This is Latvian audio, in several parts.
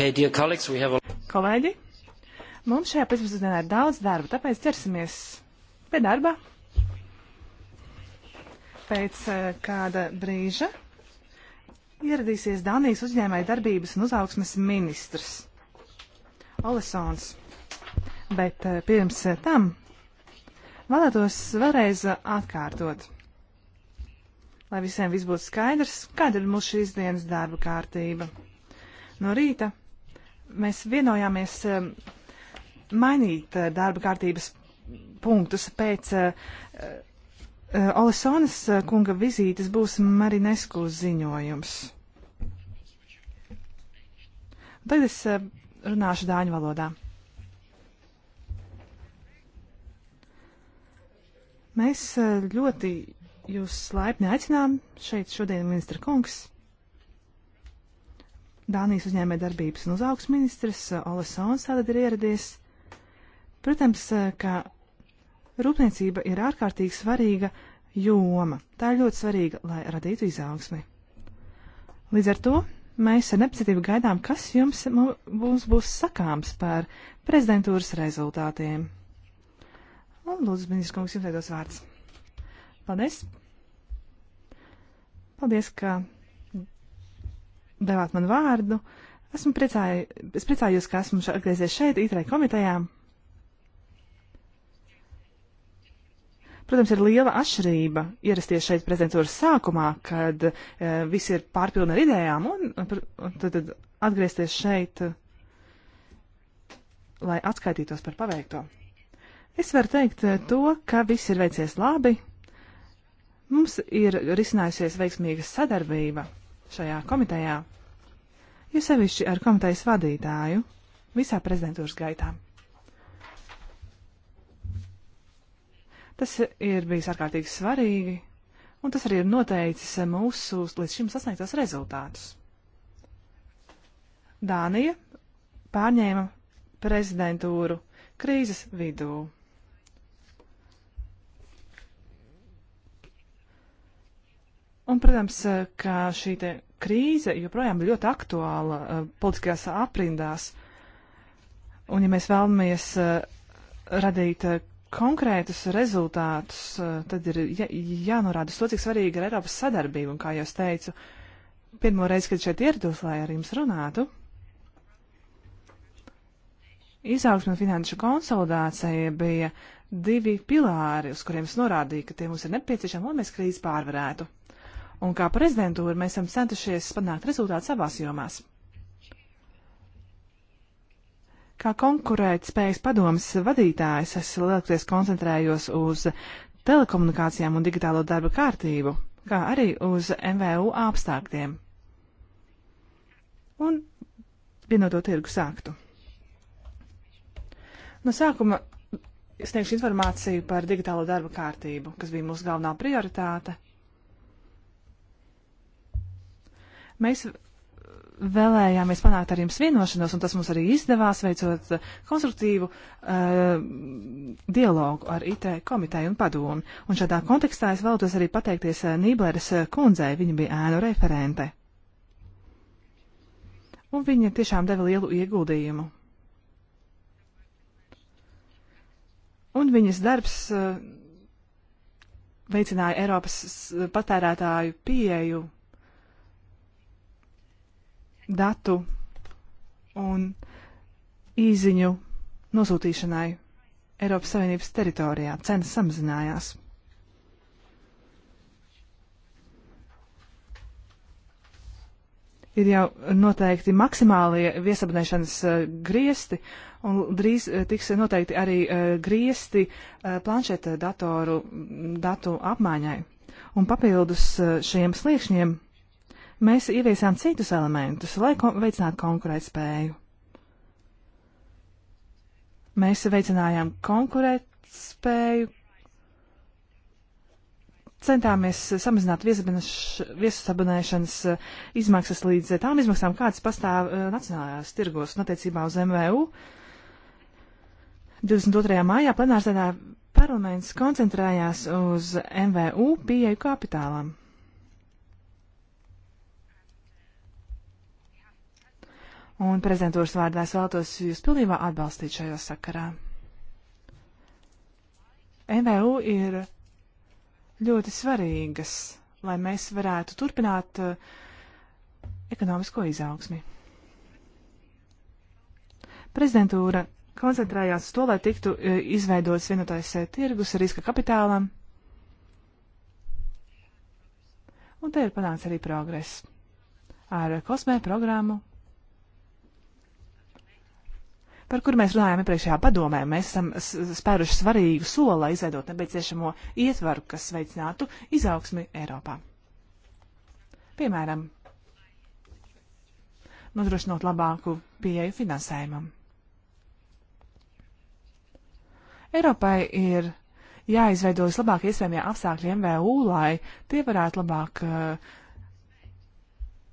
Okay, dear colleagues, we have a... Kolēģi, mums šajā pēcpusdienā ir daudz darba, tāpēc ķersimies pie darba. Pēc uh, kāda brīža ieradīsies Dānijas uzņēmēja darbības un uzaugsmes ministrs Olesons. Bet uh, pirms uh, tam vēlētos vēlreiz atkārtot lai visiem viss būtu skaidrs, kāda ir mūsu šīs dienas darba kārtība. No rīta mēs vienojāmies eh, mainīt eh, darba kārtības punktus pēc eh, Olesonas kunga vizītes būs Marinesku ziņojums. Tagad es runāšu dāņu valodā. Mēs ļoti jūs laipni aicinām šeit šodien ministra kungs. Dānijas uzņēmē darbības un uzaugs ministrs eh, Ole Sons tātad ir ieradies. Protams, eh, ka rūpniecība ir ārkārtīgi svarīga joma. Tā ir ļoti svarīga, lai radītu izaugsmi. Līdz ar to mēs ar nepacietību gaidām, kas jums mums būs sakāms par prezidentūras rezultātiem. Un lūdzu, ministrs kungs, jums teidos vārds. Paldies! Paldies, ka devāt man vārdu. Esmu priecāju, es priecājos, ka esmu atgriezies šeit, ITRE komitejā. Protams, ir liela atšķirība ierasties šeit prezidentūras sākumā, kad e, visi ir pārpilni ar idejām, un, un tad, tad atgriezties šeit, lai atskaitītos par paveikto. Es varu teikt e, to, ka viss ir veicies labi. Mums ir risinājusies veiksmīga sadarbība šajā komitejā, jo sevišķi ar komitejas vadītāju visā prezidentūras gaitā. Tas ir bijis ārkārtīgi svarīgi, un tas arī ir noteicis mūsu līdz šim sasniegtos rezultātus. Dānija pārņēma prezidentūru krīzes vidū. Un, protams, eh, ka šī krīze joprojām ir ļoti aktuāla uh, politiskajās aprindās. Un, ja mēs vēlamies uh, radīt uh, konkrētus rezultātus, tad ir jā, jānorāda to, cik svarīga ir Eiropas sadarbība. Un, kā jau es teicu, pirmo reizi, kad šeit ierados, lai ar jums runātu, izaugsme un finanšu konsolidācija bija divi pilāri, uz kuriem es norādīju, ka tie mums ir nepieciešami, lai mēs krīzi pārvarētu un kā prezidentūra mēs esam centušies panākt rezultātu savās jomās. Kā konkurēt spējas padomas vadītājs, es lielākoties koncentrējos uz telekomunikācijām un digitālo darba kārtību, kā arī uz MVU apstākļiem un vienoto tirgu sāktu. No sākuma sniegšu informāciju par digitālo darba kārtību, kas bija mūsu galvenā prioritāte – Mēs vēlējāmies panākt ar jums vienošanos, un tas mums arī izdevās, veicot konstruktīvu uh, dialogu ar IT komiteju un padomu. Un šādā kontekstā es vēlētos arī pateikties eh, Nībleres eh, kundzei, viņa bija ēnu referente. Un viņa tiešām deva lielu ieguldījumu. Un viņas darbs uh, veicināja Eiropas patērētāju pieeju datu un īziņu nosūtīšanai Eiropas Savienības teritorijā cenas samazinājās. ir jau noteikti maksimālie viesabunēšanas uh, griesti, un drīz uh, tiks noteikti arī uh, griesti planšeta datoru datu apmaiņai. Un papildus šiem sliekšņiem mēs ieviesām citus elementus, lai ko veicinātu konkurētspēju. Mēs veicinājām konkurētspēju, centāmies samazināt viesabonēšanas eh, izmaksas līdz tām izmaksām, kādas pastāv eh, nacionālajās tirgos un attiecībā uz MVU. 22. maijā plenārsēdā parlaments koncentrējās uz MVU pieeju kapitālam. Un prezidentūras vārdā es vēlētos jūs pilnībā atbalstīt šajā sakarā. MVU ir ļoti svarīgas, lai mēs varētu turpināt uh, ekonomisko izaugsmi. Prezidentūra koncentrējās uz to, lai tiktu uh, izveidots vienotais uh, tirgus riska kapitālam. Un te ir panāca arī progress ar kosmē programmu par kur mēs runājām iepriekšējā padomē. Mēs esam spēruši svarīgu soli, lai izveidot nepieciešamo ietvaru, kas veicinātu izaugsmi Eiropā. Piemēram, nodrošinot labāku pieeju finansējumam. Eiropai ir jāizveido vislabāk iespējamie apstākļi MVU, lai tie varētu labāk uh,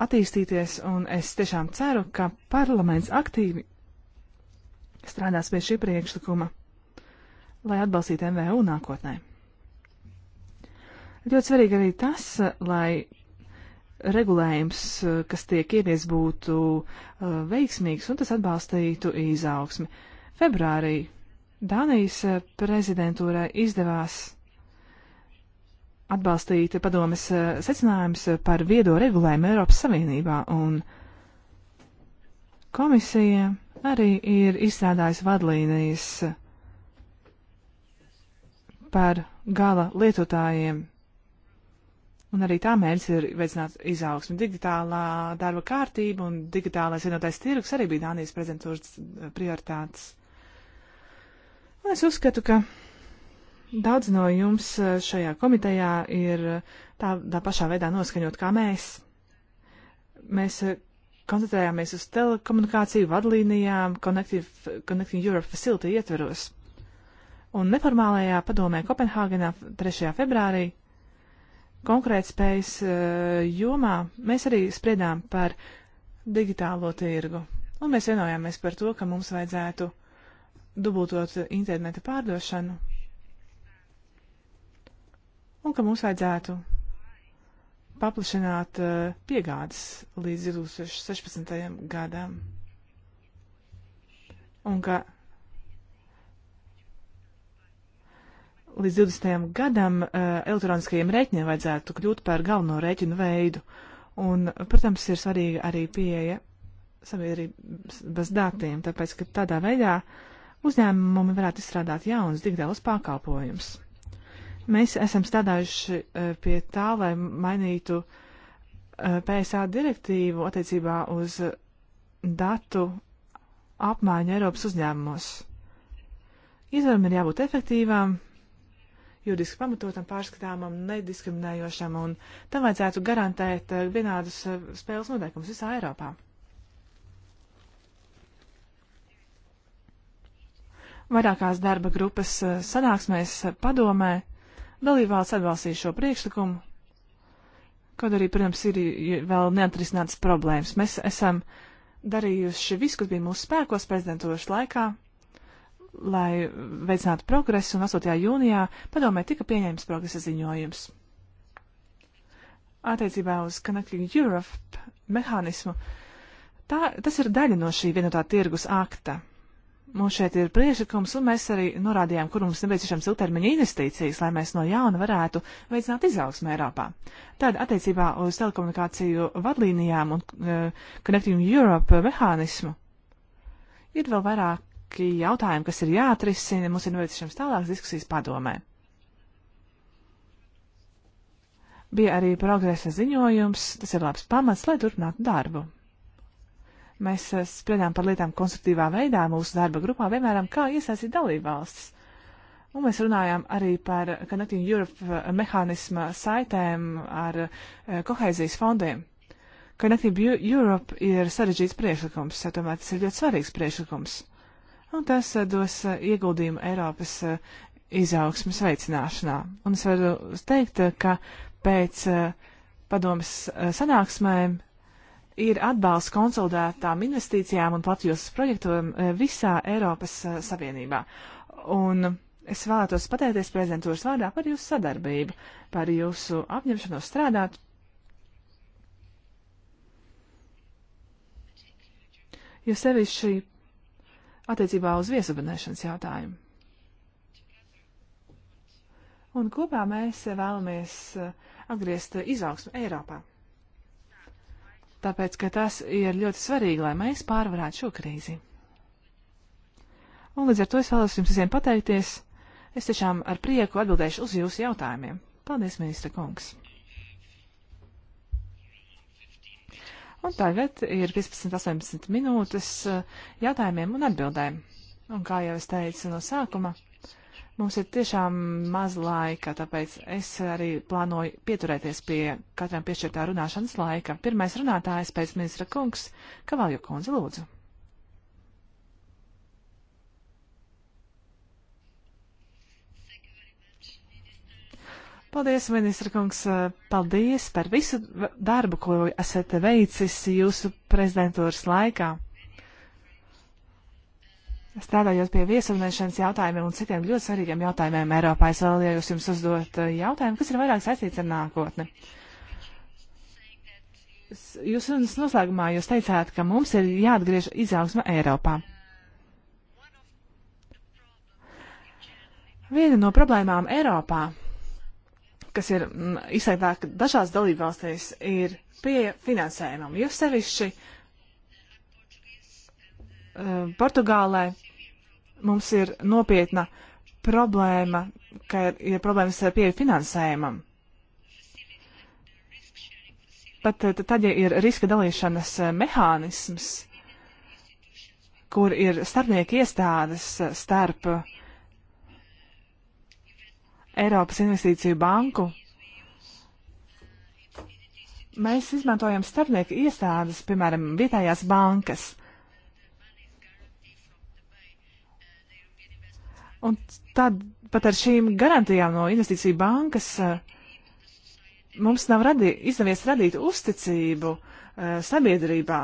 attīstīties, un es tiešām ceru, ka parlaments aktīvi strādās pie šī priekšlikuma, lai atbalstītu MVU nākotnē. Ļoti svarīgi arī tas, lai regulējums, kas tiek iedies, būtu uh, veiksmīgs un tas atbalstītu izaugsmi. Februārī Dānijas uh, prezidentūrai izdevās atbalstīt padomes uh, secinājumus par viedo regulējumu Eiropas Savienībā, un komisija arī ir izstrādājis vadlīnijas par gala lietotājiem. Un arī tā mērķis ir veicināt izaugsmi. Digitālā darba kārtība un digitālais vienotais tirgus arī bija Dānijas prezentūras eh, prioritātes. Un es uzskatu, ka daudz no jums eh, šajā komitejā ir eh, tādā tā pašā veidā noskaņot kā mēs. Mēs koncentrējāmies uz telekomunikāciju vadlīnijām Connecting Europe Facility ietveros. Un neformālajā padomē Kopenhāgenā 3. februārī konkurētspējas eh, jomā mēs arī spriedām par digitālo tirgu. Un mēs vienojāmies par to, ka mums vajadzētu dubultot interneta pārdošanu un ka mums vajadzētu paplašināt eh, piegādes līdz 2016. gadam. Un ka līdz 20. gadam eh, elektroniskajiem rēķiniem vajadzētu kļūt par galveno rēķinu veidu. Un, protams, ir svarīga arī pieeja sabiedrības datiem, tāpēc, ka tādā veidā uzņēmumi varētu izstrādāt jaunus digitālus pakalpojumus. Mēs esam strādājuši eh, pie tā, lai mainītu eh, PSA direktīvu attiecībā uz datu apmaiņu Eiropas uzņēmumos. Ietvaram ir jābūt efektīvām, juridiski pamatotam, pārskatāmam, nediskriminējošam, un tam vajadzētu garantēt eh, vienādus spēles noteikumus visā Eiropā. Vairākās darba grupas sanāksmēs padomē Dalībvalsts atbalstīs šo priekšlikumu, kaut arī, protams, ir vēl neatrisinātas problēmas. Mēs esam darījuši visu, kas bija mūsu spēkos prezidentūras laikā, lai veicinātu progresu, un 8. jūnijā padomē tika pieņemts progresa ziņojums. Attiecībā uz Connecting Europe mehānismu, tā, tas ir daļa no šī vienotā tirgus akta. Mums šeit ir priešakums, un mēs arī norādījām, kur mums nepieciešams ilgtermiņa investīcijas, lai mēs no jauna varētu veicināt izaugsmu Eiropā. Tad attiecībā uz telekomunikāciju vadlīnijām un uh, Connecting Europe mehānismu ir vēl vairāki jautājumi, kas ir jāatrisina, mums ir nepieciešams tālākas diskusijas padomē. Bija arī progresa ziņojums, tas ir labs pamats, lai turpinātu darbu. Mēs eh, spriedām par lietām konstruktīvā veidā mūsu darba grupā, piemēram, kā iesaistīt dalībvalstis. Un mēs runājām arī par Connecting Europe eh, mehānisma saitēm ar eh, kohēzijas fondiem. Connecting Europe ir sarežģīts priekšlikums, tomēr tas ir ļoti svarīgs priekšlikums. Un tas dos ieguldījumu Eiropas izaugsmas veicināšanā. Un es varu teikt, ka pēc padomas sanāksmēm ir atbalsts konsolidētām investīcijām un platjūras projektiem eh, visā Eiropas eh, Savienībā. Un es vēlētos pateikties prezidentūras vārdā par jūsu sadarbību, par jūsu apņemšanos strādāt. Jo sevišķi attiecībā uz viesabunēšanas jautājumu. Un kopā mēs eh, vēlamies atgriezt izaugsmu Eiropā tāpēc, ka tas ir ļoti svarīgi, lai mēs pārvarētu šo krīzi. Un līdz ar to es vēlos jums visiem pateikties. Es tiešām ar prieku atbildēšu uz jūsu jautājumiem. Paldies, ministra kungs! Un tagad ir 15-18 minūtes eh, jautājumiem un atbildēm. Un kā jau es teicu no sākuma, Mums ir tiešām maz laika, tāpēc es arī plānoju pieturēties pie katram piešķirtā runāšanas laika. Pirmais runātājs pēc ministra kungs - Kavalju kundze, lūdzu. Paldies, ministra kungs, paldies par visu darbu, ko esat veicis jūsu prezidentūras laikā strādājot pie viesavunēšanas jautājumiem un citiem ļoti svarīgiem jautājumiem Eiropā, es vēlējos jums uzdot eh, jautājumu, kas ir vairāk saistīts ar nākotni. Jūs runas noslēgumā jūs teicāt, ka mums ir jāatgriež izaugsme Eiropā. Viena no problēmām Eiropā, kas ir mm, izsaitāka ka dažās dalībvalstīs, ir pie finansējumam. Jūs sevišķi uh, Portugālē mums ir nopietna problēma, ka ir, ir problēmas ar pieeju finansējumam. Pat eh, tad, ja ir riska dalīšanas eh, mehānisms, kur ir starpnieki iestādes eh, starp Eiropas investīciju banku, mēs izmantojam starpnieku iestādes, piemēram, vietējās bankas Un tad pat ar šīm garantijām no investīciju bankas eh, mums nav radī, izdevies radīt uzticību eh, sabiedrībā.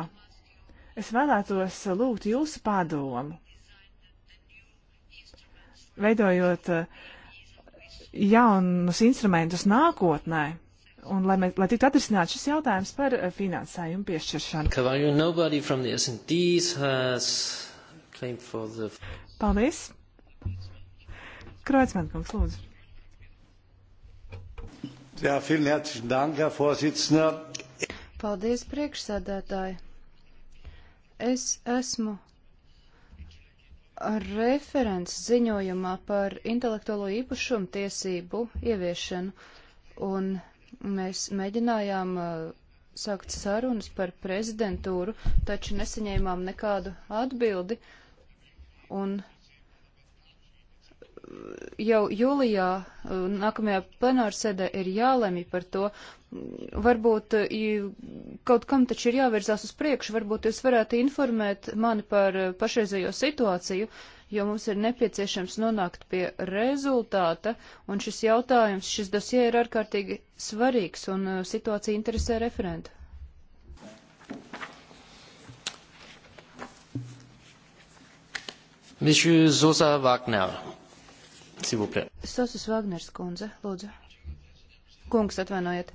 Es vēlētos lūgt jūsu padomu, veidojot eh, jaunus instrumentus nākotnē, un lai, mēs, lai tiktu atrisināt šis jautājums par finansējumu piešķiršanu. Paldies! Kreuzmankungs, lūdzu. Jā, vielen herzlichen Dank, Herr Vorsitzender. Paldies, priekšsēdētāji. Es esmu referents ziņojumā par intelektuālo īpašumu tiesību ieviešanu, un mēs mēģinājām uh, sākt sarunas par prezidentūru, taču nesaņēmām nekādu atbildi, un jau jūlijā uh, nākamajā plenārsēdē ir jālemj par to. Varbūt uh, kaut kam taču ir jāvirzās uz priekšu, varbūt jūs varētu informēt mani par uh, pašreizējo situāciju, jo mums ir nepieciešams nonākt pie rezultāta, un šis jautājums, šis dosie ir ārkārtīgi svarīgs, un situācija interesē referentu. Monsieur Sosa Wagner. Sosas Vagners kundze, lūdzu. Kungs, atvainojiet.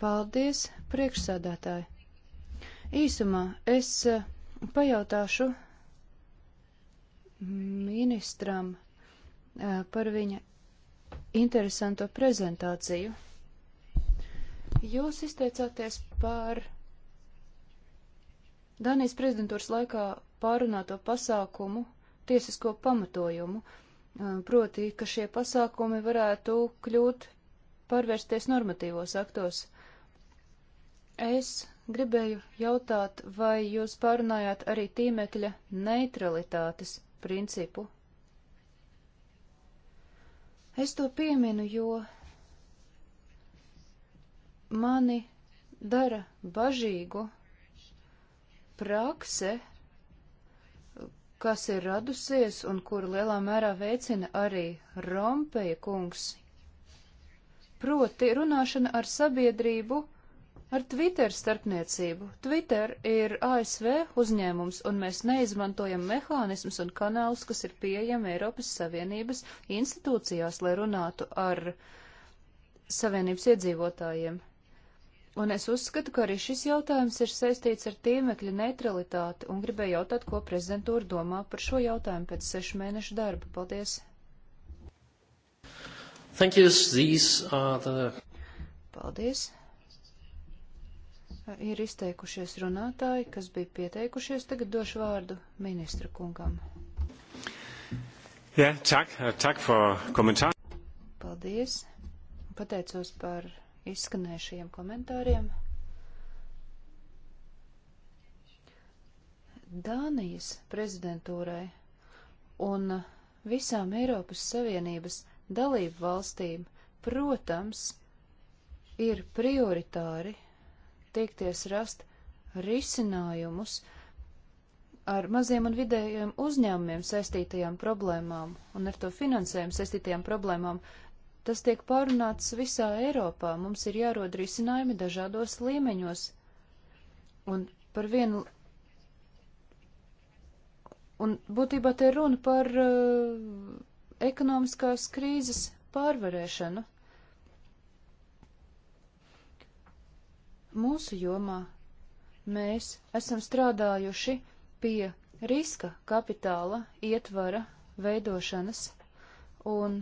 Paldies, priekšsēdētāji. Īsumā es eh, pajautāšu ministram eh, par viņa interesanto prezentāciju. Jūs izteicāties par Danijas prezidentūras laikā pārunāto pasākumu tiesisko pamatojumu. Uh, Uh, proti, ka šie pasākumi varētu kļūt pārvērsties normatīvos aktos. Es gribēju jautāt, vai jūs pārunājāt arī tīmekļa neutralitātes principu? Es to pieminu, jo mani dara bažīgu prakse kas ir radusies un kuru lielā mērā veicina arī Rompeja kungs. Proti runāšana ar sabiedrību, ar Twitter starpniecību. Twitter ir ASV uzņēmums, un mēs neizmantojam mehānismus un kanālus, kas ir pieejami Eiropas Savienības institūcijās, lai runātu ar Savienības iedzīvotājiem. Un es uzskatu, ka arī šis jautājums ir saistīts ar tīmekļa neutralitāti un gribēju jautāt, ko prezidentūra domā par šo jautājumu pēc sešu mēnešu darba. Paldies! Thank you. These are the... Paldies! Ir izteikušies runātāji, kas bija pieteikušies. Tagad došu vārdu ministra kungam. Jā, yeah, tak, eh, tak par komentāru. Paldies. Pateicos par izskanējušajiem komentāriem. Dānijas prezidentūrai un visām Eiropas Savienības dalību valstīm, protams, ir prioritāri tiekties rast risinājumus ar maziem un vidējiem uzņēmumiem saistītajām problēmām un ar to finansējumu saistītajām problēmām, Tas tiek pārunāts visā Eiropā. Mums ir jārod risinājumi dažādos līmeņos. Un par vienu. Un būtībā te runa par uh, ekonomiskās krīzes pārvarēšanu. Mūsu jomā mēs esam strādājuši pie riska kapitāla ietvara veidošanas un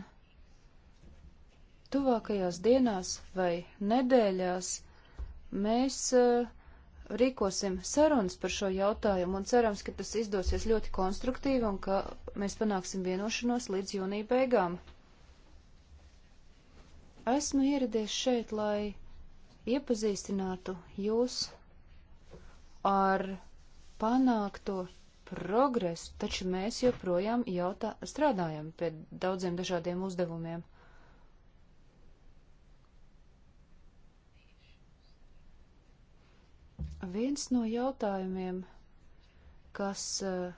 Tuvākajās dienās vai nedēļās mēs uh, rīkosim sarunas par šo jautājumu un cerams, ka tas izdosies ļoti konstruktīvi un ka mēs panāksim vienošanos līdz jūnija beigām. Esmu ieradies šeit, lai iepazīstinātu jūs ar panākto progresu, taču mēs joprojām jautā, strādājam pie daudziem dažādiem uzdevumiem. Viens no jautājumiem, kas eh,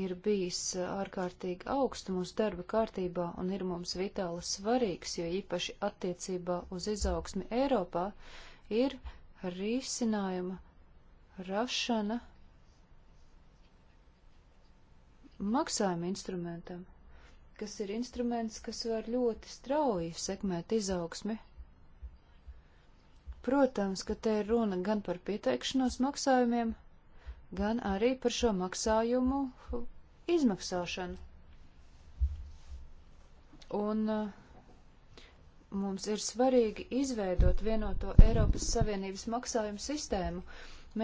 ir bijis eh, ārkārtīgi augstu mūsu darba kārtībā un ir mums vitāli svarīgs, jo īpaši attiecībā uz izaugsmi Eiropā, ir risinājuma rašana maksājuma instrumentam, kas ir instruments, kas var ļoti strauji sekmēt izaugsmi Protams, ka te ir runa gan par pieteikšanos maksājumiem, gan arī par šo maksājumu izmaksāšanu. Un uh, mums ir svarīgi izveidot vienoto Eiropas Savienības maksājumu sistēmu.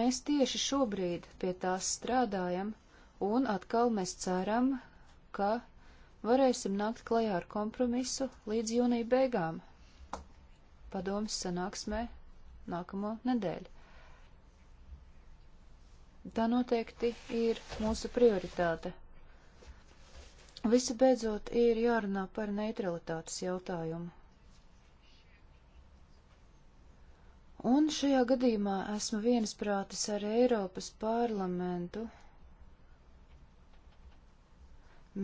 Mēs tieši šobrīd pie tās strādājam, un atkal mēs ceram, ka varēsim nākt klajā ar kompromisu līdz jūnija beigām. Padomas sanāksmē nākamo nedēļu. Tā noteikti ir mūsu prioritāte. Visi beidzot ir jārunā par neutralitātes jautājumu. Un šajā gadījumā esmu viensprātis ar Eiropas parlamentu.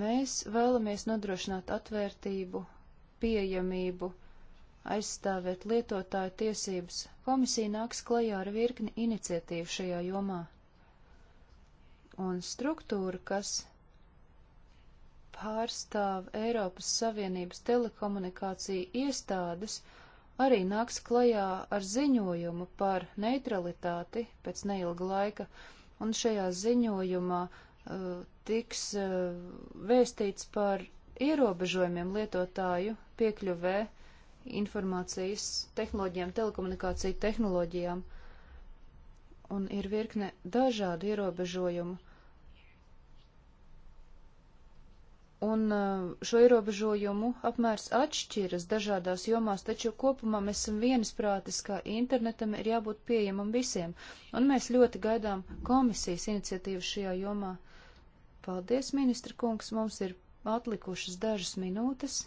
Mēs vēlamies nodrošināt atvērtību, pieejamību aizstāvēt lietotāju tiesības, komisija nāks klajā ar virkni iniciatīvu šajā jomā. Un struktūra, kas pārstāv Eiropas Savienības telekomunikāciju iestādes, arī nāks klajā ar ziņojumu par neutralitāti pēc neilga laika, un šajā ziņojumā uh, tiks uh, vēstīts par ierobežojumiem lietotāju piekļuvē uh, informācijas tehnoloģijām, telekomunikāciju tehnoloģijām, un ir virkne dažādu ierobežojumu. Un uh, šo ierobežojumu apmērs atšķiras dažādās jomās, taču kopumā mēs esam vienisprātis, ka internetam ir jābūt pieejamam visiem, un mēs ļoti gaidām komisijas iniciatīvu šajā jomā. Paldies, ministra kungs, mums ir atlikušas dažas minūtes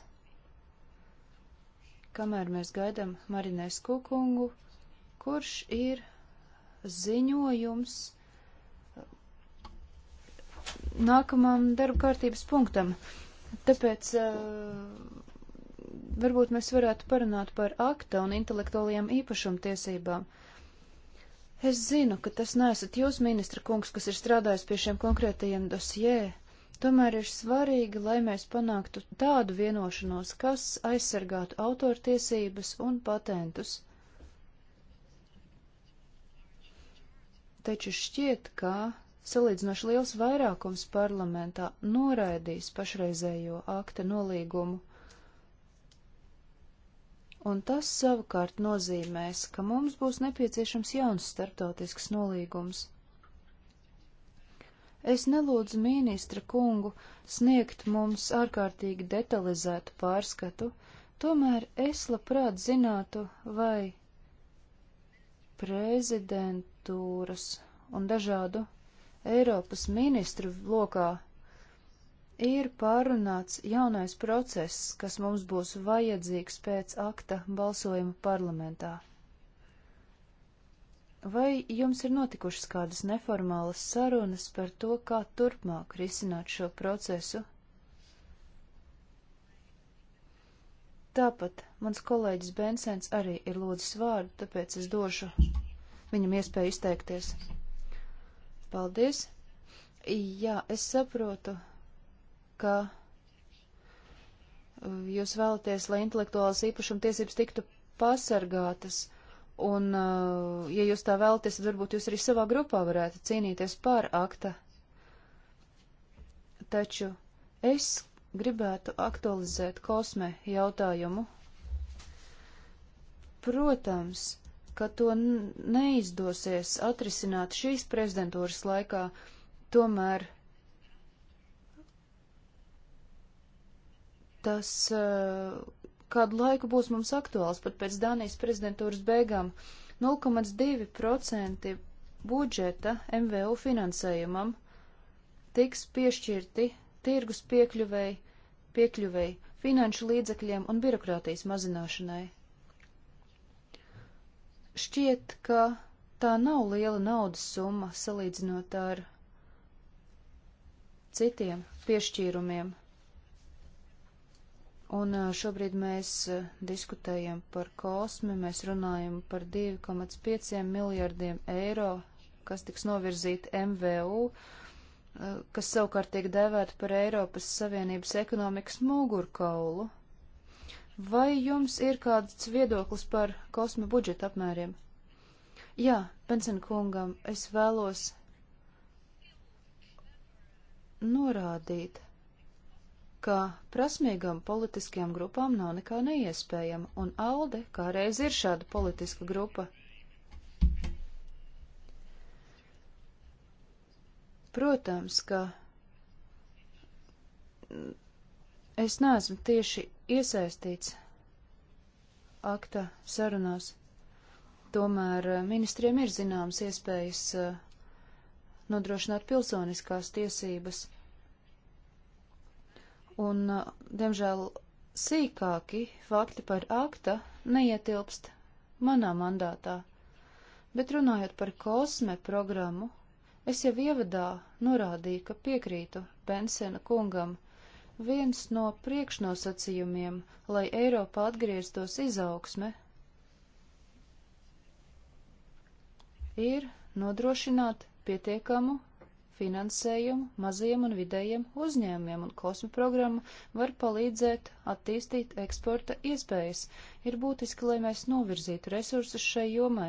kamēr mēs gaidām Marinesku kungu, kurš ir ziņojums nākamam darba kārtības punktam. Tāpēc eh, varbūt mēs varētu parunāt par akta un intelektuālajām īpašumtiesībām. Es zinu, ka tas nesat jūs, ministra kungs, kas ir strādājis pie šiem konkrētajiem dosjē. Tomēr ir svarīgi, lai mēs panāktu tādu vienošanos, kas aizsargātu autortiesības un patentus. Taču šķiet, ka salīdzinoši liels vairākums parlamentā noraidīs pašreizējo akta nolīgumu un tas savukārt nozīmēs, ka mums būs nepieciešams jauns starptautisks nolīgums. Es nelūdzu ministra kungu sniegt mums ārkārtīgi detalizētu pārskatu, tomēr es labprāt zinātu, vai prezidentūras un dažādu Eiropas ministru lokā ir pārunāts jaunais process, kas mums būs vajadzīgs pēc akta balsojuma parlamentā. Vai jums ir notikušas kādas neformālas sarunas par to, kā turpmāk risināt šo procesu? Tāpat mans kolēģis Bensens arī ir lūdzis vārdu, tāpēc es došu viņam iespēju izteikties. Paldies! Jā, es saprotu, ka uh, jūs vēlaties, lai intelektuālas īpašuma tiesības tiktu pasargātas. Un, uh, ja jūs tā vēlaties, tad varbūt jūs arī savā grupā varētu cīnīties par akta. Taču es gribētu aktualizēt kosme jautājumu. Protams, ka to neizdosies atrisināt šīs prezidentūras laikā, tomēr tas uh, kādu laiku būs mums aktuāls, pat pēc Dānijas prezidentūras beigām. 0,2% budžeta MVU finansējumam tiks piešķirti tirgus piekļuvēji, piekļuvēji finanšu līdzekļiem un birokrātijas mazināšanai. Šķiet, ka tā nav liela naudas summa salīdzinot ar citiem piešķīrumiem. Un šobrīd mēs diskutējam par kosmi, mēs runājam par 2,5 miljardiem eiro, kas tiks novirzīti MVU, kas savukārt tiek dēvēta par Eiropas Savienības ekonomikas mugurkaulu. Vai jums ir kāds viedoklis par kosma budžeta apmēriem? Jā, Bensen kungam, es vēlos norādīt ka prasmīgām politiskajām grupām nav nekā neiespējama, un ALDE kādreiz ir šāda politiska grupa. Protams, ka es neesmu tieši iesaistīts akta sarunās, tomēr eh, ministriem ir zināmas iespējas eh, nodrošināt pilsoniskās tiesības un, uh, diemžēl, sīkāki fakti par akta neietilpst manā mandātā. Bet runājot par kosme programmu, es jau ievadā norādīju, ka piekrītu Bensena kungam. Viens no priekšnosacījumiem, lai Eiropā atgrieztos izaugsme, ir nodrošināt pietiekamu finansējumu mazajiem un vidējiem uzņēmumiem, un kosmi programma var palīdzēt attīstīt eksporta iespējas. Ir būtiski, lai mēs novirzītu resursus šai jomai.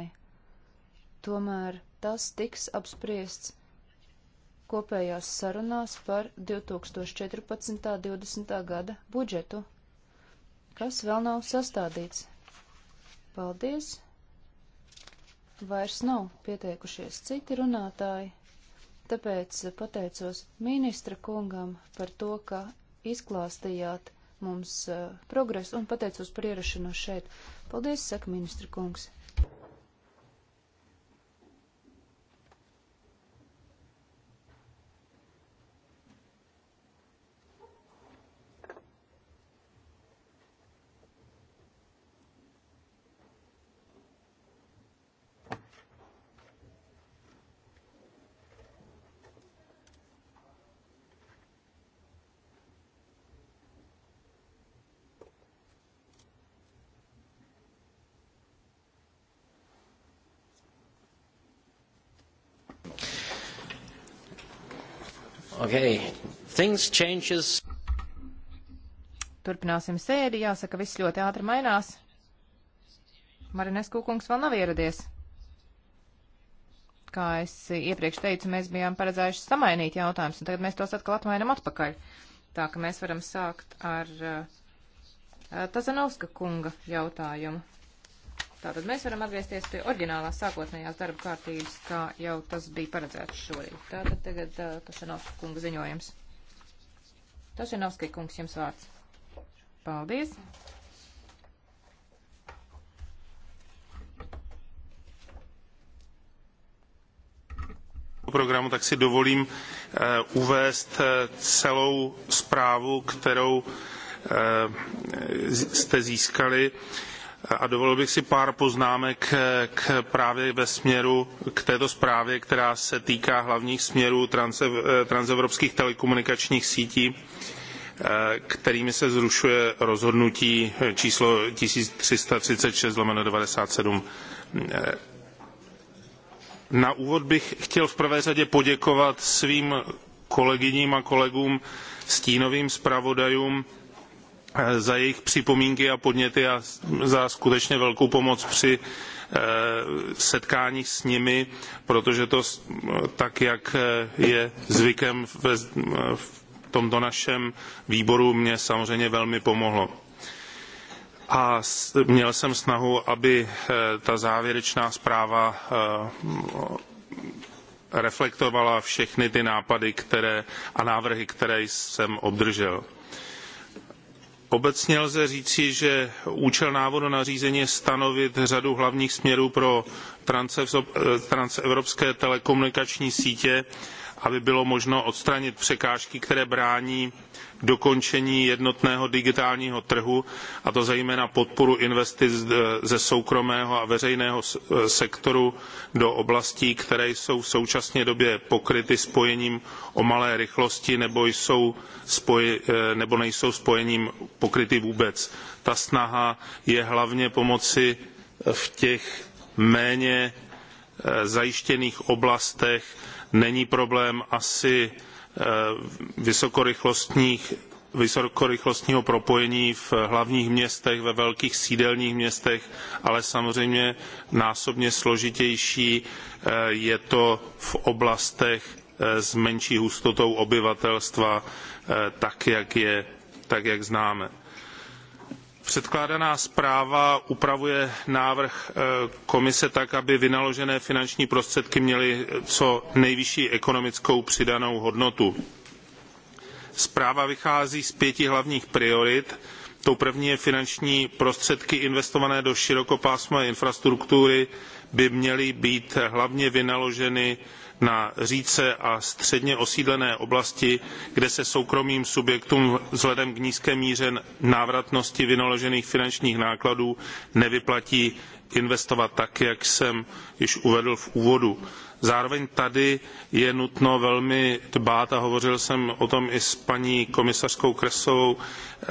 Tomēr tas tiks apspriests kopējās sarunās par 2014.-20. gada budžetu, kas vēl nav sastādīts. Paldies! Vairs nav pieteikušies citi runātāji. Tāpēc pateicos ministra kungam par to, ka izklāstījāt mums eh, progresu un pateicos par ierašanos šeit. Paldies, saka ministra kungs. Okay. Things changes. Turpināsim sēdi. Jāsaka, viss ļoti ātri mainās. Marines Kūkungs vēl nav ieradies. Kā es iepriekš teicu, mēs bijām paredzējuši samainīt jautājumus, un tagad mēs tos atkal atmainam atpakaļ. Tā ka mēs varam sākt ar uh, Tazanovska kunga jautājumu. Tātad mēs varam atgriezties pie oriģinālās sākotnējās darba kārtības, kā jau tas bija paredzēts šorīt. Tātad tagad uh, Tošanovska kunga ziņojums. Tošanovska kungs jums vārds. Paldies. programu, tak si dovolím uh, uvést uh, celou zprávu, kterou uh, jste získali. Uh, a dovolil bych si pár poznámek eh, k, právě ve směru k této zprávě, která se týká hlavních směrů transev, eh, transevropských telekomunikačních sítí, eh, kterými se zrušuje rozhodnutí číslo 1336 97 na úvod bych chtěl v prvé řadě poděkovat svým kolegyním a kolegům stínovým zpravodajům za jejich připomínky a podněty a za skutečně velkou pomoc při eh, setkáních s nimi, protože to tak, jak eh, je zvykem v tomto našem výboru, mě samozřejmě velmi pomohlo. A měl jsem snahu, aby eh, ta závěrečná zpráva reflektovala všechny ty nápady které, a návrhy, které jsem obdržel Obecně lze říci, že účel návodu nařízení je stanovit řadu hlavních směrů pro eh, transevropské telekomunikační sítě aby bylo možno odstranit překážky které brání dokončení jednotného digitálního trhu a to zejména podporu investic eh, ze soukromého a veřejného eh, sektoru do oblastí které jsou v současné době pokryty spojením o malé rychlosti nebo, jsou spoje, eh, nebo nejsou spojením pokryty vůbec. ta snaha je hlavně pomoci v těch méně zajištěných oblastech Není problém asi eh, vysokorychlostních vysokorychlostního propojení v hlavních městech, ve velkých sídelních městech, ale samozřejmě násobně složitější eh, je to v oblastech eh, s menší hustotou obyvatelstva, tak jak je tak jak známe Předkládaná zpráva upravuje návrh eh, komise tak, aby vynaložené finanční prostředky měly eh, co nejvyšší ekonomickou přidanou hodnotu. Zpráva vychází z pěti hlavních priorit. Tou první je finanční prostředky investované do širokopásmové infrastruktury by měly být hlavně vynaloženy na řídce a středně osídlené oblasti, kde se soukromým subjektům vzhledem k nízké míře návratnosti vynaložených finančních nákladů nevyplatí investovat tak, jak jsem již uvedl v úvodu. Zároveň tady je nutno velmi dbát, a hovořil jsem o tom i s paní komisařkou Kresovou, eh,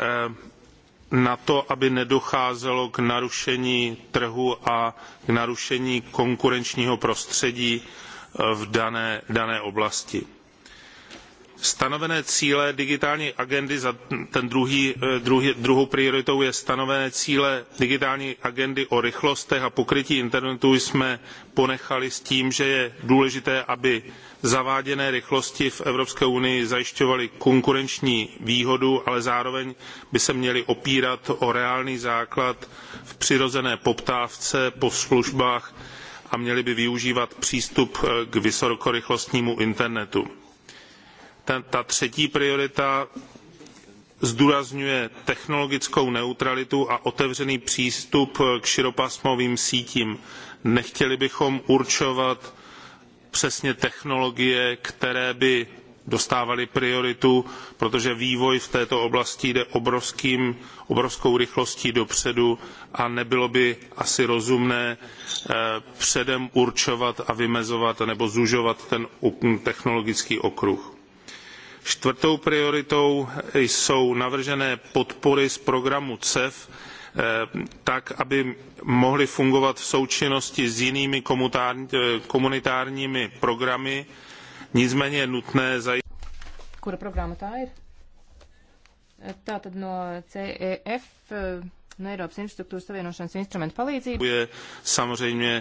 na to, aby nedocházelo k narušení trhu a k narušení konkurenčního prostředí v dané, dané oblasti. Stanovené cíle digitální agendy, za ten druhý, eh, druhý, druhou prioritou je stanovené cíle digitální agendy o rychlostech a pokrytí internetu jsme ponechali s tím, že je důležité, aby zaváděné rychlosti v Evropské unii zajišťovaly konkurenční výhodu, ale zároveň by se měly opírat o reálný základ v přirozené poptávce po službách a měli by využívat přístup eh, k vysokorychlostnímu internetu. Ten, ta třetí priorita zdůrazňuje technologickou neutralitu a otevřený přístup eh, k širokopásmovým sítím. Nechtěli bychom určovat přesně technologie, které by dostávaly prioritu protože vývoj v této oblasti jde obrovským, obrovskou rychlostí dopředu a nebylo by asi rozumné eh, předem určovat a vymezovat nebo zužovat ten technologický okruh. čtvrtou prioritou jsou navržené podpory z programu cef eh, tak aby mohly fungovat v součinnosti s jinými eh, komunitárními programy Nicméně je nutné zajistit. Kura programma tā ir? Tā tad no CEF, no Eiropas infrastruktūras savienošanas instrumentu palīdzību. Je, samozřejmě...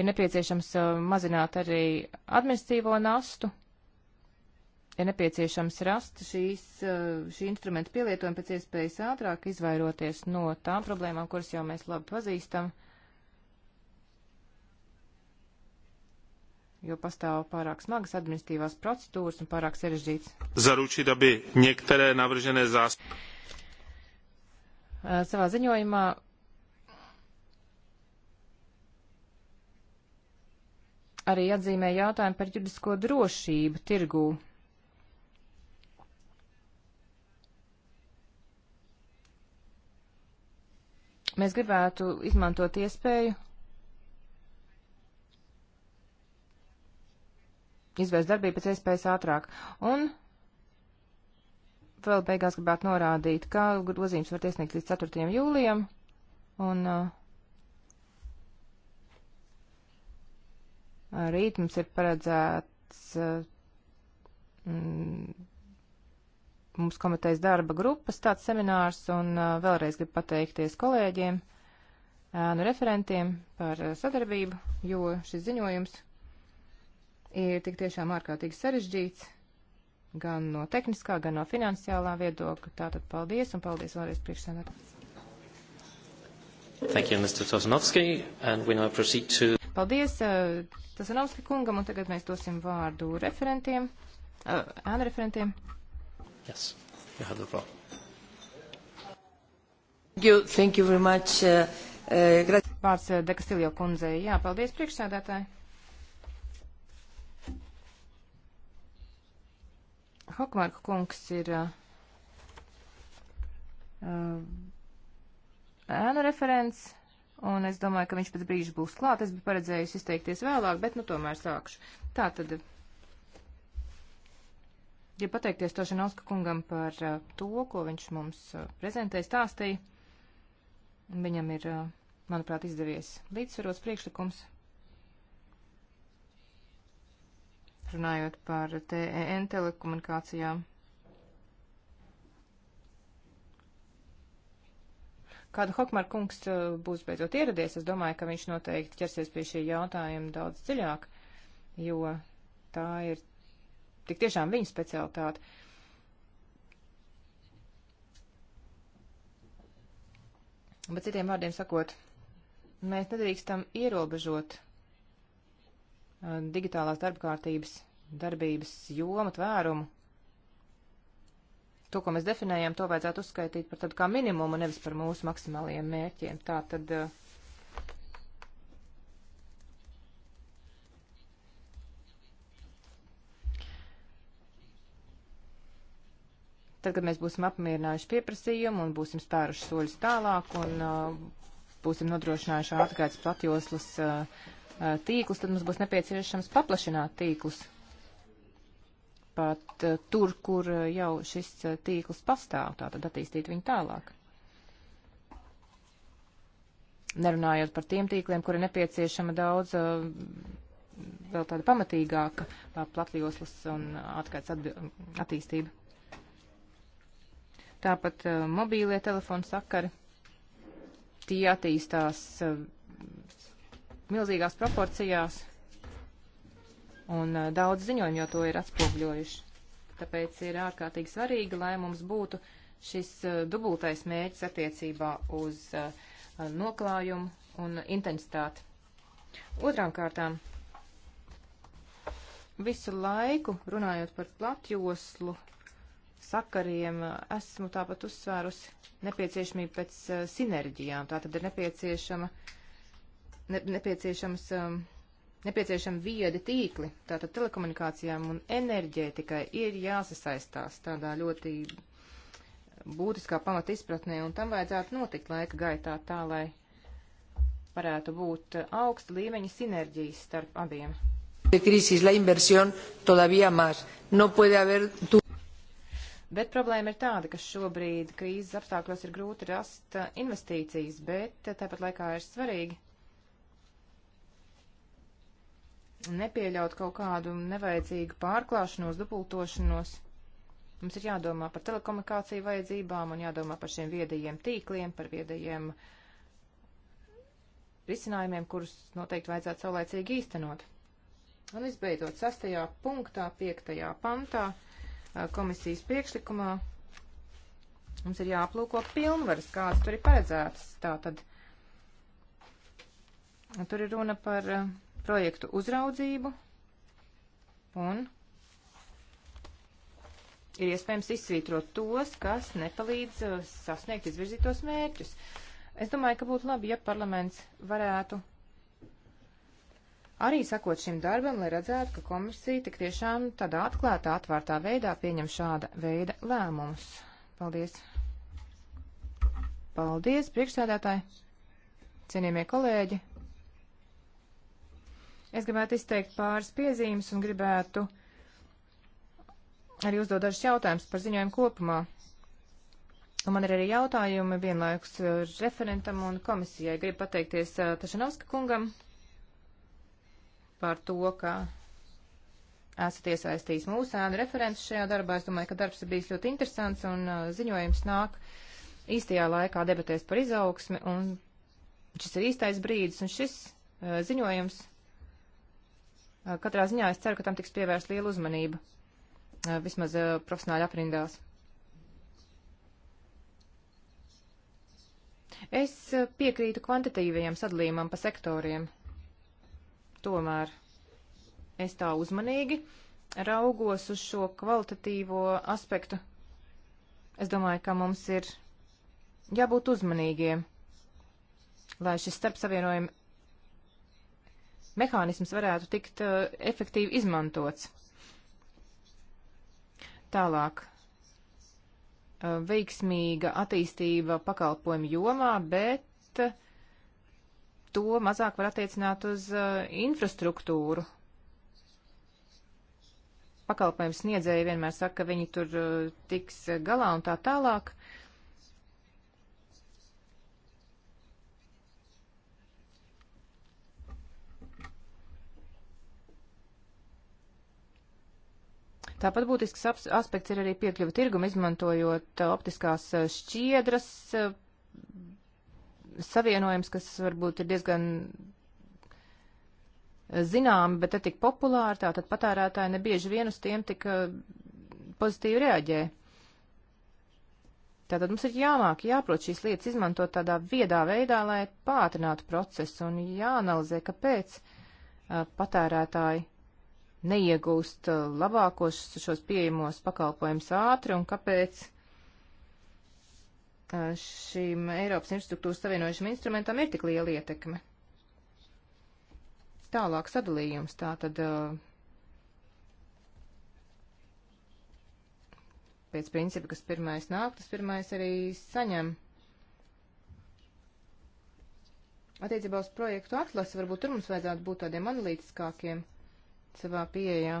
Ir nepieciešams uh, mazināt arī administīvo nastu. Ir nepieciešams rast šīs, uh, šī instrumenta pielietojumu pēc iespējas ātrāk, izvairoties no tām problēmām, kuras jau mēs labi pazīstam. Uh, jo pastāv pārāk smagas administratīvās procedūras un pārāk sarežģīts. Zaručīt, abi niekterē navrženē zās. Eh, savā ziņojumā arī atzīmē jautājumu par juridisko drošību tirgū. Mēs gribētu izmantot iespēju izvērst darbību pēc iespējas ātrāk. Un vēl beigās gribētu norādīt, ka grozījums var iesniegt līdz 4. jūlijam. Un uh, rīt mums ir paredzēts uh, mums mm, komitejas darba grupas tāds seminārs, un uh, vēlreiz gribu pateikties kolēģiem, ēnu referentiem par sadarbību, jo šis ziņojums ir tik tiešām ārkārtīgi sarežģīts, gan no tehniskā, gan no finansiālā viedokļa. Tātad paldies un paldies vēlreiz priekšsēdētājiem. Thank you, Mr. Tosanovski, and we now proceed to... Paldies uh, Tosanovski kungam, un tagad mēs dosim vārdu referentiem, uh, ēnu referentiem. Yes, you have the floor. Thank you, thank you very much. Uh, uh, Vārds uh, Dekastiljo kundzei. Jā, paldies priekšsēdētāji. Hokmarka kungs ir uh, uh, ēnu referents, un es domāju, ka viņš pēc brīža būs klāt. Es biju paredzējis izteikties vēlāk, bet nu tomēr sākšu. Tā tad. Ja pateikties Tošanovska kungam par uh, to, ko viņš mums uh, prezentēja, stāstīja, viņam ir, uh, manuprāt, izdevies līdzsvaros priekšlikums. runājot par TEN telekomunikācijām. Kāda Hokmar kungs eh, būs beidzot ieradies, es domāju, ka viņš noteikti ķersies pie šī jautājuma daudz dziļāk, jo tā ir tik tiešām viņa specialitāte. Bet citiem vārdiem sakot, mēs nedrīkstam ierobežot Eh, digitālās darbkārtības darbības jomu, tvērumu. To, ko mēs definējam, to vajadzētu uzskaitīt par tādu kā minimumu, nevis par mūsu maksimālajiem mērķiem. Tā tad eh, Tad, kad mēs būsim apmierinājuši pieprasījumu un būsim spēruši soļus tālāk un uh, būsim nodrošinājuši ārkārtas platjoslas uh, Eh, tīklus, tad mums būs nepieciešams paplašināt tīklus pat eh, tur, kur eh, jau šis tīkls pastāv, tātad attīstīt viņu tālāk. Nerunājot par tiem tīkliem, kuri nepieciešama daudz vēl tāda pamatīgāka platjoslas un atskaits attīstība. Tāpat mobīlie telefonu sakari, tie attīstās milzīgās proporcijās, un daudz ziņojumu jau to ir atspogļojuši. Tāpēc ir ārkārtīgi svarīgi, lai mums būtu šis dubultais mērķis attiecībā uz noklājumu un intensitāti. Otrām kārtām, visu laiku runājot par platjoslu sakariem, esmu tāpat uzsvērusi nepieciešamību pēc sinerģijām. Tā tad ir nepieciešama uh, ne, nepieciešams, um, nepieciešami viedi tīkli, tātad telekomunikācijām un enerģētikai ir jāsasaistās tādā ļoti būtiskā pamata izpratnē, un tam vajadzētu notikt laika gaitā tā, lai varētu būt augsta līmeņa sinerģijas starp abiem. Krisis, la inversión todavía más. No puede haber tu... Bet problēma ir tāda, ka šobrīd krīzes apstākļos ir grūti rast investīcijas, bet tāpat laikā ir svarīgi nepieļaut kaut kādu nevajadzīgu pārklāšanos, dubultošanos. Mums ir jādomā par telekomunikāciju vajadzībām un jādomā par šiem viedajiem tīkliem, par viedajiem risinājumiem, kurus noteikti vajadzētu saulēcīgi īstenot. Un izbeidzot, sastajā punktā, piektajā pantā komisijas priekšlikumā mums ir jāaplūko pilnvaras, kādas tur ir paredzētas. Tātad tur ir runa par projektu uzraudzību un ir iespējams izsvītrot tos, kas nepalīdz uh, sasniegt izvirzītos mērķus. Es domāju, ka būtu labi, ja parlaments varētu arī sakot šim darbam, lai redzētu, ka komisija tik tiešām tādā atklātā, atvērtā veidā pieņem šāda veida lēmumus. Paldies! Paldies, priekšsēdētāji! Cienījamie kolēģi! Es gribētu izteikt pāris piezīmes un gribētu arī uzdot dažus jautājumus par ziņojumu kopumā. Un man ir arī jautājumi vienlaikus referentam un komisijai. Gribu pateikties Tašanovska kungam par to, ka esat iesaistījis mūsu ēnu referents šajā darbā. Es domāju, ka darbs ir bijis ļoti interesants un ziņojums nāk īstajā laikā debatēs par izaugsmi. Un šis ir īstais brīdis un šis ziņojums Eh, katrā ziņā es ceru, ka tam tiks pievērst liela uzmanība, eh, vismaz eh, profesionāļu aprindās. Es piekrītu kvantitīvajam sadalījumam pa sektoriem. Tomēr es tā uzmanīgi raugos uz šo kvalitatīvo aspektu. Es domāju, ka mums ir jābūt uzmanīgiem, lai šis starpsavienojuma mehānisms varētu tikt uh, efektīvi izmantots. Tālāk uh, veiksmīga attīstība pakalpojumu jomā, bet uh, to mazāk var attiecināt uz uh, infrastruktūru. Pakalpojums sniedzēji vienmēr saka, ka viņi tur uh, tiks galā un tā tālāk. Tāpat būtisks aspekts ir arī piekļuva tirgum, izmantojot uh, optiskās uh, šķiedras uh, savienojums, kas varbūt ir diezgan zināmi, bet ne tik populāri, tātad patērētāji nebieži vien uz tiem tik pozitīvi reaģē. Tātad mums ir jāmāk, jāprot šīs lietas izmantot tādā viedā veidā, lai pātrinātu procesu un jāanalizē, kāpēc patērētāji neiegūst uh, labākos šos pieejamos pakalpojumus ātri un kāpēc uh, šīm Eiropas infrastruktūras savienojušam instrumentam ir tik liela ietekme. Tālāk sadalījums tā tad uh, pēc principa, kas pirmais nāk, tas pirmais arī saņem. Attiecībā uz projektu atlasu varbūt tur mums vajadzētu būt tādiem analītiskākiem. Uh, savā pieejā,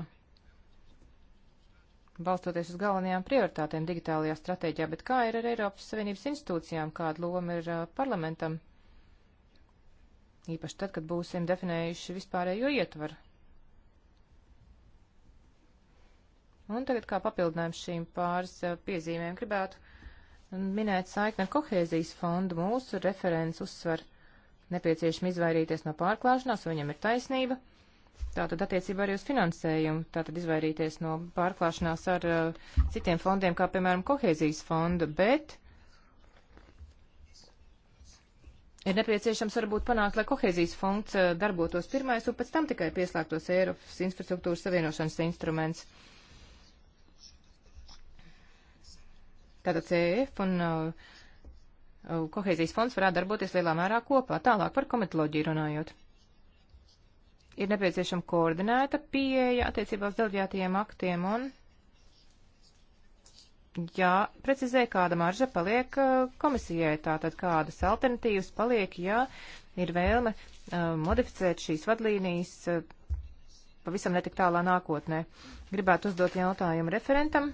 balstoties uz galvenajām prioritātēm digitālajā stratēģijā, bet kā ir ar Eiropas Savienības institūcijām, kāda loma ir uh, parlamentam, īpaši tad, kad būsim definējuši vispārējo ietvaru. Un tagad kā papildinājums šīm pāris uh, piezīmēm gribētu minēt saikni ar kohēzijas fondu. Mūsu referents uzsver nepieciešami izvairīties no pārklāšanās, un viņam ir taisnība. Tātad attiecībā arī uz finansējumu, tātad izvairīties no pārklāšanās ar uh, citiem fondiem, kā piemēram kohēzijas fonda, bet ir nepieciešams varbūt panākt, lai kohēzijas fonds uh, darbotos pirmais un pēc tam tikai pieslēgtos Eiropas infrastruktūras savienošanas instruments. Tātad CEF un uh, uh, kohēzijas fonds varētu darboties lielā mērā kopā, tālāk par komitoloģiju runājot ir nepieciešama koordinēta pieeja attiecībā uz delģētajiem aktiem un jāprecizē, kāda marža paliek uh, komisijai, tātad kādas alternatīvas paliek, ja ir vēlme uh, modificēt šīs vadlīnijas uh, pavisam netik tālā nākotnē. Gribētu uzdot jautājumu referentam.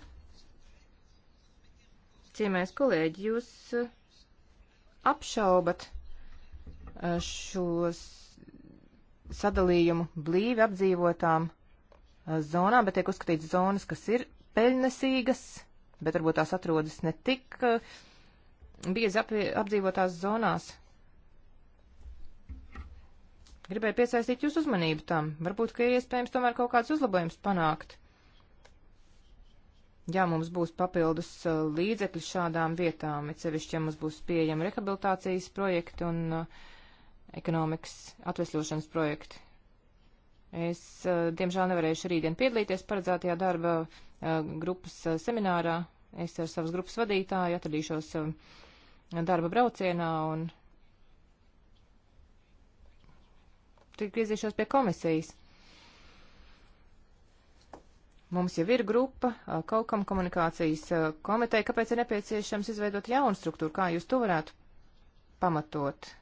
Ciemēs kolēģi, jūs uh, apšaubat uh, šos sadalījumu blīvi apdzīvotām eh, zonām, bet tiek uzskatīts zonas, kas ir peļnesīgas, bet varbūt tās atrodas ne tik eh, biezi ap, apdzīvotās zonās. Gribēju piesaistīt jūsu uzmanību tam. Varbūt, ka ir iespējams tomēr kaut kāds uzlabojums panākt. Jā, mums būs papildus eh, līdzekļi šādām vietām, it sevišķi, ja mums būs pieejami rehabilitācijas projekti un uh, ekonomikas atvesļošanas projekti. Es, eh, diemžēl, nevarēšu rītdien piedalīties paredzētajā darba eh, grupas eh, seminārā. Es ar savas grupas vadītāju atradīšos darba braucienā un tad griezīšos pie komisijas. Mums jau ir grupa, kaut kam komunikācijas komiteja, kāpēc ir nepieciešams izveidot jaunu struktūru, kā jūs to varētu pamatot?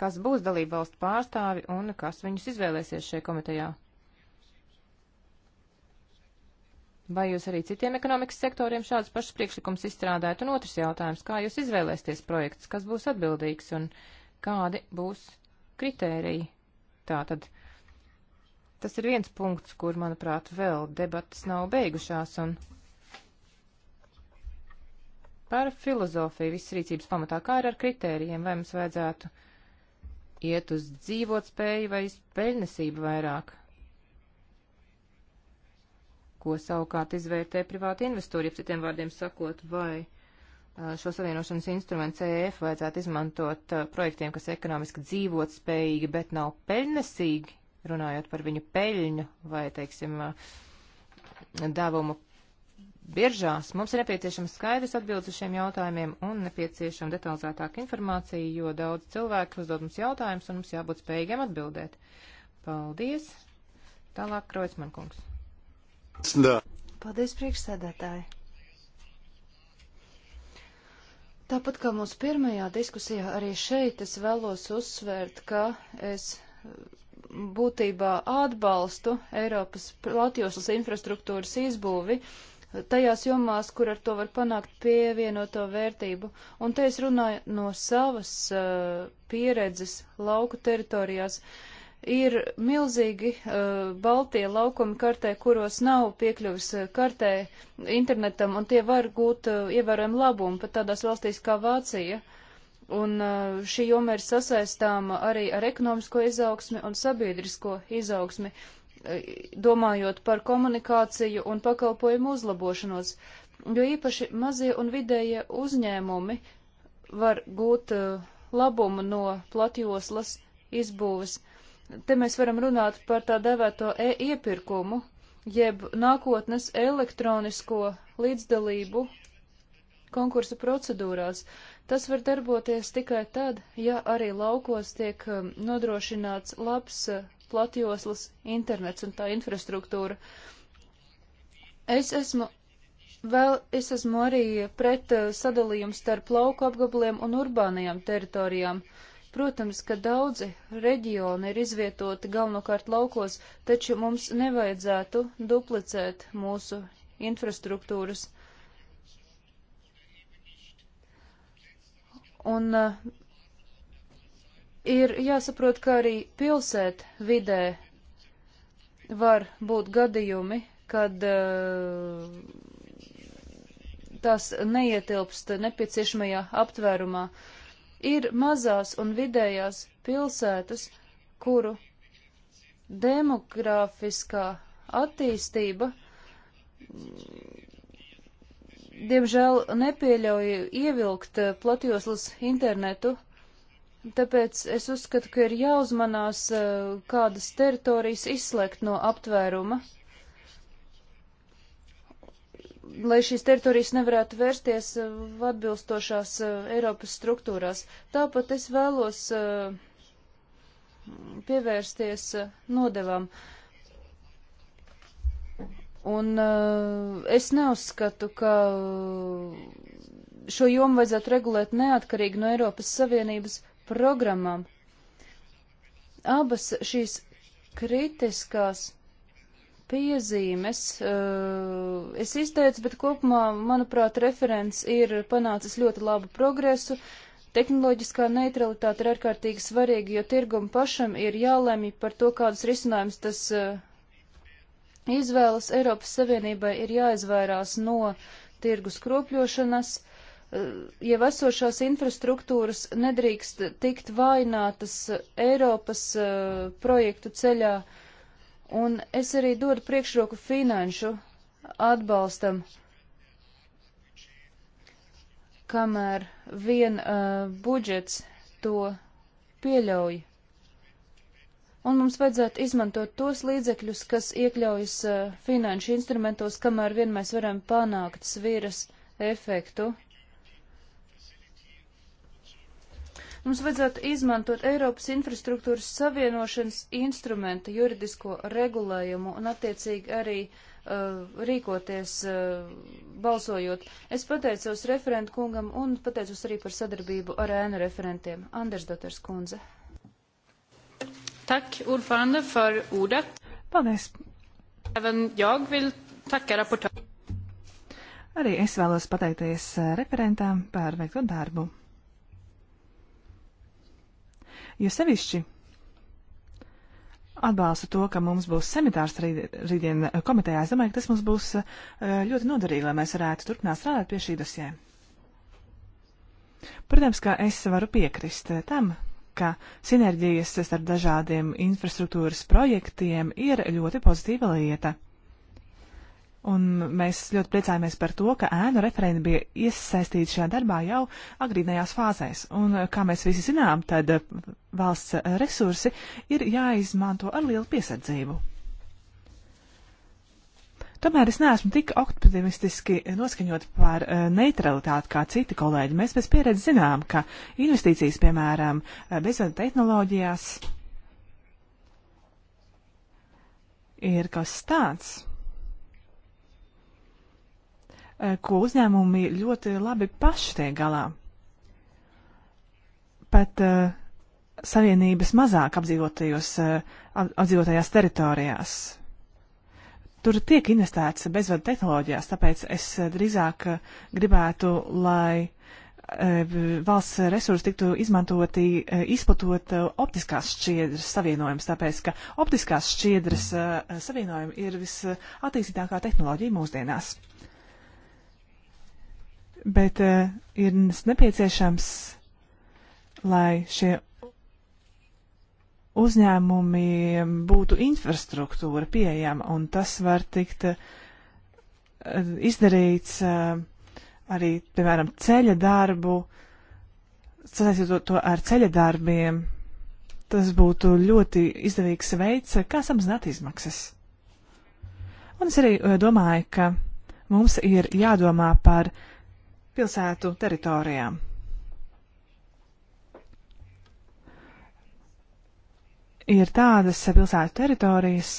kas būs dalība valstu pārstāvi un kas viņus izvēlēsies šajā komitejā. Vai jūs arī citiem ekonomikas sektoriem šādus pašus priekšlikumus izstrādājat? Un otrs jautājums, kā jūs izvēlēsieties projekts, kas būs atbildīgs un kādi būs kritēriji? Tātad tas ir viens punkts, kur, manuprāt, vēl debatas nav beigušās un par filozofiju visas rīcības pamatā, kā ir ar kritērijiem, vai mums vajadzētu uh, iet uz dzīvot spēju vai uz peļnesību vairāk, ko savukārt izvērtē privāti investori, ja citiem vārdiem sakot, vai šo savienošanas instrumentu CEF vajadzētu izmantot projektiem, kas ekonomiski dzīvot spējīgi, bet nav peļnesīgi, runājot par viņu peļņu vai, teiksim, devumu biržās. Mums ir nepieciešams skaidrs atbildes uz šiem jautājumiem un nepieciešama detalizētāka informācija, jo daudz cilvēku uzdod mums jautājumus un mums jābūt spējīgiem atbildēt. Paldies! Tālāk Kroicman kungs. Da. Paldies, priekšsēdētāji! Tāpat kā mūsu pirmajā diskusijā, arī šeit es vēlos uzsvērt, ka es būtībā atbalstu Eiropas platjoslas infrastruktūras izbūvi, uh, tajās jomās, kur ar to var panākt pievienoto vērtību. Un te es runāju no savas uh, pieredzes lauku teritorijās. Ir milzīgi uh, baltie laukumi kartē, kuros nav piekļuvis eh, kartē internetam, un tie var gūt uh, ievērojumu labumu pat tādās valstīs kā Vācija. Un uh, šī joma ir sasaistāma arī ar ekonomisko izaugsmi un sabiedrisko izaugsmi. Uh, Eh, domājot par komunikāciju un pakalpojumu uzlabošanos, jo īpaši mazie un vidējie uzņēmumi var gūt eh, labumu no platjoslas izbūves. Te mēs varam runāt par tā devēto e-iepirkumu, jeb nākotnes elektronisko līdzdalību konkursu procedūrās. Tas var darboties tikai tad, ja arī laukos tiek eh, nodrošināts labs platjoslas internets un tā infrastruktūra. Es esmu vēl, es esmu arī pret eh, sadalījumu starp lauku apgabaliem un urbānajām teritorijām. Protams, ka daudzi reģioni ir izvietoti galvenokārt laukos, taču mums nevajadzētu duplicēt mūsu infrastruktūras. Un uh, Ir jāsaprot, ka arī pilsēt vidē var būt gadījumi, kad uh, eh, tās neietilpst nepieciešamajā aptvērumā. Ir mazās un vidējās pilsētas, kuru demografiskā attīstība, diemžēl, nepieļauj ievilkt platjoslas internetu Tāpēc es uzskatu, ka ir jāuzmanās eh, kādas teritorijas izslēgt no aptvēruma, lai šīs teritorijas nevarētu vērsties eh, atbilstošās eh, Eiropas struktūrās. Tāpat es vēlos pievērsties nodevām. Un es neuzskatu, ka šo jomu vajadzētu regulēt neatkarīgi no Eiropas Savienības programmām. Abas šīs kritiskās piezīmes uh, es izteicu, bet kopumā, manuprāt, referents ir panācis ļoti labu progresu. Tehnoloģiskā neutralitāte ir ārkārtīgi svarīga, jo tirgum pašam ir jālēmj par to, kādus risinājumus tas uh, izvēlas. Eiropas Savienībai ir jāizvairās no tirgus kropļošanas. Uh, jau esošās infrastruktūras nedrīkst tikt vainātas Eiropas eh, projektu ceļā, un es arī dodu priekšroku finanšu atbalstam, kamēr vien uh, budžets to pieļauj. Un mums vajadzētu izmantot tos līdzekļus, kas iekļaujas uh, finanšu instrumentos, kamēr vien mēs varam panākt sviras efektu. Mums vajadzētu izmantot Eiropas infrastruktūras savienošanas instrumenta juridisko regulējumu un attiecīgi arī uh, rīkoties uh, balsojot. Es pateicos referentu kungam un pateicos arī par sadarbību ar ēnu referentiem. Anders Doters kundze. Tak, ordförande, för ordet. Paldies. Även jag vill tacka rapportören. Arī es vēlos pateikties eh, referentām par veikto darbu jo sevišķi atbalstu to, ka mums būs seminārs rīt, rītdien komitejā. Es domāju, ka tas mums būs eh, ļoti noderīgi, lai mēs varētu turpināt strādāt pie šī dosē. Protams, ka es varu piekrist eh, tam, ka sinerģijas starp dažādiem infrastruktūras projektiem ir ļoti pozitīva lieta. Un mēs ļoti priecājamies par to, ka ēnu referenti bija iesaistīti šajā darbā jau agrīnajās fāzēs. Un, kā mēs visi zinām, tad eh, valsts resursi ir jāizmanto ar lielu piesardzību. Tomēr es neesmu tik optimistiski noskaņot par eh, neutralitāti kā citi kolēģi. Mēs pēc pieredzes zinām, ka investīcijas, piemēram, eh, bezvadu tehnoloģijās, ir kas tāds Eh, ko uzņēmumi ļoti labi paši tiek galā. Pat uh, savienības mazāk apdzīvotajos, uh, apdzīvotajās teritorijās. Tur tiek investēts bezvadu tehnoloģijās, tāpēc es drīzāk uh, gribētu, lai valsts resursi tiktu izmantoti izplatot optiskās šķiedras savienojumus, tāpēc, ka optiskās šķiedras savienojumi ir visattīstītākā tehnoloģija mūsdienās bet uh, ir nepieciešams, lai šie uzņēmumi būtu infrastruktūra pieejama, un tas var tikt uh, izdarīts uh, arī, piemēram, ceļa darbu, sasaistot to, to ar ceļa darbiem. Tas būtu ļoti izdevīgs veids, kā samazināt izmaksas. Un es arī uh, domāju, ka mums ir jādomā par uh, pilsētu teritorijām. Ir tādas pilsētu teritorijas,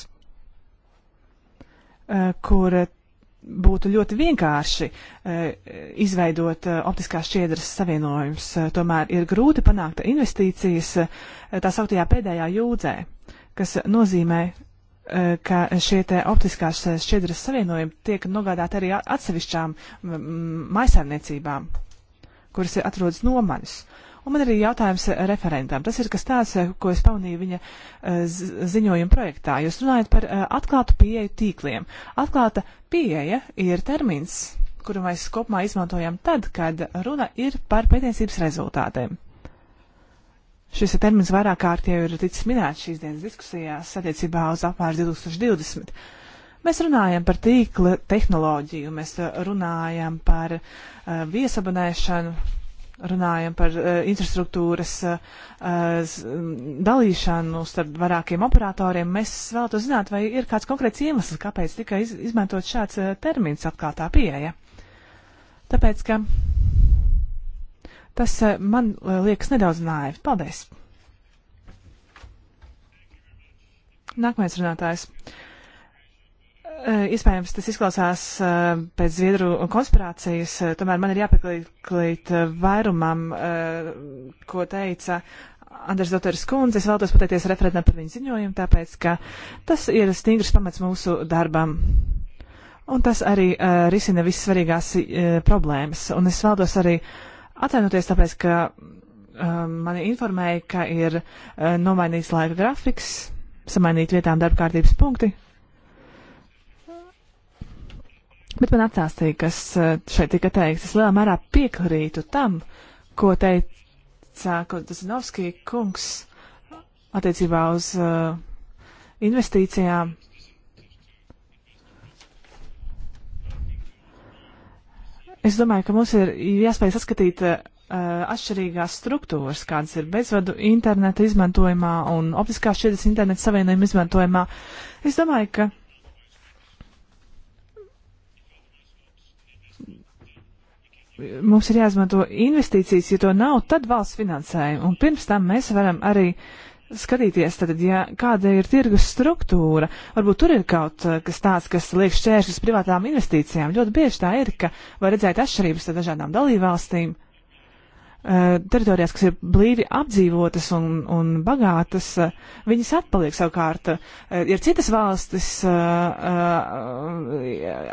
eh, kur būtu ļoti vienkārši eh, izveidot eh, optiskās šķiedras savienojums. Tomēr ir grūti panākt investīcijas tā sauktajā pēdējā jūdzē, kas nozīmē ka šie optiskās eh, šķidras savienojumi tiek nogādāti arī atsevišķām maisaimniecībām, kuras atrodas nomaļas. Un man arī jautājums eh, referentam. Tas ir kas tāds, eh, ko es pamanīju viņa ziņojuma projektā. Jūs runājat par atklātu pieeju tīkliem. Atklāta pieeja ir termins, kuru mēs kopumā izmantojam tad, kad runa ir par pētniecības rezultātiem. Šis termins vairāk kārt jau ir ticis minēts šīs dienas diskusijās attiecībā uz apmērs 2020. Mēs runājam par tīkla tehnoloģiju, mēs uh, runājam par uh, viesabonēšanu, runājam par uh, infrastruktūras uh, uh dalīšanu starp vairākiem operatoriem, mēs vēlētu zināt, vai ir kāds konkrēts iemesls, kāpēc tika iz, izmantot šāds uh, termins atklātā pieeja. Tāpēc, ka Tas eh, man eh, liekas nedaudz naivi. Paldies! Nākamais runātājs. Eh, iespējams, tas izklausās pēc zviedru konspirācijas, tomēr man ir jāpieklīt vairumam, ko teica Andres Doters Kunze. Es vēlos pateikties referentam par viņu ziņojumu, tāpēc, ka tas ir stingrs pamats mūsu darbam. Un tas arī risina vissvarīgās problēmas. Un es vēlos arī uh, Atvainoties tāpēc, ka um, mani informēja, ka ir uh, nomainīts laika grafiks, samainīt vietām darba kārtības punkti. Bet man atstāstīja, kas uh, šeit tika teikts. Es lielā mērā piekrītu tam, ko teica Kodazinovskī kungs attiecībā uz uh, investīcijām Es domāju, ka mums ir jāspēj saskatīt uh, atšķirīgās struktūras, kādas ir bezvadu interneta izmantojumā un optiskās šķiedras interneta savienojuma izmantojumā. Es domāju, ka mums ir jāizmanto investīcijas, ja to nav, tad valsts finansējuma. Un pirms tam mēs varam arī uh, skatīties, tad, ja kāda ir tirgus struktūra, varbūt tur ir kaut eh, kas tāds, kas liek šķēršļus privātām investīcijām. Ļoti bieži tā ir, ka var redzēt atšķirības ar dažādām dalībvalstīm. Eh, teritorijās, kas ir blīvi apdzīvotas un, un bagātas, viņas atpaliek savukārt. Eh, ir citas valstis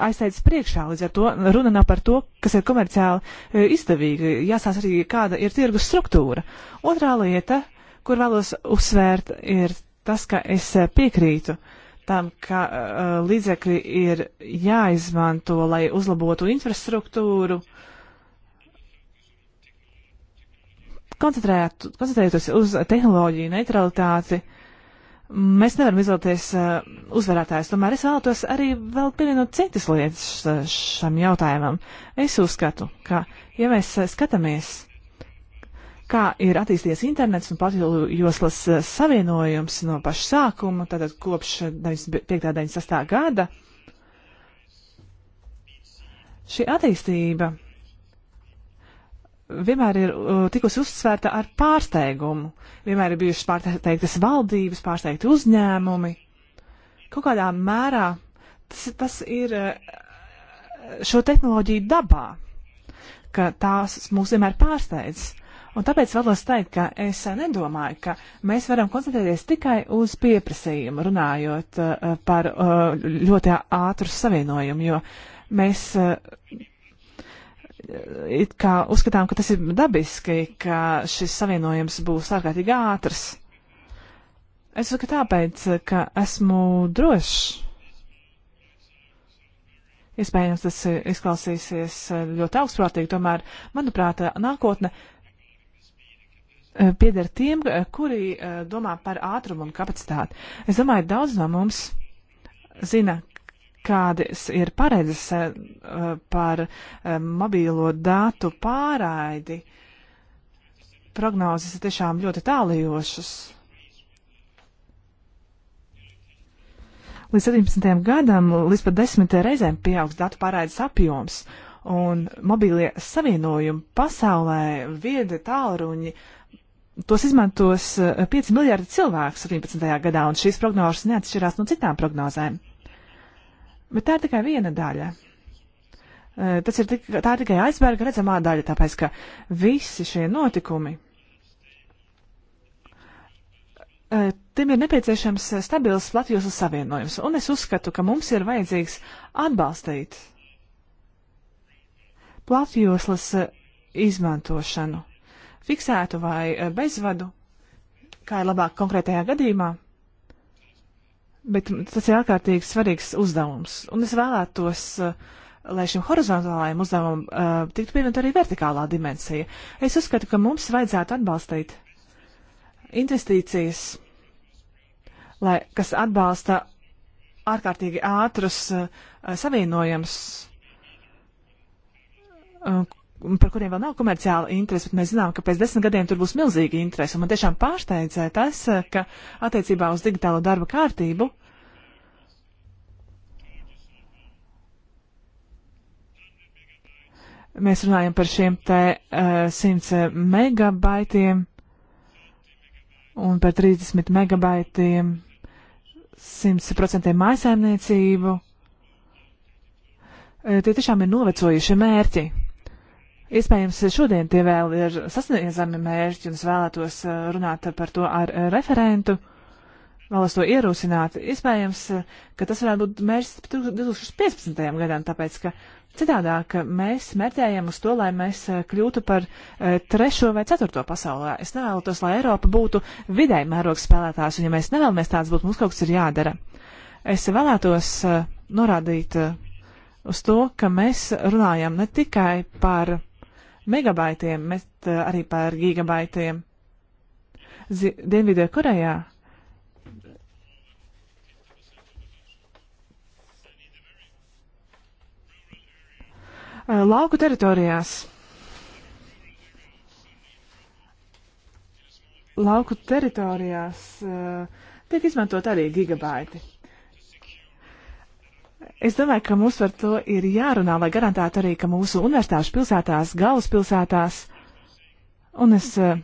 aizteicis priekšā, līdz ar to runa nav par to, kas ir komerciāli izdevīgi. Jāsās arī, kāda ir tirgus struktūra. Otrā lieta kur vēlos uzsvērt, ir tas, ka es eh, piekrītu tam, ka uh, līdzekļi ir jāizmanto, lai uzlabotu infrastruktūru, koncentrējoties uz tehnoloģiju neutralitāti. Mēs nevaram izvēlēties uh, eh, uzvarētājus, tomēr es vēlētos arī vēl pievienot citas lietas šam jautājumam. Es uzskatu, ka, ja mēs skatāmies kā ir attīstījies internets un platjoslas eh, savienojums no paša sākuma, tātad kopš 95.96. gada. Šī attīstība vienmēr ir eh, tikusi uzsvērta ar pārsteigumu. Vienmēr ir bijušas pārsteigtas valdības, pārsteigti uzņēmumi. Kaut kādā mērā tas, tas ir eh, šo tehnoloģiju dabā, ka tās mūs vienmēr pārsteidz. Un tāpēc vēlos teikt, ka es nedomāju, ka mēs varam koncentrēties tikai uz pieprasījumu, runājot eh, par eh, ļoti ātru savienojumu, jo mēs eh, it kā uzskatām, ka tas ir dabiski, ka šis savienojums būs ārkārtīgi ātrs. Es saku tāpēc, ka esmu drošs. Iespējams, tas izklausīsies ļoti augstprātīgi, tomēr, manuprāt, nākotne Eh, pieder tiem, eh, kuri eh, domā par ātrumu un kapacitāti. Es domāju, daudz no mums zina, kādas ir pareizes par mobīlo datu pārraidi. Prognozes ir tiešām ļoti tālijošas. Līdz 17. gadam līdz pat desmit reizēm pieaugs datu pārraides apjoms, un mobīlie savienojumi pasaulē, viedi tālruņi uh, tos izmantos 5 eh, miljārdi cilvēku 17. gadā, un šīs prognozes neatšķirās no citām prognozēm. Bet tā ir tikai viena daļa. Eh, tas ir tik, tā ir tikai aizbērga redzamā daļa, tāpēc ka visi šie notikumi, eh, Tiem ir nepieciešams stabils Latvijas savienojums, un es uzskatu, ka mums ir vajadzīgs atbalstīt platjoslas izmantošanu fiksētu vai eh, bezvadu, kā ir labāk konkrētajā gadījumā. Bet tas ir ārkārtīgi svarīgs uzdevums. Un es vēlētos, eh, lai šim horizontālajam uzdevumam uh, tiktu pievienot arī vertikālā dimensija. Es uzskatu, ka mums vajadzētu atbalstīt investīcijas, lai, kas atbalsta ārkārtīgi ātrus uh, savienojums, uh, par kuriem vēl nav komerciāla interese, bet mēs zinām, ka pēc desmit gadiem tur būs milzīga interese. Un man tiešām pārsteidzē tas, ka attiecībā uz digitālo darba kārtību. Mēs runājam par šiem te uh, eh, 100 eh, megabaitiem un par 30 megabaitiem 100% mājasēmniecību. Uh, eh, tie tiešām ir novecojušie mērķi. Iespējams, šodien tie vēl ir sasniedzami mērķi, un es vēlētos eh, runāt par to ar eh, referentu. Vēlos to ierosināt. Iespējams, eh, ka tas varētu būt mērķis 2015. gadam, tāpēc, ka citādāk mēs mērķējam uz to, lai mēs kļūtu par trešo vai ceturto pasaulē. Es nevēlos, lai Eiropa būtu vidēji mērogs spēlētājs, un ja mēs nevēlamies tāds būt, mums kaut kas ir jādara. Es vēlētos norādīt uz to, ka mēs runājam ne tikai par megabaitiem, mēs arī par gigabaitiem. Dienvidē Korejā lauku teritorijās. Lauku teritorijās uh, tiek izmantot arī gigabaiti. Es domāju, ka mums par to ir jārunā, lai garantētu arī, ka mūsu universitāšu pilsētās, galvaspilsētās, un es eh,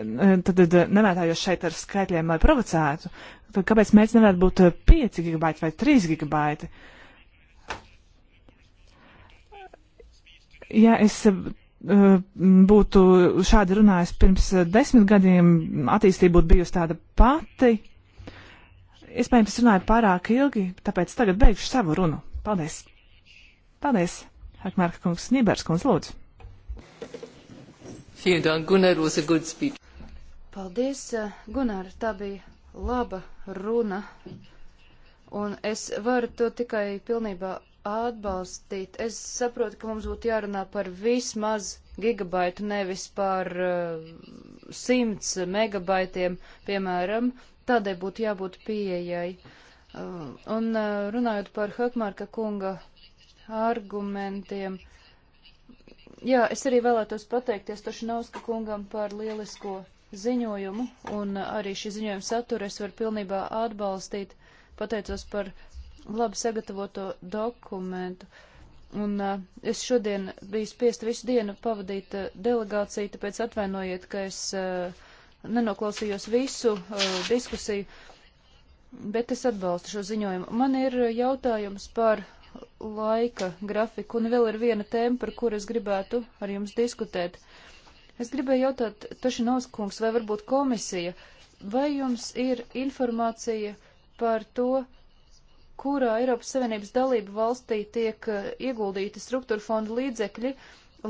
eh, tad, tad eh, nemētājos šeit ar skaitļiem, lai provocētu, tad kāpēc mēs nevarētu būt 5 gigabaiti vai 3 gigabaiti? Ja es būtu šādi runājis pirms desmit gadiem, attīstība būtu bijusi tāda pati. Iespējams, es runāju pārāk ilgi, tāpēc tagad beigšu savu runu. Paldies! Paldies! Hakmārka kungs, Nībērs kungs, lūdzu! Paldies, Gunār, tā bija laba runa, un es varu to tikai pilnībā atbalstīt. Es saprotu, ka mums būtu jārunā par vismaz gigabaitu, nevis par uh, simts megabaitiem, piemēram, Tādai būtu jābūt pieejai. Uh, un uh, runājot par Hakmarka kunga argumentiem, jā, es arī vēlētos pateikties Tošinovska kungam par lielisko ziņojumu, un arī šī ziņojuma satura es varu pilnībā atbalstīt, pateicos par labi sagatavoto dokumentu. Un uh, es šodien biju spiest visu dienu pavadīt uh, delegāciju, tāpēc atvainojiet, ka es uh, nenoklausījos visu uh, diskusiju, bet es atbalstu šo ziņojumu. Man ir jautājums par laika grafiku, un vēl ir viena tēma, par kuru es gribētu ar jums diskutēt. Es gribēju jautāt, Tašinovs kungs, vai varbūt komisija, vai jums ir informācija par to, kurā Eiropas Savienības dalību valstī tiek uh, ieguldīti struktūra fonda līdzekļi,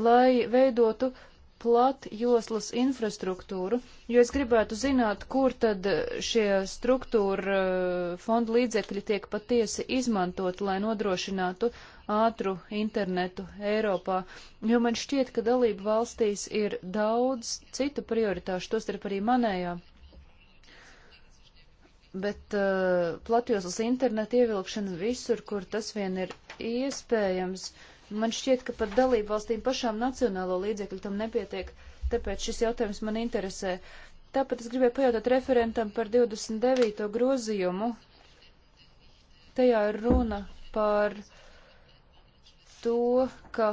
lai veidotu uh, platjoslas infrastruktūru, jo es gribētu zināt, kur tad šie struktūra eh, fonda līdzekļi tiek patiesi izmantot, lai nodrošinātu ātru internetu Eiropā, jo man šķiet, ka dalību valstīs ir daudz citu prioritāšu, tostarp arī manējā. Bet uh, platjoslas internetu ievilkšana visur, kur tas vien ir iespējams, uh, Man šķiet, ka pat dalību valstīm pašām nacionālo līdzekļu tam nepietiek, tāpēc šis jautājums man interesē. Tāpat es gribēju pajautāt referentam par 29. grozījumu. Tajā ir runa par to, ka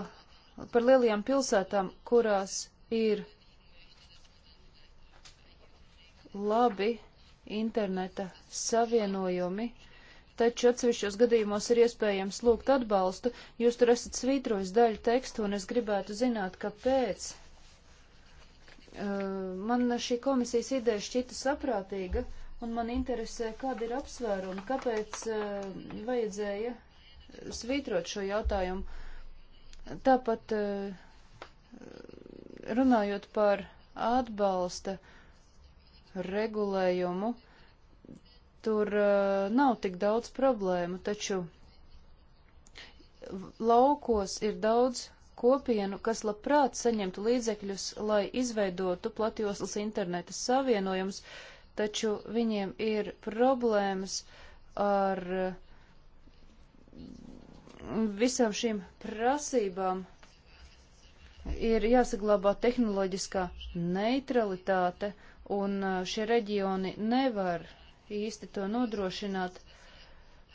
par lielajām pilsētām, kurās ir labi interneta savienojumi, taču atsevišķos gadījumos ir iespējams lūgt atbalstu. Jūs tur esat svītrojis daļu tekstu, un es gribētu zināt, kāpēc. Uh, man šī komisijas ideja šķita saprātīga, un man interesē, kāda ir apsvērumi, kāpēc uh, vajadzēja svītrot šo jautājumu. Tāpat uh, runājot par atbalsta regulējumu, tur uh, nav tik daudz problēmu, taču laukos ir daudz kopienu, kas labprāt saņemtu līdzekļus, lai izveidotu platjoslas interneta savienojums, taču viņiem ir problēmas ar eh, visām šīm prasībām. Ir jāsaglabā tehnoloģiskā neutralitāte, un eh, šie reģioni nevar īsti to nodrošināt.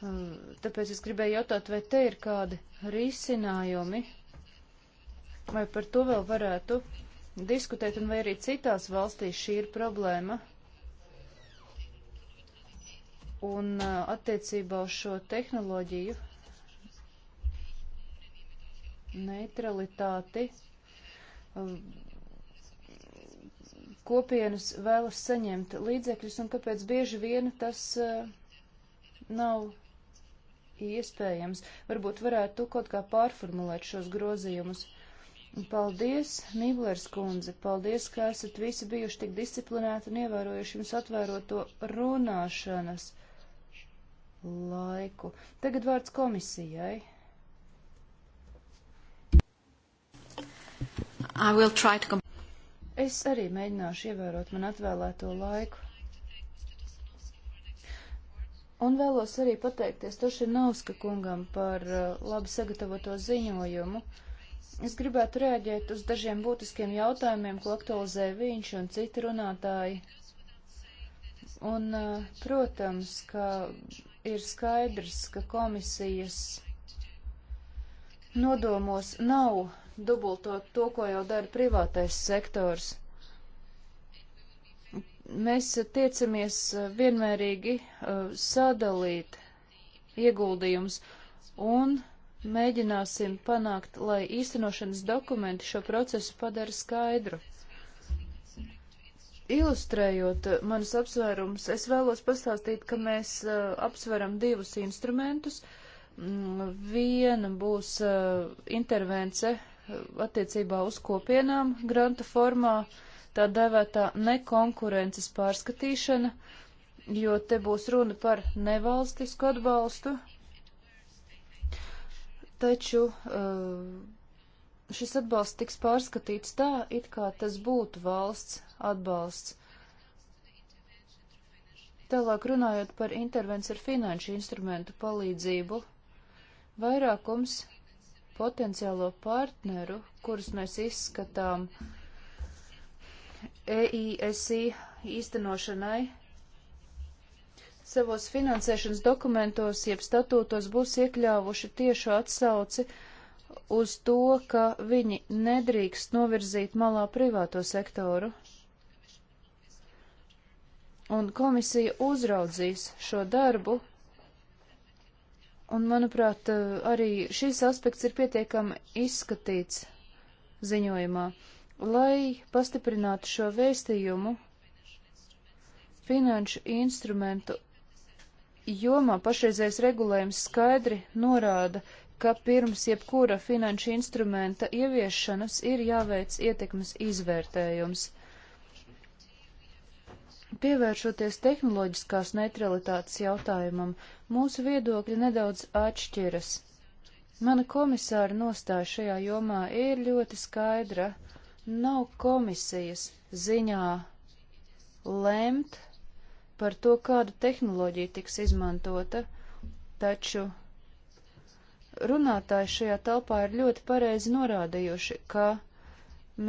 Um, tāpēc es gribēju jautāt, vai te ir kādi risinājumi, vai par to vēl varētu diskutēt, un vai arī citās valstīs šī ir problēma. Un uh, attiecībā uz šo tehnoloģiju neutralitāti um, kopienas vēlas saņemt līdzekļus un kāpēc bieži vien tas eh, nav iespējams. Varbūt varētu tu kaut kā pārformulēt šos grozījumus. Paldies, Niblers kundze, paldies, ka esat visi bijuši tik disciplinēti un ievērojuši jums atvēroto runāšanas laiku. Tagad vārds komisijai. I will try to Es arī mēģināšu ievērot man atvēlēto laiku. Un vēlos arī pateikties Tošinovska kungam par uh, labi sagatavoto ziņojumu. Es gribētu rēģēt uz dažiem būtiskiem jautājumiem, ko aktualizē viņš un citi runātāji. Un, uh, protams, ka ir skaidrs, ka komisijas nodomos nav dubultot to, ko jau dara privātais sektors. Mēs tiecamies vienmērīgi uh, sadalīt ieguldījums un mēģināsim panākt, lai īstenošanas dokumenti šo procesu padara skaidru. Ilustrējot uh, manas apsvērums, es vēlos pastāstīt, ka mēs uh, apsveram divus instrumentus. Mm, viena būs intervence attiecībā uz kopienām granta formā, tā devētā nekonkurences pārskatīšana, jo te būs runa par nevalstisku atbalstu. Taču eh, šis atbalsts tiks pārskatīts tā, it kā tas būtu valsts atbalsts. Tālāk runājot par intervenciju ar finanšu instrumentu palīdzību, vairākums potenciālo partneru, kurus mēs izskatām EISI īstenošanai, savos finansēšanas dokumentos jeb statūtos būs iekļāvuši tiešu atsauci uz to, ka viņi nedrīkst novirzīt malā privāto sektoru. Un komisija uzraudzīs šo darbu, Un, manuprāt, arī šis aspekts ir pietiekami izskatīts ziņojumā. Lai pastiprinātu šo vēstījumu, finanšu instrumentu jomā pašreizējais regulējums skaidri norāda, ka pirms jebkura finanšu instrumenta ieviešanas ir jāveic ietekmes izvērtējums. Pievēršoties tehnoloģiskās neutralitātes jautājumam, mūsu viedokļi nedaudz atšķiras. Mana komisāra nostāja šajā jomā ir ļoti skaidra. Nav komisijas ziņā lemt par to, kāda tehnoloģija tiks izmantota, taču runātāji šajā telpā ir ļoti pareizi norādījuši, ka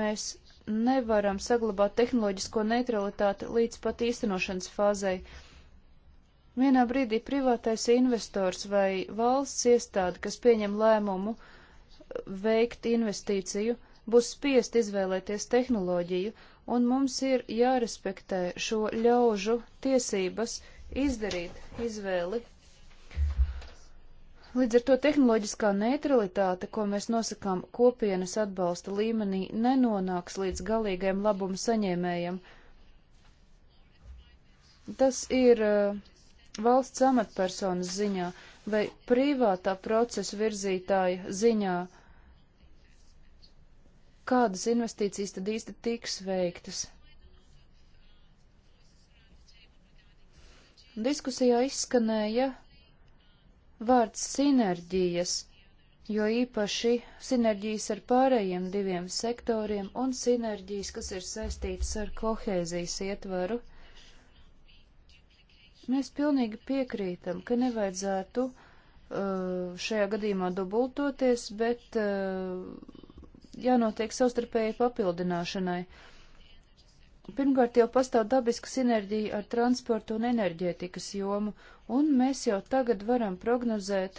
mēs nevaram saglabāt tehnoloģisko neutralitāti līdz pat īstenošanas fāzei. Vienā brīdī privātais investors vai valsts iestāde, kas pieņem lēmumu veikt investīciju, būs spiest izvēlēties tehnoloģiju, un mums ir jārespektē šo ļaužu tiesības izdarīt izvēli Līdz ar to tehnoloģiskā neutralitāte, ko mēs nosakām kopienas atbalsta līmenī, nenonāks līdz galīgajam labumu saņēmējam. Tas ir uh, valsts amatpersonas ziņā vai privātā procesa virzītāja ziņā, kādas investīcijas tad īsti tiks veiktas. Diskusijā izskanēja Vārds sinerģijas, jo īpaši sinerģijas ar pārējiem diviem sektoriem un sinerģijas, kas ir saistītas ar kohēzijas ietvaru. Mēs pilnīgi piekrītam, ka nevajadzētu uh, šajā gadījumā dubultoties, bet uh, jānotiek savstarpēji papildināšanai. Pirmkārt, jau pastāv dabiska sinerģija ar transportu un enerģētikas jomu, un mēs jau tagad varam prognozēt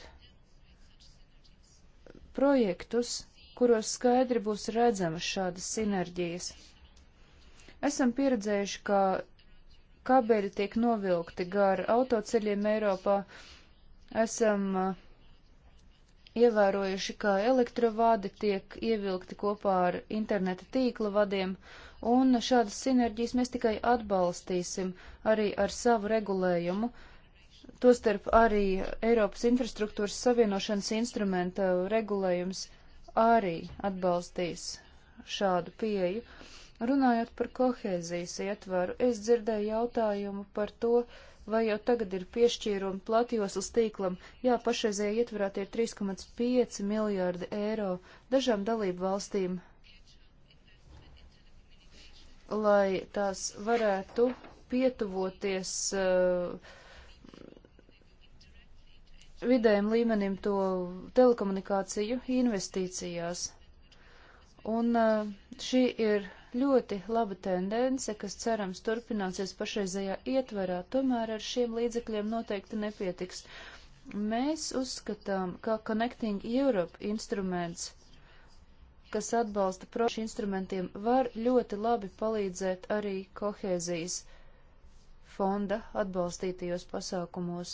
projektus, kuros skaidri būs redzamas šādas sinerģijas. Esam pieredzējuši, ka kabeļi tiek novilkti gar autoceļiem Eiropā, esam uh, ievērojuši, ka elektrovādi tiek ievilkti kopā ar interneta tīkla vadiem, uh, un šādas sinerģijas mēs tikai atbalstīsim arī ar savu regulējumu, tostarp arī Eiropas infrastruktūras savienošanas instrumenta regulējums arī atbalstīs šādu pieeju. Runājot par kohēzijas ietvaru, es dzirdēju jautājumu par to, vai jau tagad ir piešķīrumi platjoslas tīklam. Jā, pašreizējā ietvarā tie ir 3,5 miljārdi eiro. Dažām dalību valstīm lai tās varētu pietuvoties eh, vidējiem līmenim to telekomunikāciju investīcijās. Un eh, šī ir ļoti laba tendence, kas cerams turpināsies pašreizējā ietverā, tomēr ar šiem līdzekļiem noteikti nepietiks. Mēs uzskatām, ka Connecting Europe instruments kas atbalsta prošu instrumentiem, var ļoti labi palīdzēt arī kohēzijas fonda atbalstītajos pasākumos.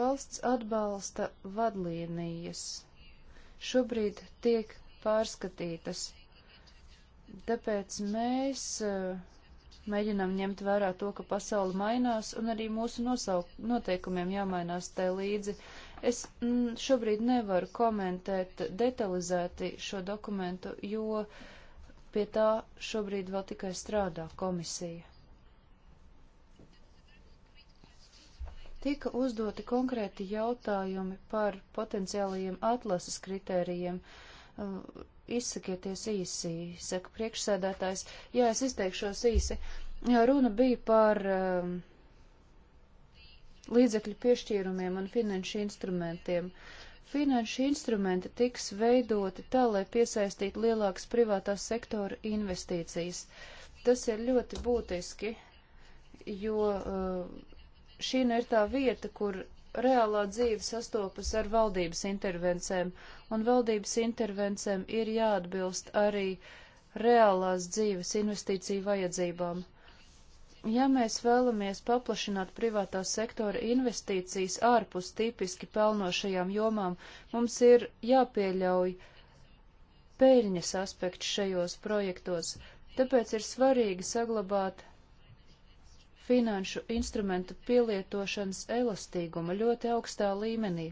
Valsts atbalsta vadlīnijas. Šobrīd tiek pārskatītas. Tāpēc mēs eh, mēģinām ņemt vērā to, ka pasauli mainās un arī mūsu noteikumiem jāmainās tai līdzi. Uh, Es mm, šobrīd nevaru komentēt detalizēti šo dokumentu, jo pie tā šobrīd vēl tikai strādā komisija. Tika uzdoti konkrēti jautājumi par potenciālajiem atlases kritērijiem. Uh, izsakieties īsi, saka priekšsēdētājs. Jā, es izteikšos īsi. Runa bija par uh, līdzekļu piešķīrumiem un finanšu instrumentiem. Finanšu instrumenti tiks veidoti tā, lai piesaistītu lielākas privātās sektora investīcijas. Tas ir ļoti būtiski, jo uh, šī nu ir tā vieta, kur reālā dzīve sastopas ar valdības intervencēm, un valdības intervencēm ir jāatbilst arī reālās dzīves investīciju vajadzībām. Ja mēs vēlamies paplašināt privātā sektora investīcijas ārpus tipiski pelnošajām jomām, mums ir jāpieļauj peļņas aspekts šajos projektos, tāpēc ir svarīgi saglabāt finanšu instrumentu pielietošanas elastīguma ļoti augstā līmenī.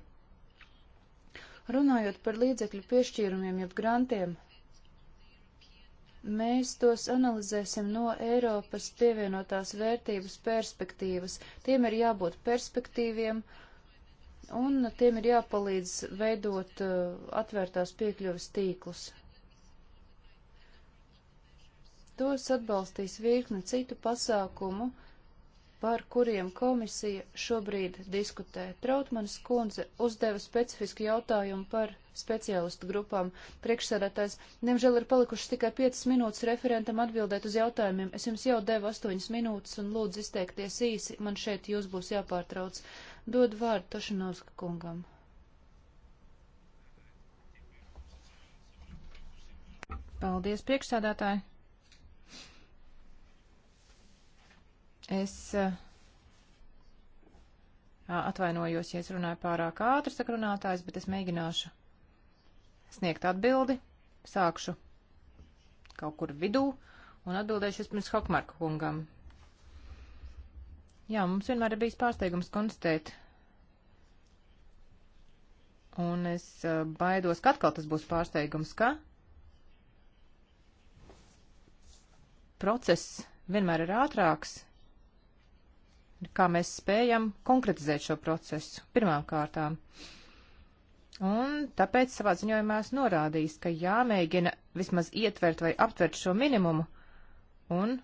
Runājot par līdzekļu piešķīrumiem jeb grantiem, Mēs tos analizēsim no Eiropas pievienotās vērtības perspektīvas. Tiem ir jābūt perspektīviem un tiem ir jāpalīdz veidot uh, atvērtās piekļuvis tīklus. Tos atbalstīs virkne citu pasākumu, uh, par kuriem komisija šobrīd diskutē. Trautmanas kundze uzdeva specifisku jautājumu par speciālistu grupām. Priekšsēdētājs, diemžēl ir palikušas tikai 5 minūtes referentam atbildēt uz jautājumiem. Es jums jau devu 8 minūtes un lūdzu izteikties īsi, man šeit jūs būs jāpārtrauc. Dod vārdu Tošinovska kungam. Paldies, priekšsēdētāji! Es eh, atvainojos, ja es runāju pārāk ātri, saka runātājs, bet es mēģināšu sniegt atbildi. Sākšu kaut kur vidū un atbildēšu vispirms Hokmarka kungam. Jā, mums vienmēr ir bijis pārsteigums konstatēt. Un es eh, baidos, ka atkal tas būs pārsteigums, ka process vienmēr ir ātrāks kā mēs spējam konkretizēt šo procesu pirmām kārtām. Un tāpēc savā ziņojumā es norādījis, ka jāmēģina vismaz ietvert vai aptvert šo minimumu un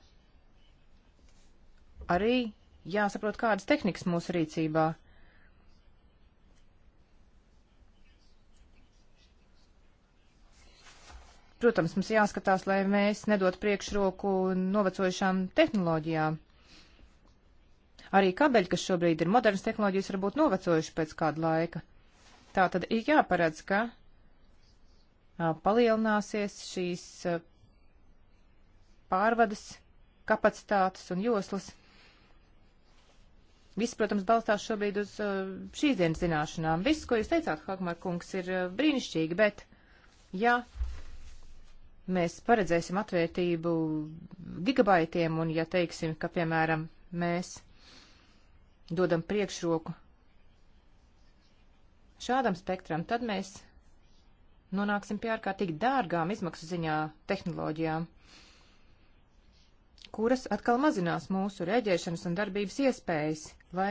arī jāsaprot, kādas tehnikas mūsu rīcībā. Protams, mums jāskatās, lai mēs nedot priekšroku novecojušām tehnoloģijām. Arī kabeļi, kas šobrīd ir modernas tehnoloģijas, varbūt novecojuši pēc kāda laika. Tā tad ir jāparedz, ka a, palielināsies šīs a, pārvades kapacitātes un joslas. Viss, protams, balstās šobrīd uz uh, šīs dienas zināšanām. Viss, ko jūs teicāt, Hakmar kungs, ir uh, brīnišķīgi, bet, ja mēs paredzēsim atvērtību gigabaitiem un, ja teiksim, ka, piemēram, mēs dodam priekšroku šādam spektram, tad mēs nonāksim pie ārkārtīgi dārgām izmaksu ziņā tehnoloģijām, kuras atkal mazinās mūsu rēģēšanas un darbības iespējas, lai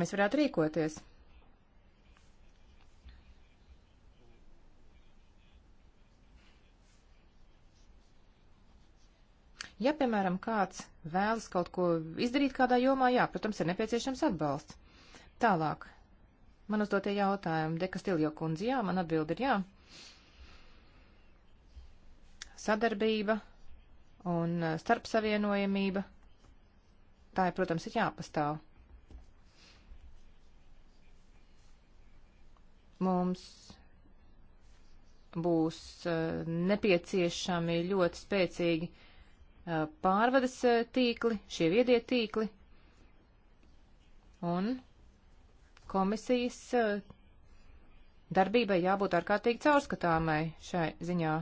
mēs varētu rīkoties. Ja, piemēram, kāds vēlas kaut ko izdarīt kādā jomā, jā, protams, ir nepieciešams atbalsts. Tālāk. Man uzdotie jautājumi, Dekastiljo kundze, jā, man atbildi ir jā. Sadarbība un eh, starpsavienojamība. Tā, ir, protams, ir jāpastāv. Mums būs uh, nepieciešami ļoti spēcīgi uh, pārvades e, tīkli, šie viedie tīkli. Un komisijas e, darbībai jābūt ārkārtīgi caurskatāmai šai ziņā.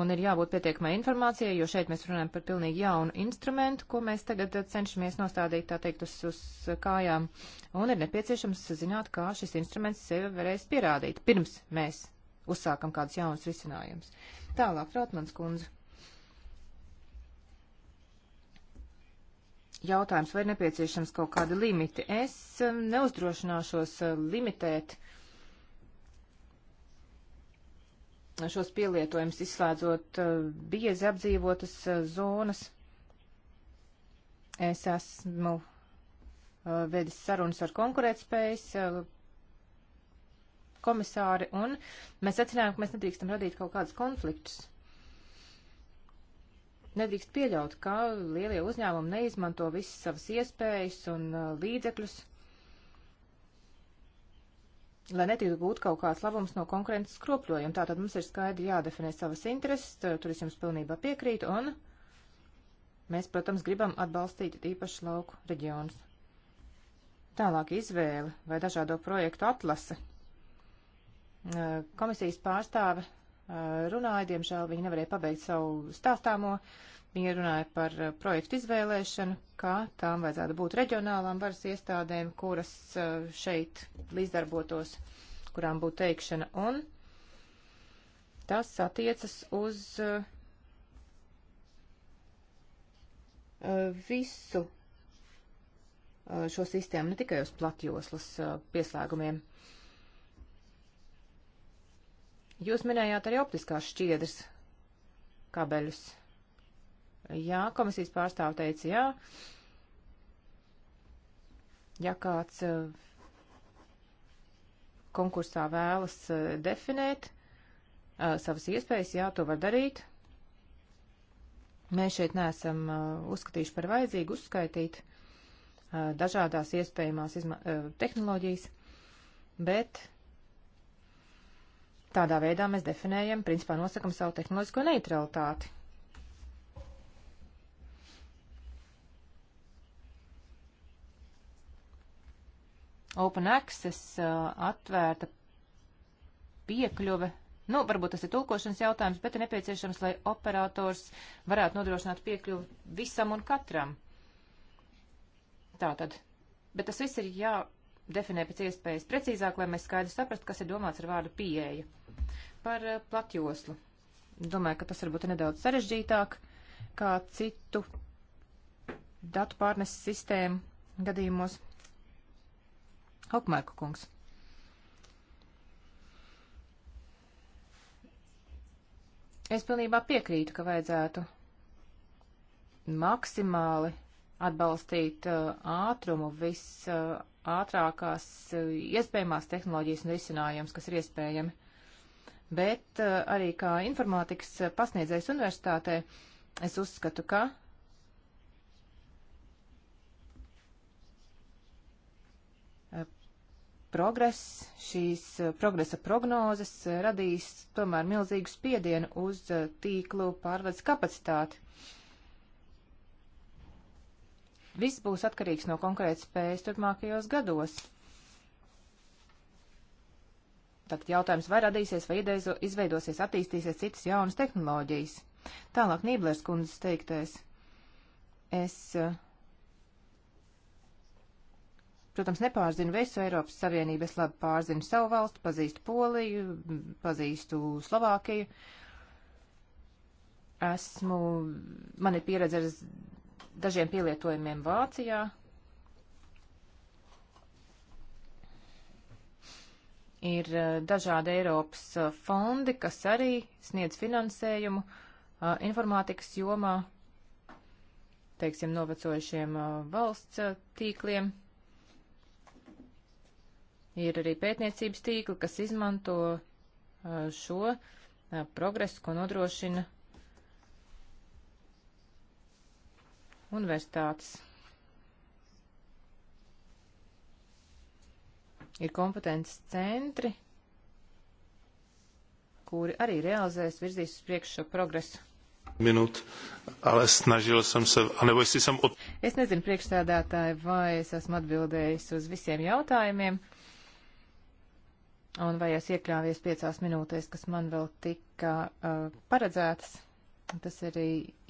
Un ir jābūt pietiekamai informācijai, jo šeit mēs runājam par pilnīgi jaunu instrumentu, ko mēs tagad e, cenšamies nostādīt, tā teikt, uz, uz kājām. Un ir nepieciešams zināt, kā šis instruments sevi varēs pierādīt, pirms mēs uzsākam kādus jaunus risinājumus. Tālāk, Rautmans kundze. jautājums, vai ir nepieciešams kaut kādi limiti. Es um, neuzdrošināšos uh, limitēt šos pielietojumus, izslēdzot uh, biezi apdzīvotas uh, zonas. Es esmu vedis sarunas ar konkurētspējas komisāri, un mēs secinājām, ka mēs nedrīkstam radīt kaut kādus konfliktus. Nedrīkst pieļaut, ka lielie uzņēmumi neizmanto visas savas iespējas un uh, līdzekļus, lai netiktu gūt kaut kāds labums no konkurences skropļojuma. Tātad mums ir skaidri jādefinē savas intereses, tur es jums pilnībā piekrītu, un mēs, protams, gribam atbalstīt īpaši lauku reģionus. Tālāk izvēle vai dažādo projektu atlase. Uh, komisijas pārstāve Eh, runāja. Diemžēl viņi nevarēja pabeigt savu stāstāmo. Viņi runāja par eh, projektu izvēlēšanu, kā tām vajadzētu būt reģionālām varas iestādēm, kuras eh, šeit līdzdarbotos, kurām būtu teikšana. Un tas attiecas uz visu šo sistēmu, ne tikai uz platjoslas pieslēgumiem. Jūs minējāt arī optiskās šķiedras kabeļus. Jā, komisijas pārstāv teica, jā. Ja kāds eh, konkursā vēlas eh, definēt eh, savas iespējas, jā, to var darīt. Mēs šeit neesam uzskatījuši par vajadzīgu uzskaitīt dažādās iespējamās tehnoloģijas, bet Tādā veidā mēs definējam, principā nosakam savu tehnoloģisko neutralitāti. Open access uh, atvērta piekļuve. Nu, varbūt tas ir tulkošanas jautājums, bet ir nepieciešams, lai operators varētu nodrošināt piekļuvi visam un katram. Tātad. Bet tas viss ir jā, definē pēc iespējas precīzāk, lai mēs skaidri saprastu, kas ir domāts ar vārdu pieeja. Par eh, platjoslu. Domāju, ka tas varbūt ir nedaudz sarežģītāk kā citu datu pārneses sistēmu gadījumos. Hokmārka kungs. Es pilnībā piekrītu, ka vajadzētu maksimāli atbalstīt uh, ātrumu vis uh, ātrākās eh, iespējamās tehnoloģijas un risinājums, kas ir iespējami. Bet eh, arī kā informātikas pasniedzējs universitātē, es uzskatu, ka progress, šīs eh, progresa prognozes radīs tomēr milzīgu spiedienu uz tīklu pārvades kapacitāti. Viss būs atkarīgs no konkrētas spējas turpmākajos gados. Tātad jautājums vai radīsies, vai idezo, izveidosies, attīstīsies citas jaunas tehnoloģijas. Tālāk Nīblers kundzes teiktais. Es, eh, protams, nepārzinu visu Eiropas Savienību, es labi pārzinu savu valstu, pazīstu Poliju, pazīstu Slovākiju. Esmu, man ir pieredze ar dažiem pielietojumiem Vācijā. Ir eh, dažādi Eiropas eh, fondi, kas arī sniedz finansējumu eh, informātikas jomā, teiksim, novecojušiem valsts tīkliem. Ir arī pētniecības tīkli, kas izmanto šo progresu, ko nodrošina universitātes ir kompetences centri, kuri arī realizēs, virzīs uz priekšu šo progresu. Minūt, ale snažil sam se, anebo es esam... Ot... Es nezinu, priekšstādātāji, vai es esmu atbildējis uz visiem jautājumiem, un vai es iekļāvies piecās minūtēs, kas man vēl tika uh, paredzētas. Un tas arī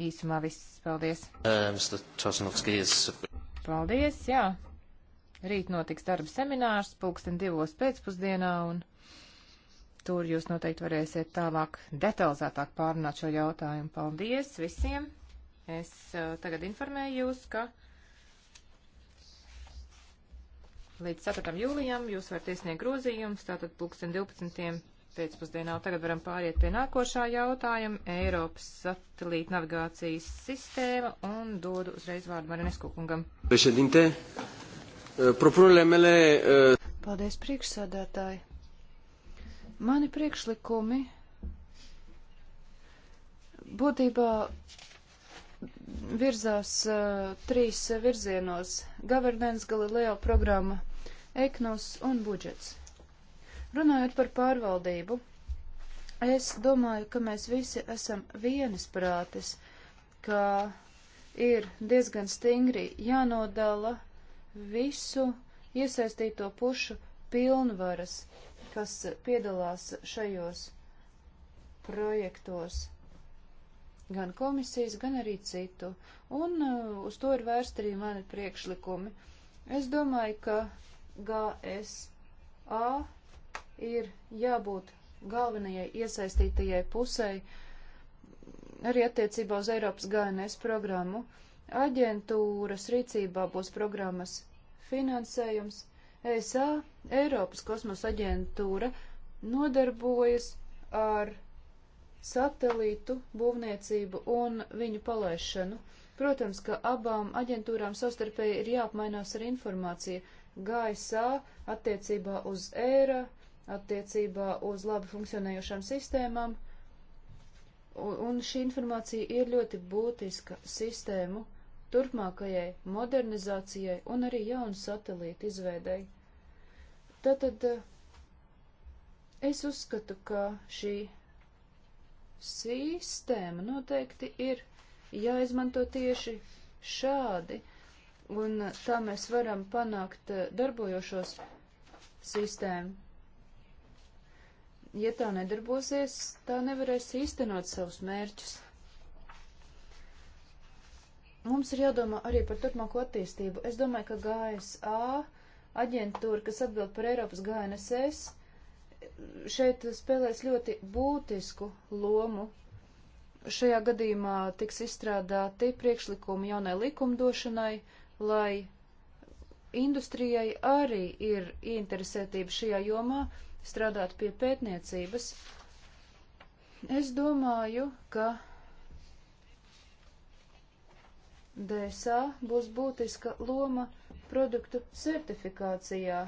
īsumā viss. Paldies. Uh, Paldies, jā. Rīt notiks darba seminārs, pulksten divos pēcpusdienā, un tur jūs noteikti varēsiet tālāk detalizētāk pārunāt šo jautājumu. Paldies visiem. Es uh, tagad informēju jūs, ka līdz 4. jūlijam jūs varat iesniegt grozījumus, tātad pulksten 12 pēcpusdienā. Tagad varam pāriet pie nākošā jautājuma - Eiropas satelīta navigācijas sistēma un dodu uzreiz vārdu Marinesku kungam. Prešedinte, eh, propunerile mele... Eh, Paldies, priekšsādātāji. Mani priekšlikumi būtībā virzās uh, trīs virzienos - governance, Galileo programma, EKNOS un budžets. Runājot par pārvaldību, es domāju, ka mēs visi esam vienisprātis, ka ir diezgan stingri jānodala visu iesaistīto pušu pilnvaras, kas piedalās šajos projektos gan komisijas, gan arī citu, un uh, uz to ir vērsti arī mani priekšlikumi. Es domāju, ka GSA ir jābūt galvenajai iesaistītajai pusei arī attiecībā uz Eiropas GNS programmu. Aģentūras rīcībā būs programmas finansējums. ESA, Eiropas kosmosa aģentūra, nodarbojas ar satelītu būvniecību un viņu palaišanu. Protams, ka abām aģentūrām savstarpēji ir jāapmainās ar informāciju GSA attiecībā uz ERA, uh, attiecībā uz labi funkcionējošām sistēmām, un šī informācija ir ļoti būtiska sistēmu turpmākajai modernizācijai un arī jaunu satelītu izveidēji. Tātad eh, es uzskatu, ka šī sistēma noteikti ir jāizmanto tieši šādi, un tā mēs varam panākt eh, darbojošos sistēmu ja tā nedarbosies, tā nevarēs īstenot savus mērķus. Mums ir jādomā arī par turpmāko attīstību. Es domāju, ka GSA aģentūra, kas atbild par Eiropas GNSS, šeit spēlēs ļoti būtisku lomu. Šajā gadījumā tiks izstrādāti priekšlikumi jaunai likumdošanai, lai industrijai arī ir interesētība šajā jomā, strādāt pie pētniecības. Es domāju, ka DSA būs būtiska loma produktu certifikācijā.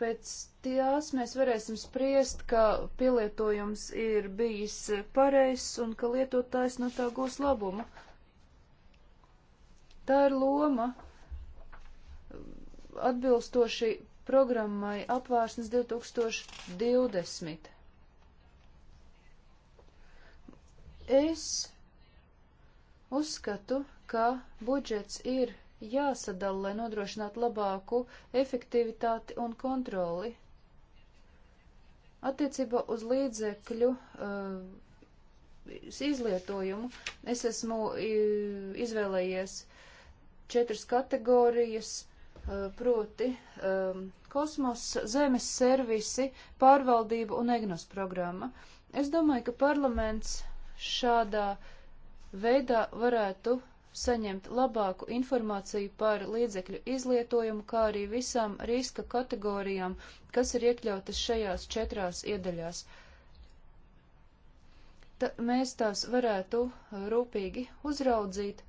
Pēc tās mēs varēsim spriest, ka pielietojums ir bijis pareizs un ka lietotājs no tā gūs labumu. Tā ir loma, atbilstoši programmai apvārsnes 2020. Es uzskatu, ka budžets ir jāsadala, lai nodrošinātu labāku efektivitāti un kontroli. Attiecībā uz līdzekļu uh, izlietojumu es esmu uh, izvēlējies četras kategorijas Eh, proti um, kosmos, zemes servisi, pārvaldība un EGNOS programma. Es domāju, ka parlaments šādā veidā varētu saņemt labāku informāciju par līdzekļu izlietojumu, kā arī visām riska kategorijām, kas ir iekļautas šajās četrās iedaļās. Ta, mēs tās varētu rūpīgi uzraudzīt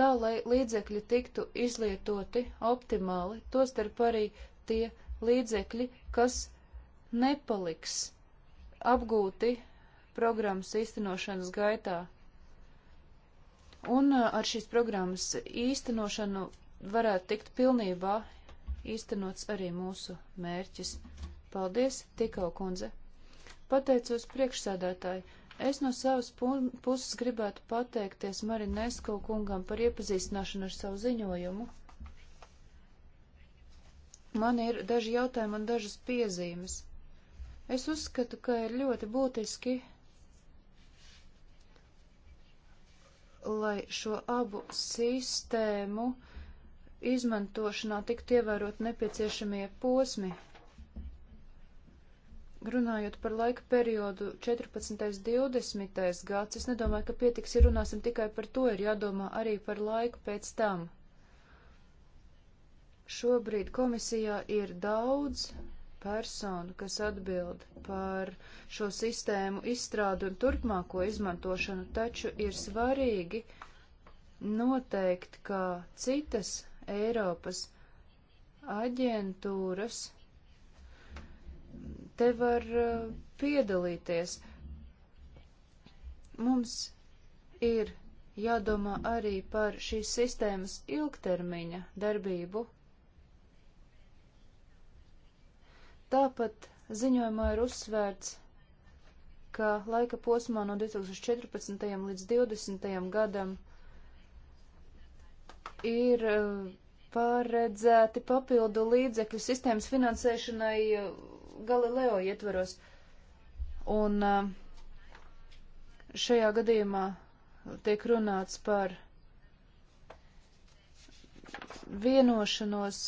tā lai līdzekļi tiktu izlietoti optimāli, tostarp arī tie līdzekļi, kas nepaliks apgūti programmas īstenošanas gaitā. Un ar šīs programmas īstenošanu varētu tikt pilnībā īstenots arī mūsu mērķis. Paldies, Tikau kundze! Pateicos priekšsēdētāji! Es no savas puses gribētu pateikties Marinesko kungam par iepazīstināšanu ar savu ziņojumu. Man ir daži jautājumi un dažas piezīmes. Es uzskatu, ka ir ļoti būtiski, lai šo abu sistēmu izmantošanā tiktu ievērot nepieciešamie posmi, Runājot par laika periodu 14. 20. gads, es nedomāju, ka pietiks, ja runāsim tikai par to, ir jādomā arī par laiku pēc tam. Šobrīd komisijā ir daudz personu, kas atbild par šo sistēmu izstrādu un turpmāko izmantošanu, taču ir svarīgi noteikt, ka citas Eiropas aģentūras te var eh, piedalīties. Mums ir jādomā arī par šīs sistēmas ilgtermiņa darbību. Tāpat ziņojumā ir uzsvērts, ka laika posmā no 2014. līdz 2020. gadam ir eh, paredzēti papildu līdzekļu sistēmas finansēšanai eh, Galileo ietveros. Un eh, šajā gadījumā tiek runāts par vienošanos,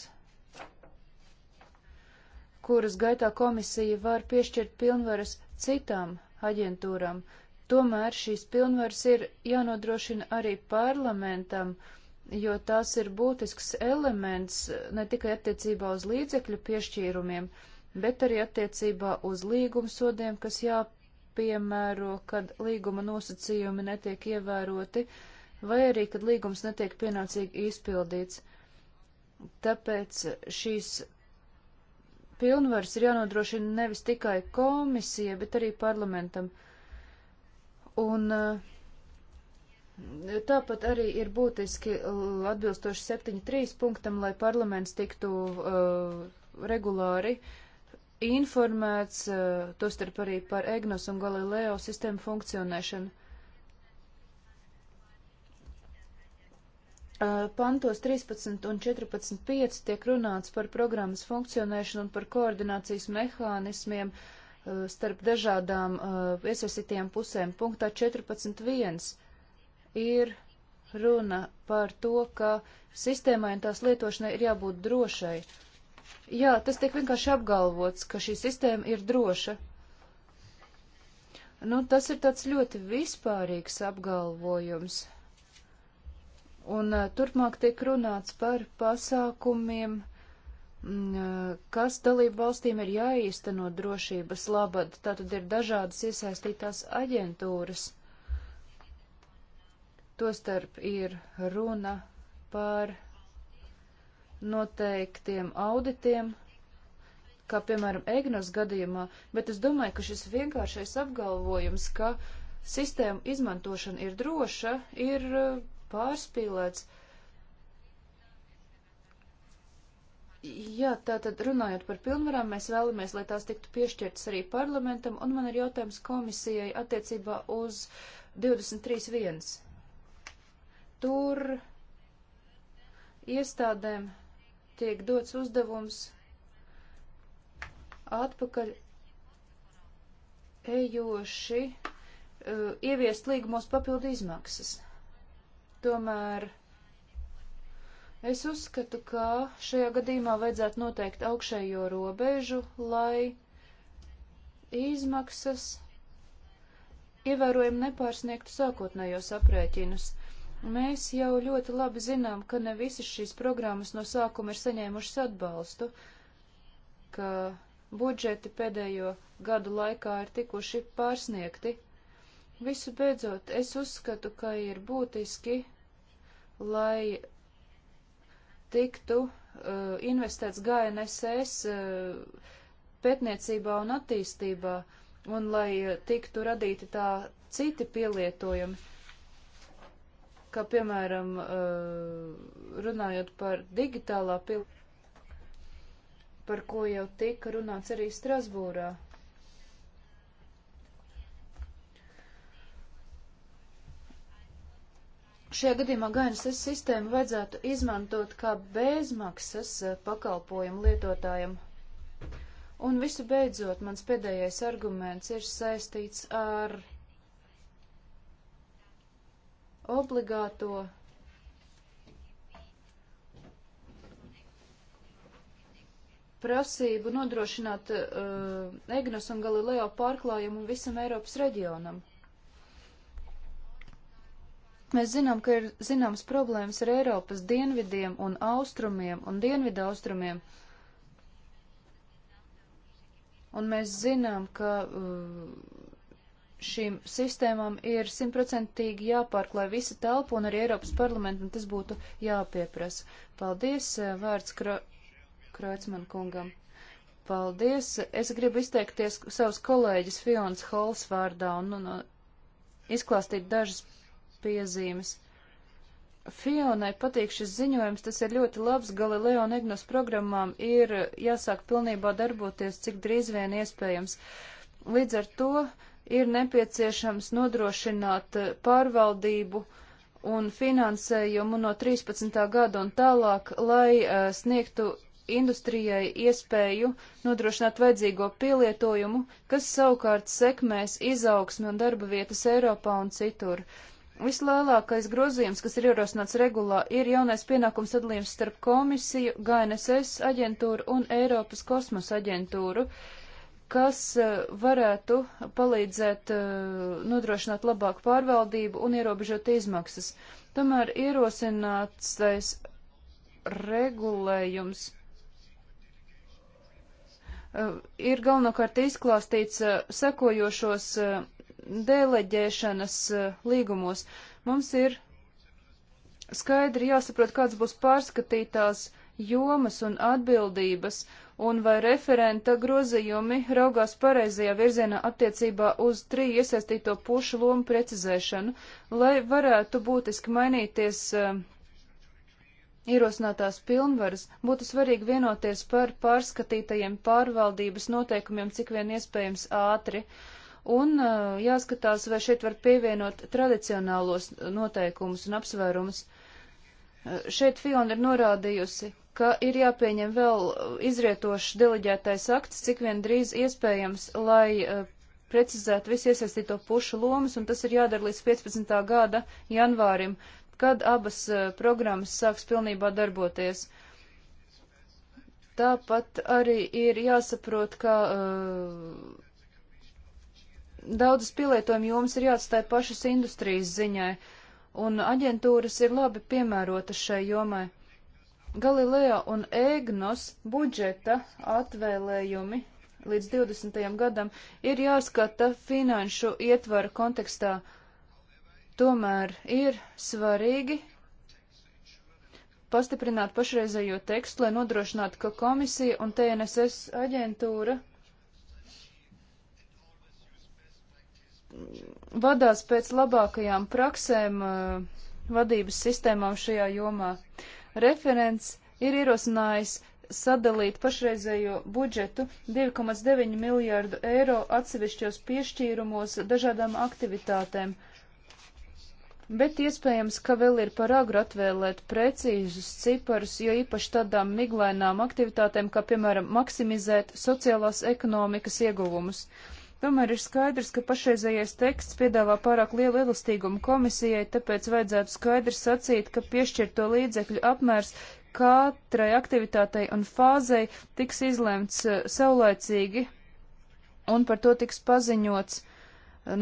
kuras gaitā komisija var piešķirt pilnvaras citām aģentūram. Tomēr šīs pilnvaras ir jānodrošina arī parlamentam, jo tās ir būtisks elements ne tikai attiecībā uz līdzekļu piešķīrumiem, bet arī attiecībā uz līgumsodiem, kas jāpiemēro, kad līguma nosacījumi netiek ievēroti, vai arī, kad līgums netiek pienācīgi izpildīts. Tāpēc šīs pilnvaras ir jānodrošina nevis tikai komisija, bet arī parlamentam. Un eh, tāpat arī ir būtiski atbilstoši 7.3 punktam, lai parlaments tiktu uh, regulāri uh, informēts, eh, tostarp arī par EGNOS un Galileo sistēmu funkcionēšanu. Eh, pantos 13 un 14.5 tiek runāts par programmas funkcionēšanu un par koordinācijas mehānismiem eh, starp dažādām iesaistītajām pusēm. Punktā 14.1 ir runa par to, ka sistēmai un tās lietošanai ir jābūt drošai. Jā, tas tiek vienkārši apgalvots, ka šī sistēma ir droša. Nu, tas ir tāds ļoti vispārīgs apgalvojums. Un uh, turpmāk tiek runāts par pasākumiem, mm, kas dalību valstīm ir jāīsteno drošības labad. Tātad ir dažādas iesaistītās aģentūras. Tostarp ir runa par noteiktiem auditiem, kā piemēram Egnos gadījumā, bet es domāju, ka šis vienkāršais apgalvojums, ka sistēma izmantošana ir droša, ir eh, pārspīlēts. Jā, tātad runājot par pilnvarām, mēs vēlamies, lai tās tiktu piešķirtas arī parlamentam, un man ir jautājums komisijai attiecībā uz 23.1. Tur iestādēm tiek dots uzdevums atpakaļ ejoši uh, ieviest līgumos papildu izmaksas. Tomēr es uzskatu, ka šajā gadījumā vajadzētu noteikt augšējo robežu, lai izmaksas ievērojami nepārsniegtu sākotnējos aprēķinus. Mēs jau ļoti labi zinām, ka ne visas šīs programmas no sākuma ir saņēmušas atbalstu, ka budžeti pēdējo gadu laikā ir tikuši pārsniegti. Visu beidzot, es uzskatu, ka ir būtiski, lai tiktu uh, investēts GNSS uh, pētniecībā un attīstībā, un lai uh, tiktu radīti tā citi pielietojumi ka, piemēram, eh, runājot par digitālā pilota, par ko jau tika runāts arī Strasbūrā. Šajā gadījumā GNSS sistēmu vajadzētu izmantot kā bezmaksas eh, pakalpojumu lietotājiem. Un visu beidzot, mans pēdējais arguments ir saistīts ar obligāto prasību nodrošināt uh, Egnos un Galileo pārklājumu visam Eiropas reģionam. Mēs zinām, ka ir zināms problēmas ar Eiropas dienvidiem un austrumiem un dienvidu austrumiem. Un mēs zinām, ka uh, šīm sistēmām ir simtprocentīgi jāpārklāj visi telpu un arī Eiropas parlamentu, un tas būtu jāpieprasa. Paldies, eh, vārds Kro... Kroicman kungam. Paldies. Es gribu izteikties savus kolēģis Fions Hols vārdā un, un, un izklāstīt dažas piezīmes. Fionai patīk šis ziņojums, tas ir ļoti labs. Galileo un Egnos programmām ir jāsāk pilnībā darboties, cik drīz vien iespējams. Līdz ar to ir nepieciešams nodrošināt eh, pārvaldību un finansējumu no 13. gada un tālāk, lai uh, sniegtu industrijai iespēju nodrošināt vajadzīgo pielietojumu, kas savukārt sekmēs izaugsmi un darba vietas Eiropā un citur. Vislielākais grozījums, kas ir ierosināts regulā, ir jaunais pienākums sadalījums starp komisiju, GNSS aģentūru un Eiropas kosmosa aģentūru. Uh, kas e, varētu palīdzēt e, nodrošināt labāku pārvaldību un ierobežot izmaksas. Tomēr ierosinātais regulējums e, ir galvenokārt izklāstīts sekojošos deleģēšanas līgumos. Mums ir skaidri jāsaprot, kāds būs pārskatītās jomas un atbildības, un vai referenta grozījumi raugās pareizajā virzienā attiecībā uz triju iesaistīto pušu lomu precizēšanu, lai varētu būtiski mainīties uh, ierosinātās pilnvaras, būtu svarīgi vienoties par pārskatītajiem pārvaldības noteikumiem cik vien iespējams ātri. Un uh, jāskatās, vai šeit var pievienot tradicionālos noteikumus un apsvērumus. Uh, šeit Fiona ir norādījusi, ka ir jāpieņem vēl izrietošs deleģētais akts, cik vien drīz iespējams, lai uh, precizētu visu iesaistīto pušu lomas, un tas ir jādara līdz 15. gada janvārim, kad abas uh, programmas sāks pilnībā darboties. Tāpat arī ir jāsaprot, ka uh, daudzas pielietojuma jomas ir jāatstāja pašas industrijas ziņai, un aģentūras ir labi piemērotas šai jomai. Galileo un Egnos budžeta atvēlējumi līdz 20. gadam ir jāskata finanšu ietvara kontekstā. Tomēr ir svarīgi pastiprināt pašreizējo tekstu, lai nodrošinātu, ka komisija un TNSS aģentūra vadās pēc labākajām praksēm uh, vadības sistēmām šajā jomā. Referents ir ierosinājis sadalīt pašreizējo budžetu 2,9 miljārdu eiro atsevišķos piešķīrumos dažādām aktivitātēm. Bet iespējams, ka vēl ir par agru atvēlēt precīzus ciparus, jo īpaši tādām miglainām aktivitātēm, kā piemēram maksimizēt sociālās ekonomikas ieguvumus. Tomēr ir skaidrs, ka pašreizējais teksts piedāvā pārāk lielu elastīgumu komisijai, tāpēc vajadzētu skaidri sacīt, ka piešķirto līdzekļu apmērs katrai aktivitātei un fāzei tiks izlemts eh, saulēcīgi un par to tiks paziņots eh,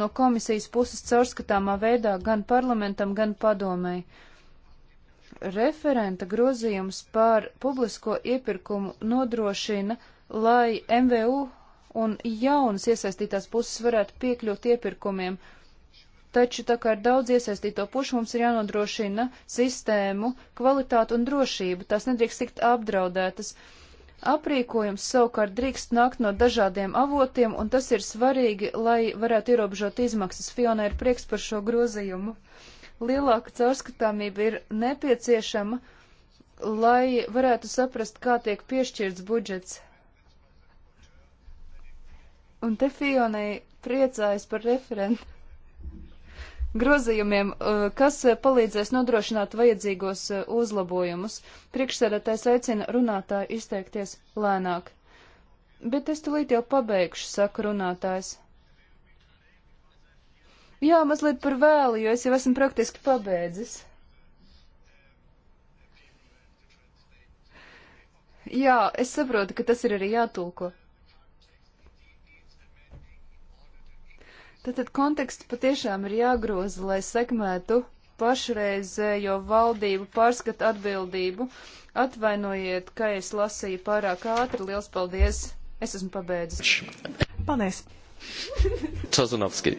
no komisijas puses caurskatāmā veidā gan parlamentam, gan padomēji. Referenta grozījums par publisko iepirkumu nodrošina, lai MVU un jaunas iesaistītās puses varētu piekļūt iepirkumiem. Taču tā kā ir daudz iesaistīto pušu, mums ir jānodrošina sistēmu, kvalitāte un drošība. Tās nedrīkst tikt apdraudētas. Aprīkojums savukārt drīkst nākt no dažādiem avotiem, un tas ir svarīgi, lai varētu ierobežot izmaksas. Fiona ir prieks par šo grozījumu. Lielāka caurskatāmība ir nepieciešama, lai varētu saprast, kā tiek piešķirts budžets. Un te Fionai priecājas par referentu grozījumiem, uh, kas uh, palīdzēs nodrošināt vajadzīgos uh, uzlabojumus. Priekšsēdētājs aicina runātāju izteikties lēnāk. Bet es tulīt jau pabeigšu, saka runātājs. Jā, mazliet par vēlu, jo es jau esmu praktiski pabeidzis. Jā, es saprotu, ka tas ir arī jātulko. Tātad konteksts patiešām ir jāgroza, lai sekmētu pašreizējo valdību pārskatu atbildību. Atvainojiet, ka es lasīju pārāk ātri. Liels paldies! Es esmu pabeidzis. Paldies! Čazunovski.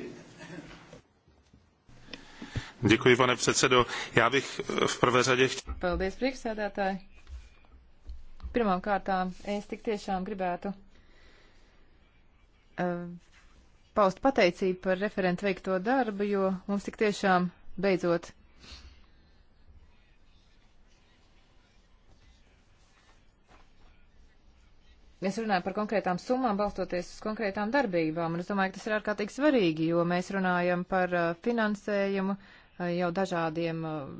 Děkuji, pane předsedo. Já bych eh, v prvé řadě chtěl... Paldies, priekšsēdētāji. Pirmām kārtām es tik tiešām gribētu uh, paust pateicību par referentu veikto darbu, jo mums tik tiešām beidzot Es runāju par konkrētām summām, balstoties uz konkrētām darbībām, un es domāju, ka tas ir ārkārtīgi svarīgi, jo mēs runājam par uh, finansējumu uh, jau dažādiem uh,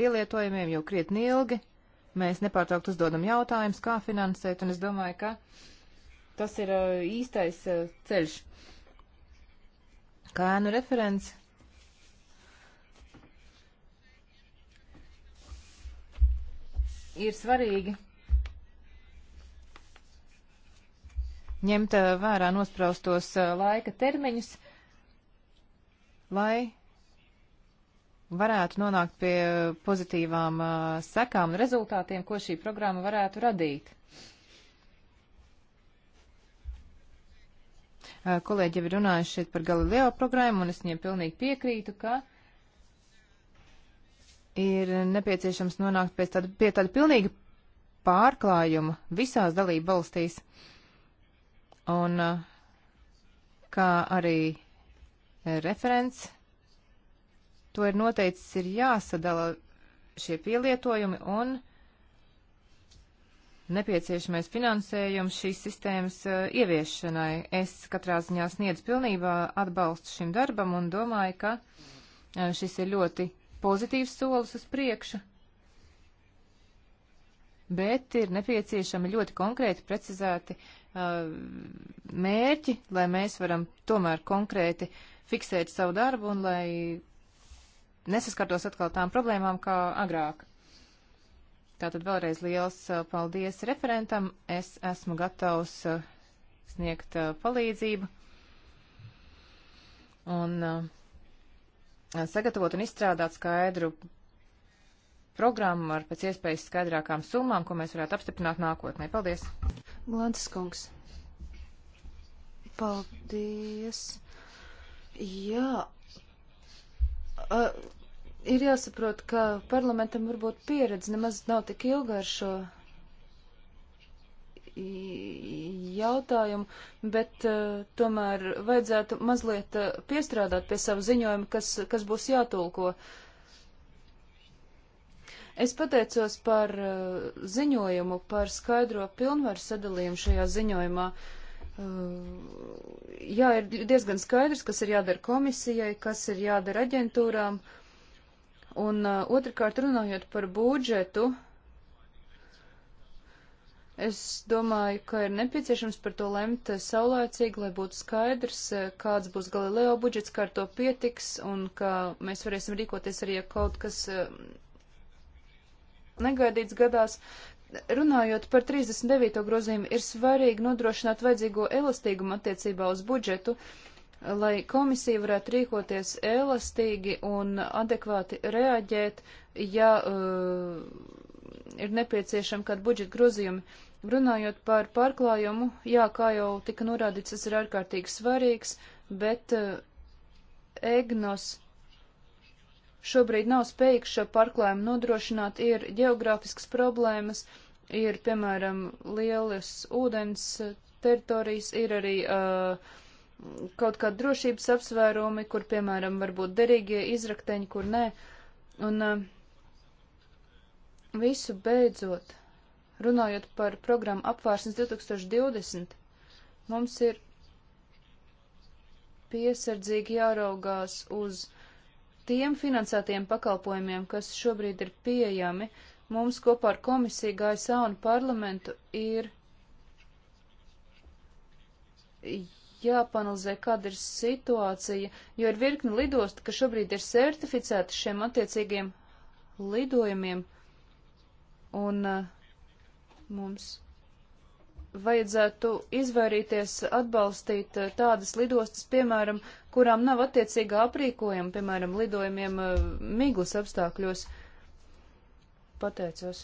pielietojumiem jau krietni ilgi. Mēs nepārtraukt uzdodam jautājumus, kā finansēt, un es domāju, ka tas ir uh, īstais uh, ceļš. Kā nu referents? Ir svarīgi ņemt vērā nospraustos laika termiņus, lai varētu nonākt pie pozitīvām sekām un rezultātiem, ko šī programma varētu radīt. Eh, kolēģi jau ir runājuši šeit par Galileo programmu, un es viņiem pilnīgi piekrītu, ka ir nepieciešams nonākt pēc tāda, pie tāda pilnīga pārklājuma visās dalību valstīs. Un eh, kā arī eh, referents to ir noteicis, ir jāsadala šie pielietojumi un nepieciešamais finansējums šīs sistēmas uh, ieviešanai. Es katrā ziņā sniedzu pilnībā atbalstu šim darbam un domāju, ka uh, šis ir ļoti pozitīvs solis uz priekšu, bet ir nepieciešami ļoti konkrēti precizēti uh, mērķi, lai mēs varam tomēr konkrēti fiksēt savu darbu un lai nesaskartos atkal tām problēmām kā agrāk. Tātad vēlreiz liels uh, paldies referentam. Es esmu gatavs uh, sniegt uh, palīdzību un sagatavot un izstrādāt skaidru programmu ar pēc iespējas skaidrākām summām, ko mēs varētu apstiprināt nākotnē. Paldies! Glantas kungs. Paldies. Jā. Uh ir jāsaprot, ka parlamentam varbūt pieredze nemaz nav tik ilga ar šo jautājumu, bet uh, tomēr vajadzētu mazliet uh, piestrādāt pie savu ziņojumu, kas, kas būs jātulko. Es pateicos par uh, ziņojumu, par skaidro pilnvaru sadalījumu šajā ziņojumā. Uh, jā, ir diezgan skaidrs, kas ir jādara komisijai, kas ir jādara aģentūrām. Uh, Un uh, otrkārt, runājot par budžetu, es domāju, ka ir nepieciešams par to lemt saulēcīgi, lai būtu skaidrs, uh, kāds būs Galileo budžets, kā ar to pietiks, un ka mēs varēsim rīkoties arī, ja kaut kas uh, negaidīts gadās. Runājot par 39. grozījumu, ir svarīgi nodrošināt vajadzīgo elastīgumu attiecībā uz budžetu. Uh, lai komisija varētu rīkoties elastīgi un adekvāti reaģēt, ja uh, ir nepieciešama kāda budžeta grozījuma. Runājot par pārklājumu, jā, kā jau tika norādīts, tas ir ārkārtīgi svarīgs, bet uh, EGNOS šobrīd nav spējīgs šo pārklājumu nodrošināt, ir geogrāfiskas problēmas, ir, piemēram, lielas ūdens uh, teritorijas, ir arī uh, kaut kādi drošības apsvērumi, kur, piemēram, var būt derīgie izrakteņi, kur nē. Un uh, visu beidzot, runājot par programmu apvārsnes 2020, mums ir piesardzīgi jāraugās uz tiem finansētiem pakalpojumiem, kas šobrīd ir pieejami. Mums kopā ar komisiju, GSA un parlamentu ir jāpanalizē, kāda ir situācija, jo ir virkni lidosti, ka šobrīd ir certificēti šiem attiecīgiem lidojumiem, un eh, mums vajadzētu izvairīties atbalstīt eh, tādas lidostas, piemēram, kurām nav attiecīga aprīkojuma, piemēram, lidojumiem eh, miglas apstākļos. Pateicos.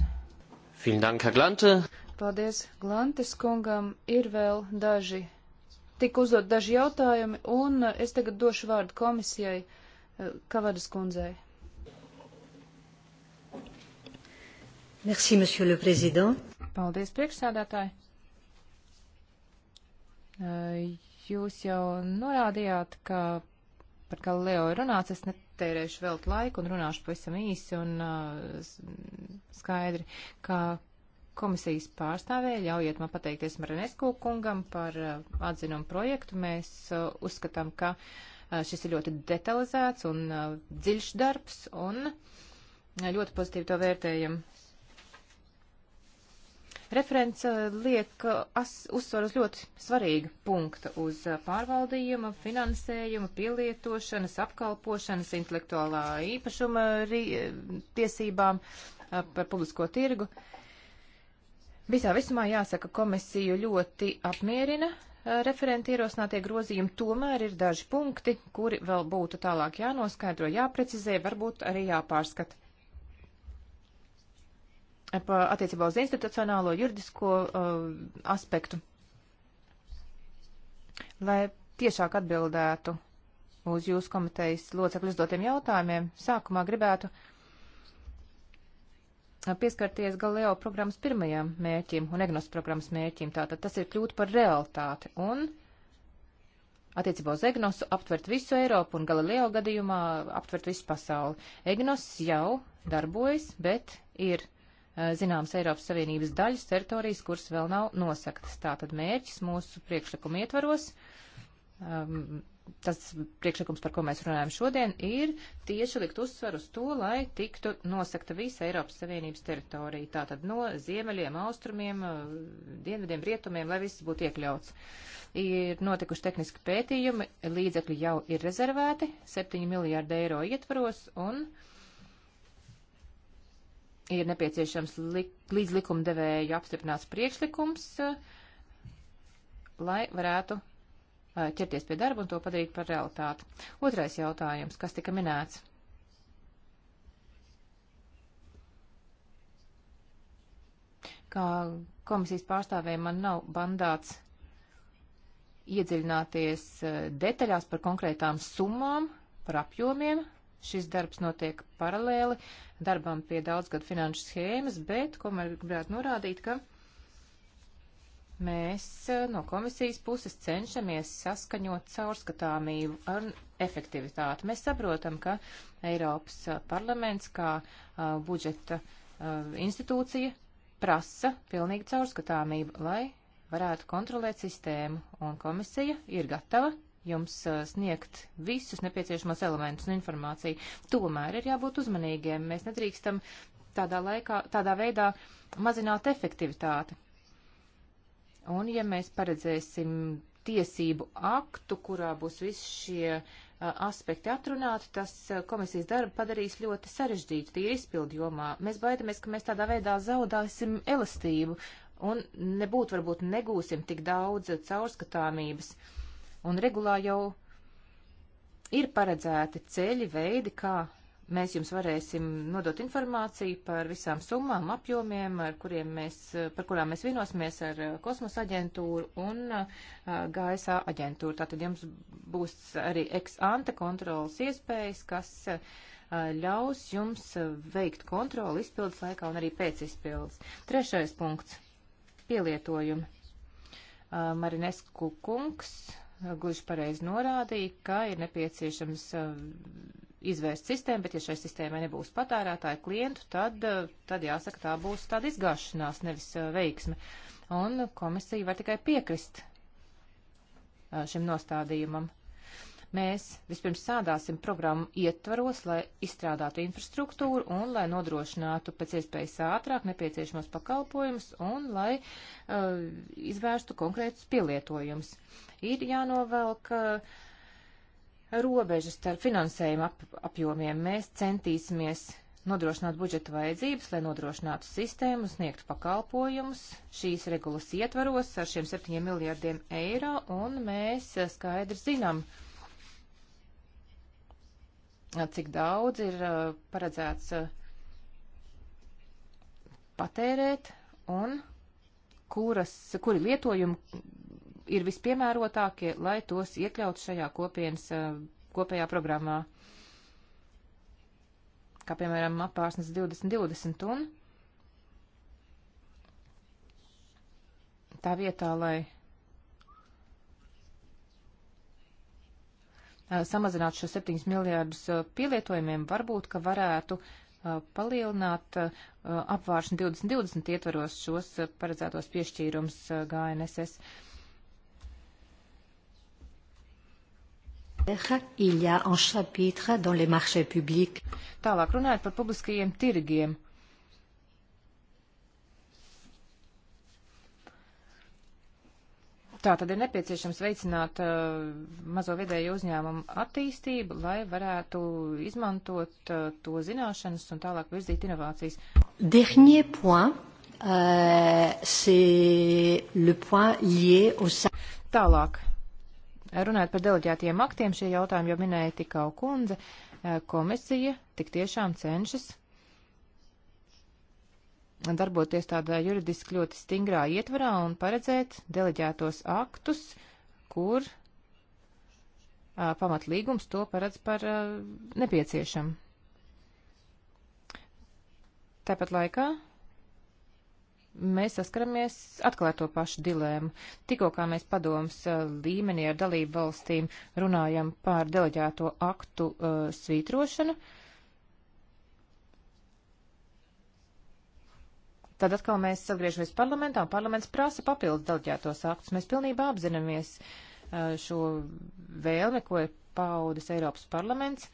Dank, Glante. Paldies Glantes kungam. Ir vēl daži Tik uzdot daži jautājumi, un uh, es tagad došu vārdu komisijai uh, Kavadas kundzei. Merci, monsieur le président. Paldies, priekšsādātāji. Uh, jūs jau norādījāt, ka par kā Leo ir runāts, es netērēšu vēl laiku un runāšu pavisam īsi un uh, skaidri, kā komisijas pārstāvēja, ļaujiet man pateikties Marinesko kungam par uh, atzinumu projektu. Mēs uh, uzskatām, ka uh, šis ir ļoti detalizēts un dziļš darbs un ļoti pozitīvi to vērtējam. Referents liek uzsvaru uz ļoti svarīgu punktu - uz pārvaldījuma, finansējuma, pielietošanas, apkalpošanas, intelektuālā īpašuma tiesībām par publisko tirgu. Uh, Visā visumā jāsaka, komisiju ļoti apmierina referenti ierosinātie grozījumi, tomēr ir daži punkti, kuri vēl būtu tālāk jānoskaidro, jāprecizē, varbūt arī jāpārskata. Pa attiecībā uz institucionālo juridisko uh, aspektu. Lai tiešāk atbildētu uz jūsu komitejas locekļu uzdotiem jautājumiem, sākumā gribētu uh, pieskarties Galileo programmas pirmajam mērķim un EGNOS programmas mērķim. Tātad tas ir kļūt par realitāti un attiecībā uz EGNOSu aptvert visu Eiropu un Galileo gadījumā aptvert visu pasauli. EGNOS jau darbojas, bet ir eh, zināmas Eiropas Savienības daļas teritorijas, kuras vēl nav nosaktas. Tātad mērķis mūsu priekšlikuma ietvaros. Um, tas priekšlikums, par ko mēs runājam šodien, ir tieši likt uzsver uz to, lai tiktu nosakta visa Eiropas Savienības teritorija. Tātad no ziemeļiem, austrumiem, eh, dienvidiem, rietumiem, lai viss būtu iekļauts. Ir notikuši tehniski pētījumi, līdzekļi jau ir rezervēti, 7 miljārdi eiro ietvaros un ir nepieciešams li līdz likumdevēju apstiprināts priekšlikums, eh, lai varētu Eh, ķerties pie darba un to padarīt par realitāti. Otrais jautājums, kas tika minēts. Kā komisijas pārstāvēja man nav bandāts iedziļināties eh, detaļās par konkrētām summām, par apjomiem. Šis darbs notiek paralēli darbam pie daudzgadu finanšu schēmas, bet, ko man gribētu norādīt, ka Mēs eh, no komisijas puses cenšamies saskaņot caurskatāmību ar efektivitāti. Mēs saprotam, ka Eiropas eh, parlaments kā uh, budžeta uh, institūcija prasa pilnīgu caurskatāmību, lai varētu kontrolēt sistēmu, un komisija ir gatava jums uh, sniegt visus nepieciešamos elementus un informāciju. Tomēr ir jābūt uzmanīgiem. Mēs nedrīkstam tādā, laikā, tādā veidā mazināt efektivitāti Un ja mēs paredzēsim tiesību aktu, kurā būs visi šie a, aspekti atrunāti, tas komisijas darbu padarīs ļoti sarežģītu tie izpildu jomā. Mēs baidamies, ka mēs tādā veidā zaudāsim elastību un nebūtu varbūt negūsim tik daudz caurskatāmības. Un regulā jau ir paredzēti ceļi, veidi, kā Mēs jums varēsim nodot informāciju par visām summām, apjomiem, ar kuriem mēs, par kurām mēs vienosimies ar eh, kosmosa aģentūru un eh, gaisā aģentūru. Tātad jums būs arī ex-ante kontrolas iespējas, kas eh, ļaus jums veikt kontroli izpildes laikā un arī pēc izpildes. Trešais punkts - pielietojumi. Marinesku kungs gluži pareizi norādīja, ka ir nepieciešams izvērst sistēmu, bet ja šai sistēmai nebūs patērētāju klientu, tad, eh, tad jāsaka, tā būs tāda izgāšanās, nevis eh, veiksme. Un komisija var tikai piekrist eh, šim nostādījumam. Mēs vispirms sādāsim programmu ietvaros, lai izstrādātu infrastruktūru un lai nodrošinātu pēc iespējas ātrāk nepieciešamos pakalpojumus un lai uh, izvērstu konkrētus pielietojumus. Ir jānovelk uh, robežas starp finansējuma ap, apjomiem. Mēs centīsimies nodrošināt budžeta vajadzības, lai nodrošinātu sistēmu, sniegtu pakalpojumus šīs regulas ietvaros ar šiem 7 miljārdiem eiro, un mēs skaidri zinām, cik daudz ir uh, paredzēts uh, patērēt un kuras, kuri lietojumi ir vispiemērotākie, lai tos iekļaut šajā kopienas, eh, kopējā programmā. Kā piemēram, apārsnes 2020 un tā vietā, lai eh, samazināt šo 7 miljārdus eh, pielietojumiem, varbūt, ka varētu palielināt apvāršanu 2020 ietvaros šos paredzētos piešķīrums GNSS. Tālāk runājot par publiskajiem tirgiem. Tā tad ir nepieciešams veicināt uh, mazo vidēju uzņēmumu attīstību, lai varētu izmantot uh, to zināšanas un tālāk virzīt inovācijas. Dernier point, uh, c'est le point lié au... Tālāk Runājot par deleģētiem aktiem, šie jautājumi jau minēja tikau kundze, eh, komisija tik tiešām cenšas darboties tādā juridiski ļoti stingrā ietvarā un paredzēt deleģētos aktus, kur a, eh, pamatlīgums to paredz par a, eh, nepieciešam. Tāpat laikā mēs saskaramies atkal ar to pašu dilēmu. Tikko kā mēs padomas eh, līmenī ar dalību valstīm runājam par deleģēto aktu uh, svītrošanu, Tad atkal mēs atgriežamies parlamentā, un parlaments prasa papildus deleģētos aktus. Mēs pilnībā apzināmies uh, šo vēlmi, ko ir paudis Eiropas parlaments.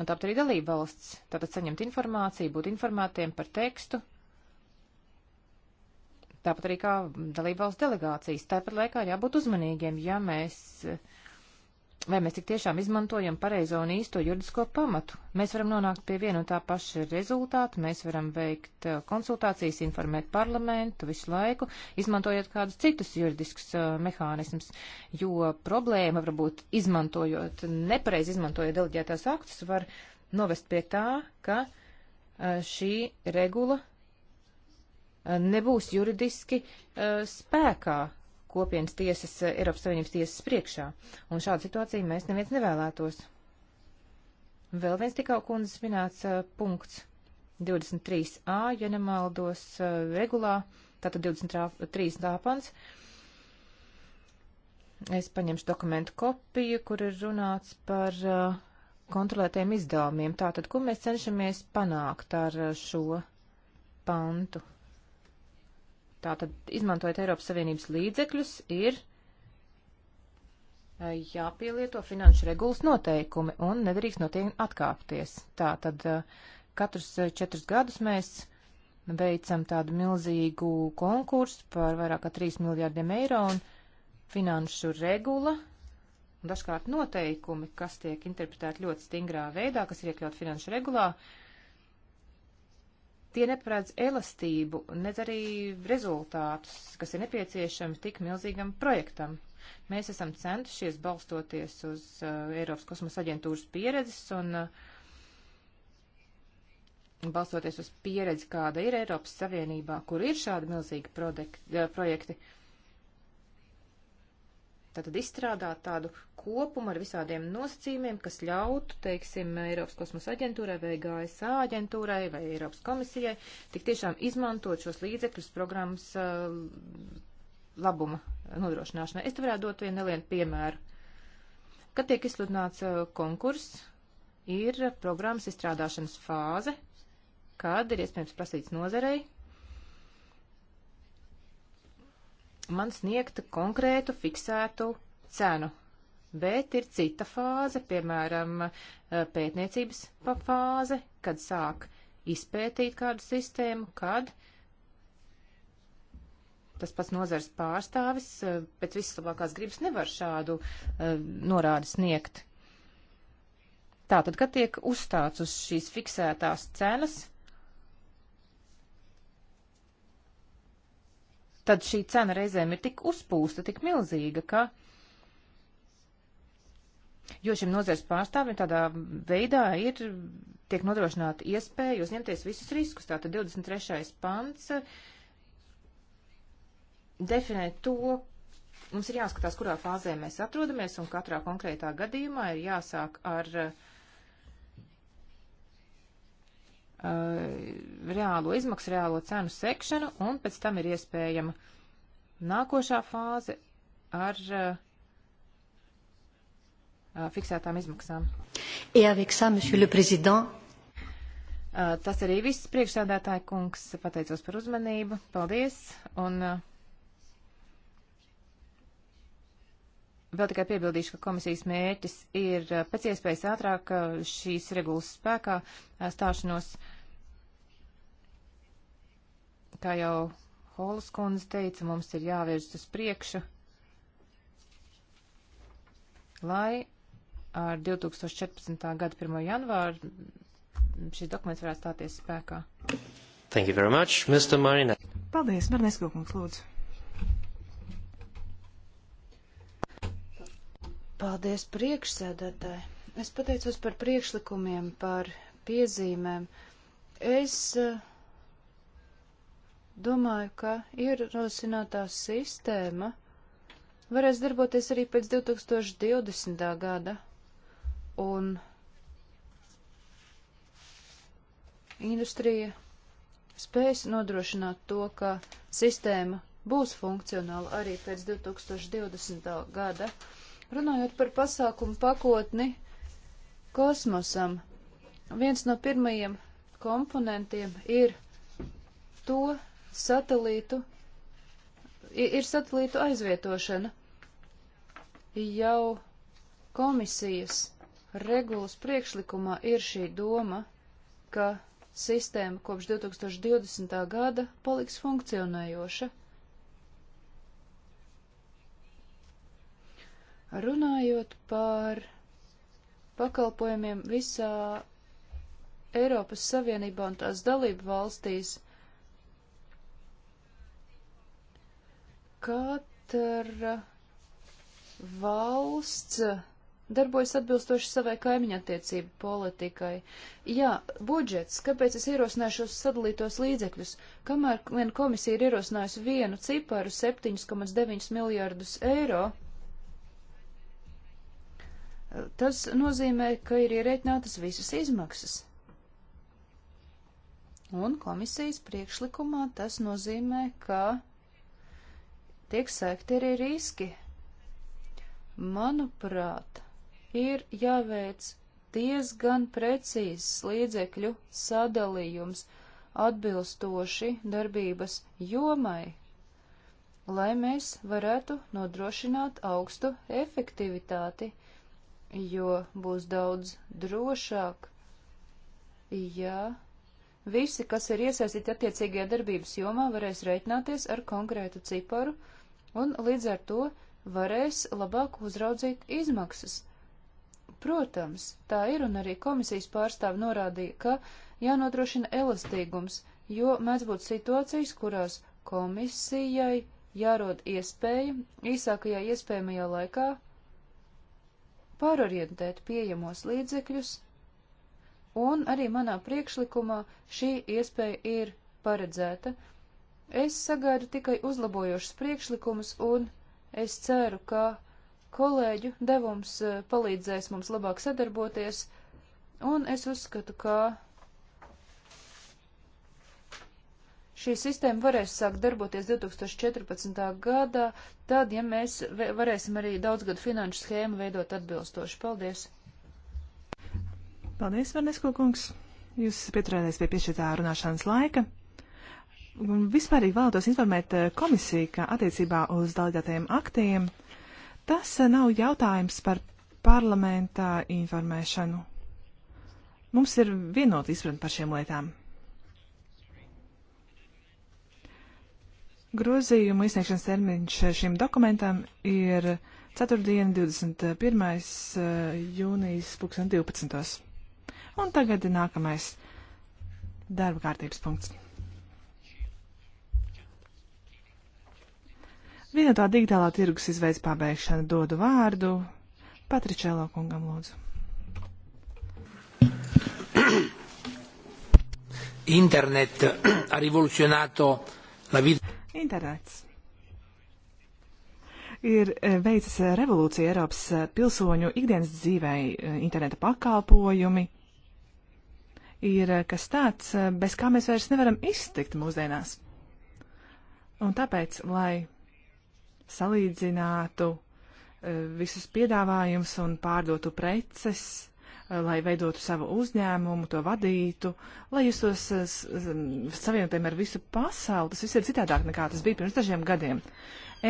Un tāpat arī dalība valsts tātad saņemt informāciju, būt informētiem par tekstu, tāpat arī kā dalībvalsts delegācijas. Tāpat laikā jābūt uzmanīgiem, ja mēs, vai mēs tik tiešām izmantojam pareizo un īsto juridisko pamatu. Mēs varam nonākt pie viena un tā paša rezultāta, mēs varam veikt uh, konsultācijas, informēt parlamentu visu laiku, izmantojot kādus citus juridiskus uh, mehānismus, jo problēma varbūt izmantojot, nepareiz izmantojot deleģētās aktus, var novest pie tā, ka uh, šī regula nebūs juridiski eh, spēkā kopienas tiesas, eh, Eiropas Savienības tiesas priekšā. Un šādu situāciju mēs neviens nevēlētos. Vēl viens tikau kundzes minēts eh, punkts 23a, ja nemaldos regulā, tātad 23a pants. Es paņemšu dokumentu kopiju, kur ir runāts par uh, kontrolētiem izdevumiem. Tātad, ko mēs cenšamies panākt ar šo pantu? Tātad, izmantojot Eiropas Savienības līdzekļus, ir eh, jāpielieto finanšu regulas noteikumi un nedrīkst no tiem atkāpties. Tātad, eh, katrus eh, četrus gadus mēs veicam tādu milzīgu konkursu par vairāk kā 3 miljārdiem eiro un finanšu regula un dažkārt noteikumi, kas tiek interpretēti ļoti stingrā veidā, kas ir iekļaut finanšu regulā, uh, Tie neparedz elastību, nedz arī rezultātus, kas ir nepieciešami tik milzīgam projektam. Mēs esam centušies balstoties uz uh, Eiropas kosmosa aģentūras pieredzes un uh, balstoties uz pieredzi, kāda ir Eiropas Savienībā, kur ir šādi milzīgi prodekti, uh, projekti, tātad izstrādāt tādu kopumu ar visādiem nosacījumiem, kas ļautu, teiksim, Eiropas kosmosa aģentūrai vai GSA aģentūrai vai Eiropas komisijai tik tiešām izmantot šos līdzekļus programmas uh, labuma nodrošināšanai. Es te varētu dot vienu nelielu piemēru. Kad tiek izsludināts uh, konkurss, ir programmas izstrādāšanas fāze, kad ir iespējams prasīts nozarei man sniegt konkrētu fiksētu cenu bet ir cita fāze, piemēram, eh, pētniecības fāze, kad sāk izpētīt kādu sistēmu, kad tas pats nozars pārstāvis eh, pēc vislabākās gribas nevar šādu eh, norādi sniegt. Tātad, kad tiek uzstāts uz šīs fiksētās cenas, tad šī cena reizēm ir tik uzpūsta, tik milzīga, ka Jo šim nozars pārstāvim tādā veidā ir, tiek nodrošināta iespēja uzņemties visus riskus. Tātad 23. pants eh, definē to, mums ir jāskatās, kurā fāzē mēs atrodamies, un katrā konkrētā gadījumā ir jāsāk ar uh, reālo izmaksu, reālo cenu sekšanu, un pēc tam ir iespējama nākošā fāze ar uh, Uh, fiksētām izmaksām. Jā, viksā, monsieur le président. Uh, tas arī viss priekšsēdētāja kungs. Pateicos par uzmanību. Paldies. Un uh, vēl tikai piebildīšu, ka komisijas mērķis ir pēc iespējas ātrāk šīs regulas spēkā stāšanos, kā jau Holas kundze teica, mums ir jāvērst uz priekšu, lai ar 2014. gada 1. janvāru šis dokuments varētu stāties spēkā. Thank you very much, Mr. Marina. Paldies, Marnesko kungs, lūdzu. Paldies priekšsēdētāji. Es pateicos par priekšlikumiem, par piezīmēm. Es eh, domāju, ka ierosinātā sistēma varēs darboties arī pēc 2020. gada un industrija spēs nodrošināt to, ka sistēma būs funkcionāla arī pēc 2020. gada. Runājot par pasākumu pakotni kosmosam, viens no pirmajiem komponentiem ir to satelītu, ir satelītu aizvietošana. Jau komisijas regulas priekšlikumā ir šī doma, ka sistēma kopš 2020. gada paliks funkcionējoša. Runājot par pakalpojumiem visā Eiropas Savienībā un tās dalību valstīs, katra valsts darbojas atbilstoši savai kaimiņa attiecību politikai. Jā, budžets, kāpēc es ierosināju šos sadalītos līdzekļus? Kamēr vien komisija ir ierosinājusi vienu ciparu 7,9 miljārdus eiro, tas nozīmē, ka ir ierēķinātas visas izmaksas. Un komisijas priekšlikumā tas nozīmē, ka tiek sēgti arī riski. Manuprāt, ir jāveic diezgan precīzs līdzekļu sadalījums atbilstoši darbības jomai, lai mēs varētu nodrošināt augstu efektivitāti, jo būs daudz drošāk, ja visi, kas ir iesaistīti attiecīgajā darbības jomā, varēs reiķināties ar konkrētu ciparu un līdz ar to varēs labāk uzraudzīt izmaksas Protams, tā ir, un arī komisijas pārstāvi norādīja, ka jānodrošina elastīgums, jo mēdz būt situācijas, kurās komisijai jārod iespēja īsākajā iespējamajā laikā pārorientēt pieejamos līdzekļus, un arī manā priekšlikumā šī iespēja ir paredzēta. Es sagaidu tikai uzlabojošus priekšlikumus, un es ceru, ka kolēģu devums eh, palīdzēs mums labāk sadarboties, un es uzskatu, ka šī sistēma varēs sākt darboties 2014. gadā, tad, ja mēs varēsim arī daudzgadu finanšu schēmu veidot atbilstoši. Paldies! Paldies, Varnesko kungs! Jūs pieturēties pie piešķirtā runāšanas laika. Un vispārīgi vēlētos informēt eh, komisiju, ka attiecībā uz dalītātajiem aktiem Tas eh, nav jautājums par parlamentā informēšanu. Mums ir vienota izpratne par šiem lietām. Grozījumu izsniegšanas termiņš šim dokumentam ir 4. 21. Eh, jūnijas 2012. Un tagad nākamais darba kārtības punkts. Vienotā digitālā tirgus izveids pabeigšana dodu vārdu Patričēlo kungam lūdzu. Internet ha rivoluzionato la vita. Internets ir e, veicis revolūciju Eiropas e, pilsoņu ikdienas dzīvēi e, interneta pakalpojumi. Ir kas tāds, bez kā mēs vairs nevaram iztikt mūsdienās. Un tāpēc, lai salīdzinātu e, visus piedāvājumus un pārdotu preces, e, lai veidotu savu uzņēmumu, to vadītu, lai jūs tos e, savienotiem ar visu pasauli. Tas viss ir citādāk nekā tas bija pirms dažiem gadiem.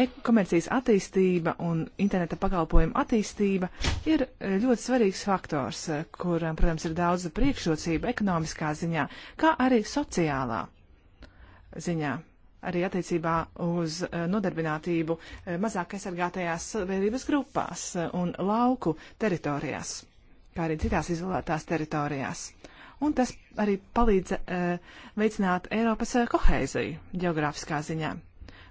E-komercijas attīstība un interneta pakalpojuma attīstība ir ļoti svarīgs faktors, kuram, protams, ir daudz priekšrocība ekonomiskā ziņā, kā arī sociālā ziņā arī attiecībā uz eh, nodarbinātību eh, mazāk aizsargātajās sabiedrības grupās eh, un lauku teritorijās, kā arī citās izolētās teritorijās. Un tas arī palīdz veicināt Eiropas koheiziju geogrāfiskā ziņā,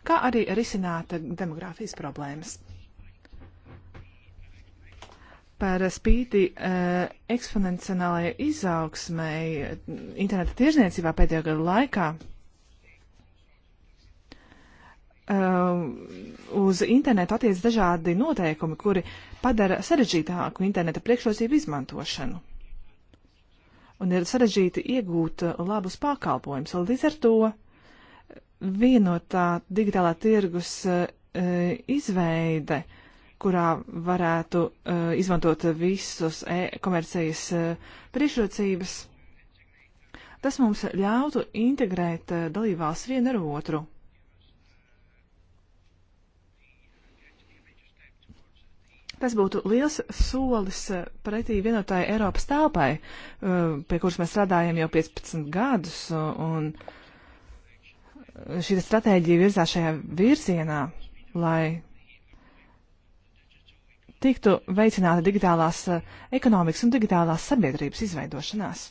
kā arī risināt demogrāfijas problēmas. Par spīti uh, eksponenciālajai izaugsmai interneta tirzniecībā pēdējo gadu laikā uh, Um, uz internetu attiec dažādi noteikumi, kuri padara sarežģītāku interneta priekšrocību izmantošanu. Un ir sarežģīti iegūt labus pakalpojumus. Līdz ar to vienotā digitālā tirgus uh, izveide, kurā varētu uh, izmantot visus e-komercijas uh, priekšrocības, tas mums ļautu integrēt dalībvalsts vienu ar otru Tas būtu liels solis eh, pretī vienotāji Eiropas telpai, eh, pie kuras mēs strādājam jau 15 gadus, un šī stratēģija virzās šajā virzienā, lai tiktu veicināta digitālās eh, ekonomikas un digitālās sabiedrības izveidošanās.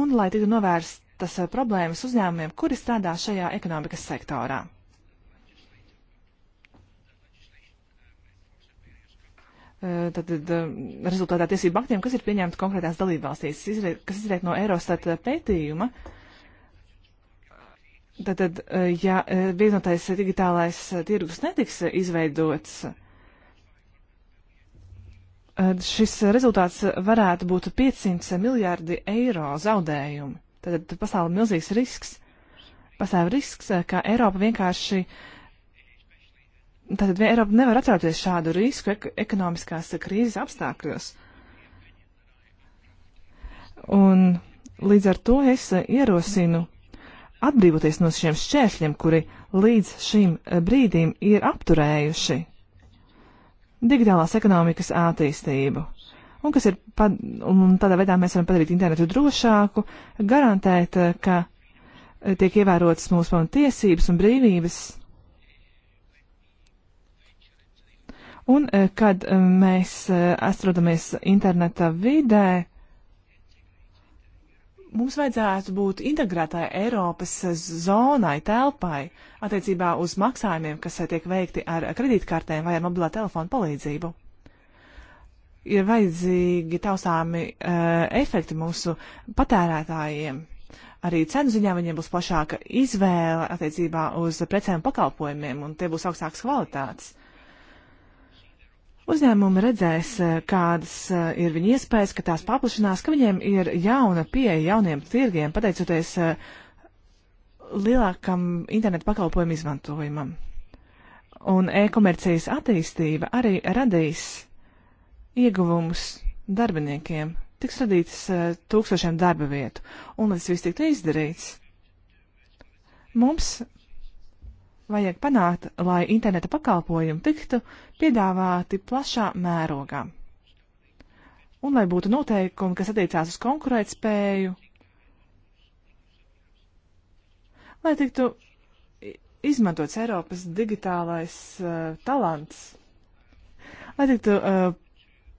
Un lai tiktu novērstas problēmas uzņēmumiem, kuri strādā šajā ekonomikas sektorā. tātad, eh, rezultātā tiesību aktiem, kas ir pieņemti konkrētās dalībvalstīs, kas izriet no Eurostat eh, pētījuma. Tātad, eh, ja vienotais digitālais tirgus netiks izveidots, šis rezultāts varētu būt 500 miljārdi eiro zaudējumu. Tātad pastāv milzīgs risks. Pastāv risks, ka Eiropa vienkārši uh, Tātad Eiropa nevar atļauties šādu risku ek ekonomiskās krīzes apstākļos. Un līdz ar to es eh, ierosinu atbrīvoties no šiem šķēršļiem, kuri līdz šim eh, brīdim ir apturējuši digitālās ekonomikas attīstību. Un, kas ir, pad, un tādā veidā mēs varam padarīt internetu drošāku, garantēt, eh, ka tiek ievērotas mūsu pamatiesības un brīvības Un, eh, kad eh, mēs eh, atrodamies interneta vidē, mums vajadzētu būt integrētai Eiropas zonai, telpai, attiecībā uz maksājumiem, kas tiek veikti ar kredītkartēm vai ar mobilā telefona palīdzību. Ir vajadzīgi taustāmi uh, efekti mūsu patērētājiem. Arī cenu ziņā viņiem būs plašāka izvēle attiecībā uz precēm pakalpojumiem, un tie būs augstākas kvalitātes. Uzņēmumi redzēs, eh, kādas eh, ir viņu iespējas, ka tās paplašinās, ka viņiem ir jauna pieeja jauniem tirgiem, pateicoties eh, lielākam internetu pakalpojumu izmantojumam. Un e-komercijas attīstība arī radīs ieguvumus darbiniekiem. Tiks radītas tūkstošiem darba vietu, un lai tas viss tiktu izdarīts, mums vajag panākt, lai interneta pakalpojumi tiktu piedāvāti plašā mērogā. Un lai būtu noteikumi, kas attiecās uz konkurētspēju, lai tiktu izmantots Eiropas digitālais uh, talants, lai tiktu uh,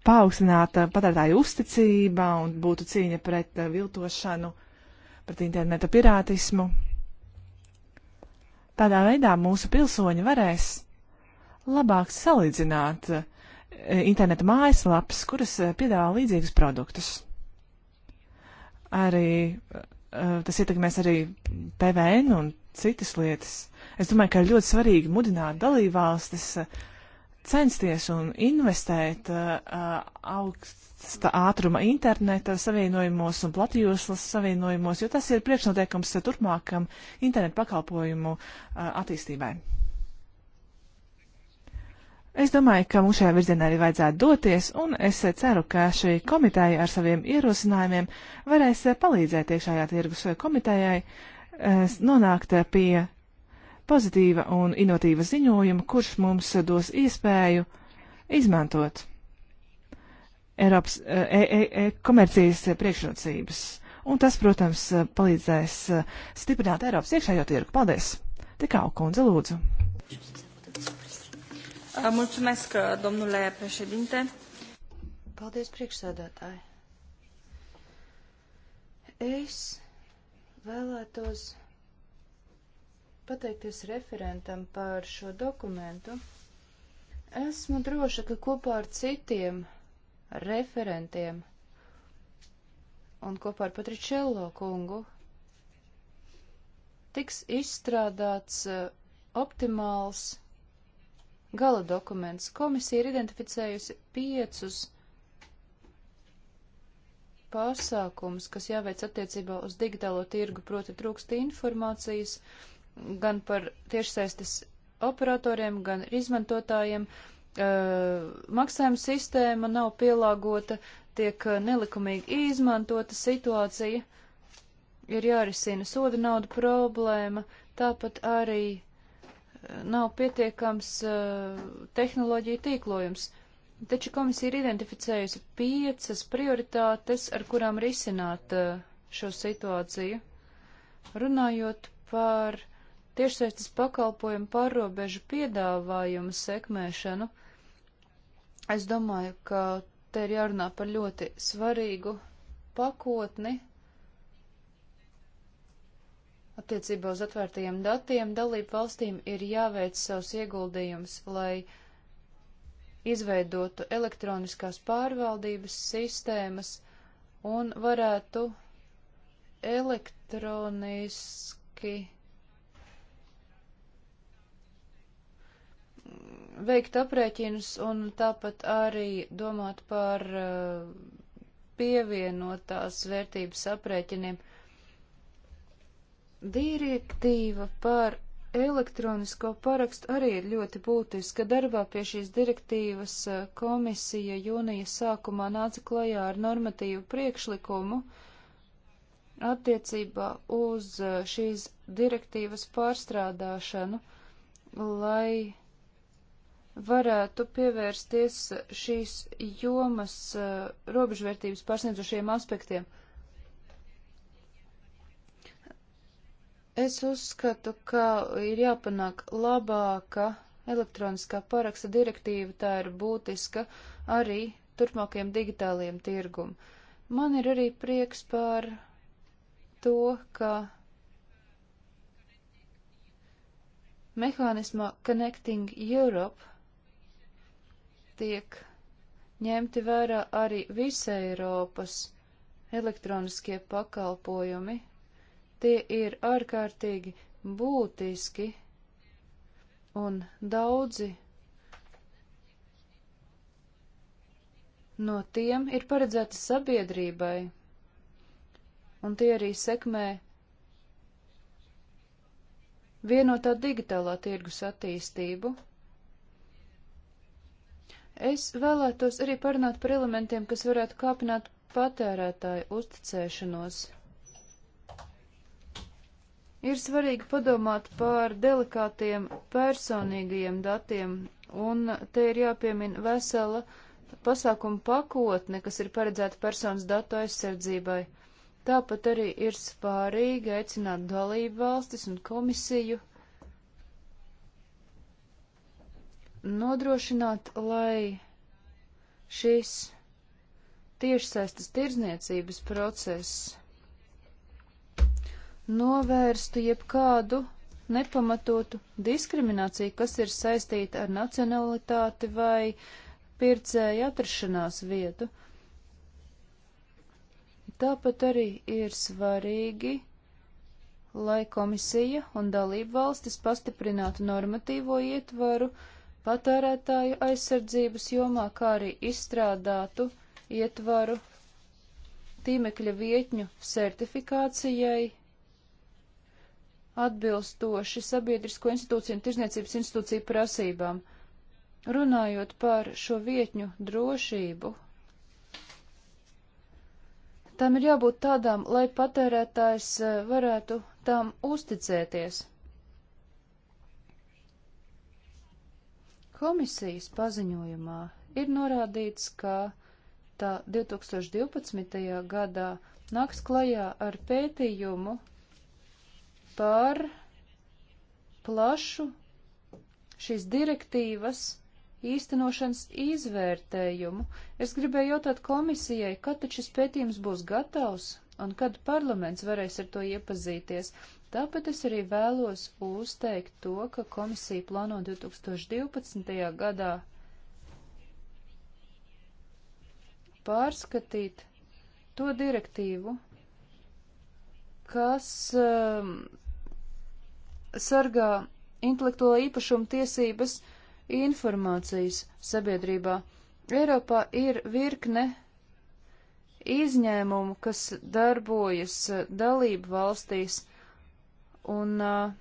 paaugstināta patērētāju uzticība un būtu cīņa pret uh, viltošanu, pret interneta pirātismu. Tādā veidā mūsu pilsoņi varēs labāk salīdzināt eh, interneta mājaslapas, kuras eh, piedāvā līdzīgus produktus. Arī eh, tas ietekmēs arī PVN un citas lietas. Es domāju, ka ir ļoti svarīgi mudināt dalībvalstis censties un investēt augst, augsta ātruma interneta savienojumos un platījoslas savienojumos, jo tas ir priekšnoteikums turpmākam internetu pakalpojumu attīstībai. Es domāju, ka mums šajā virzienā arī vajadzētu doties, un es ceru, ka šī komiteja ar saviem ierosinājumiem varēs palīdzēt iekšējā tirgus komitejai nonākt pie pozitīva un inovatīva ziņojuma, kurš mums dos iespēju izmantot Eiropas e, e e e komercijas priekšrocības. Un tas, protams, palīdzēs e, stiprināt Eiropas iekšējo tirgu. Paldies! Tikā kundze, lūdzu! Mulțumesc, domnule președinte. Paldies, priekšsēdētāji. Es vēlētos pateikties referentam par šo dokumentu. Esmu droša, ka kopā ar citiem referentiem un kopā ar Patričello kungu tiks izstrādāts eh, optimāls gala dokuments. Komisija ir identificējusi piecus pasākums, kas jāveic attiecībā uz digitālo tirgu, proti trūkst informācijas gan par tiešsaistes operatoriem, gan izmantotājiem, maksājuma sistēma nav pielāgota, tiek nelikumīgi izmantota situācija, ir jārisina soda nauda problēma, tāpat arī nav pietiekams uh, tehnoloģija tīklojums. Taču komisija ir identificējusi piecas prioritātes, ar kurām risināt uh, šo situāciju. Runājot par tiešsaistes pakalpojumu pārrobežu piedāvājumu sekmēšanu, es domāju, ka te ir jārunā par ļoti svarīgu pakotni attiecībā uz atvērtajiem datiem. Dalību valstīm ir jāveic savus ieguldījumus, lai izveidotu elektroniskās pārvaldības sistēmas un varētu elektroniski veikt aprēķinus un tāpat arī domāt par eh, pievienotās vērtības aprēķiniem. Direktīva par elektronisko parakstu arī ir ļoti būtiska. Darbā pie šīs direktīvas eh, komisija jūnija sākumā nāca klajā ar normatīvu priekšlikumu attiecībā uz eh, šīs direktīvas pārstrādāšanu, lai varētu pievērsties šīs jomas eh, robežvērtības pārsniedzušiem aspektiem. Es uzskatu, ka ir jāpanāk labāka elektroniskā paraksta direktīva, tā ir būtiska arī turpmākajam digitālajiem tirgum. Man ir arī prieks par to, ka mehānismā Connecting Europe tiek ņemti vērā arī visa Eiropas elektroniskie pakalpojumi. Tie ir ārkārtīgi būtiski un daudzi no tiem ir paredzēti sabiedrībai, un tie arī sekmē vienotā digitālā tirgus attīstību. Es vēlētos arī parunāt par elementiem, kas varētu kāpināt patērētāju uzticēšanos. Ir svarīgi padomāt par delikātiem personīgajiem datiem, un te ir jāpiemina vesela pasākuma pakotne, kas ir paredzēta personas datu aizsardzībai. Tāpat arī ir spārīgi aicināt dalību valstis un komisiju nodrošināt, lai šis tiešsaistes tirzniecības process novērstu jebkādu nepamatotu diskrimināciju, kas ir saistīta ar nacionalitāti vai pircēju atrašanās vietu. Tāpat arī ir svarīgi, lai komisija un dalību valstis pastiprinātu normatīvo ietvaru, uh, patērētāju aizsardzības jomā, kā arī izstrādātu ietvaru tīmekļa vietņu certifikācijai atbilstoši sabiedrisko institūciju un tirzniecības institūciju prasībām. Runājot par šo vietņu drošību, tām ir jābūt tādām, lai patērētājs eh, varētu tām uzticēties. Komisijas paziņojumā ir norādīts, ka tā 2012. gadā nāks klajā ar pētījumu par plašu šīs direktīvas īstenošanas izvērtējumu. Es gribēju jautāt komisijai, kad taču šis pētījums būs gatavs un kad parlaments varēs ar to iepazīties. Tāpēc es arī vēlos uzteikt to, ka komisija plāno 2012. gadā pārskatīt to direktīvu, kas um, sargā intelektuālo īpašumu tiesības informācijas sabiedrībā. Eiropā ir virkne izņēmumu, kas darbojas dalību valstīs, Un uh,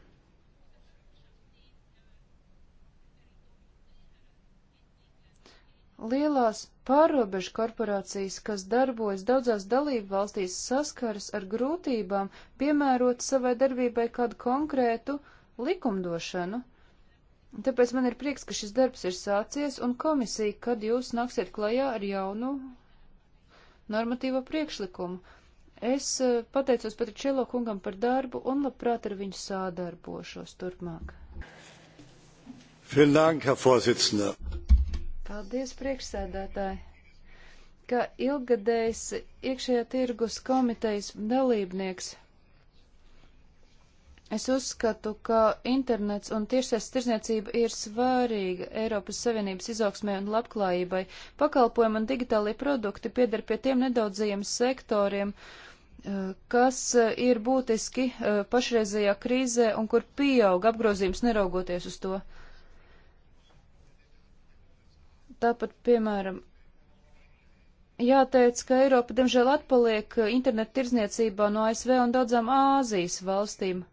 lielās pārobežu korporācijas, kas darbojas daudzās dalību valstīs, saskaras ar grūtībām piemērot savai darbībai kādu konkrētu likumdošanu. Tāpēc man ir prieks, ka šis darbs ir sācies, un komisija, kad jūs nāksiet klajā ar jaunu normatīvo priekšlikumu. Es eh, pateicos Patričēlo kungam par darbu un labprāt ar viņu sādarbošos turpmāk. Paldies, priekšsēdētāji! Kā ilgadējs iekšējā tirgus komitejas dalībnieks, Es uzskatu, ka internets un tiešsais tirzniecība ir svārīga Eiropas Savienības izaugsmē un labklājībai. Pakalpojumi un digitālie produkti pieder pie tiem nedaudzajiem sektoriem, uh, Eh, kas eh, ir būtiski eh, pašreizajā krīzē un kur pieauga apgrozījums neraugoties uz to. Tāpat, piemēram, jāteic, ka Eiropa diemžēl atpaliek internetu tirzniecībā no ASV un daudzām Āzijas valstīm.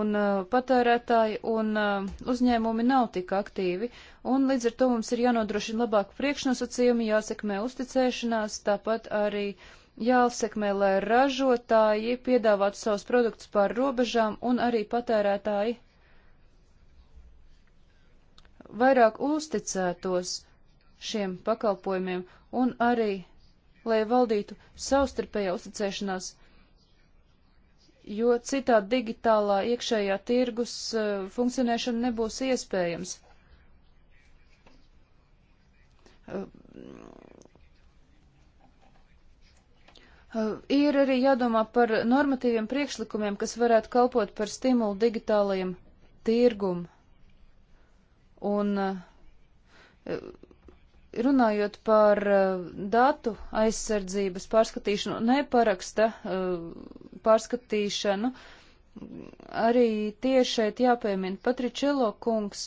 Un uh, patērētāji un uh, uzņēmumi nav tik aktīvi, un līdz ar to mums ir jānodrošina labāku priekšnosacījumu, jāsekmē uzticēšanās, tāpat arī uh, jāsekmē, lai ražotāji piedāvātu savus produktus pār robežām un arī patērētāji vairāk uzticētos šiem pakalpojumiem un arī, lai valdītu savstarpējā uzticēšanās, jo citā digitālā iekšējā tirgus uh, funkcionēšana nebūs iespējams. Uh, Eh, ir arī jādomā par normatīviem priekšlikumiem, kas varētu kalpot par stimulu digitālajiem tirgum. Un eh, runājot par eh, datu aizsardzības pārskatīšanu, neparaksta pārskatīšanu, arī tieši šeit jāpiemina Patričelo kungs,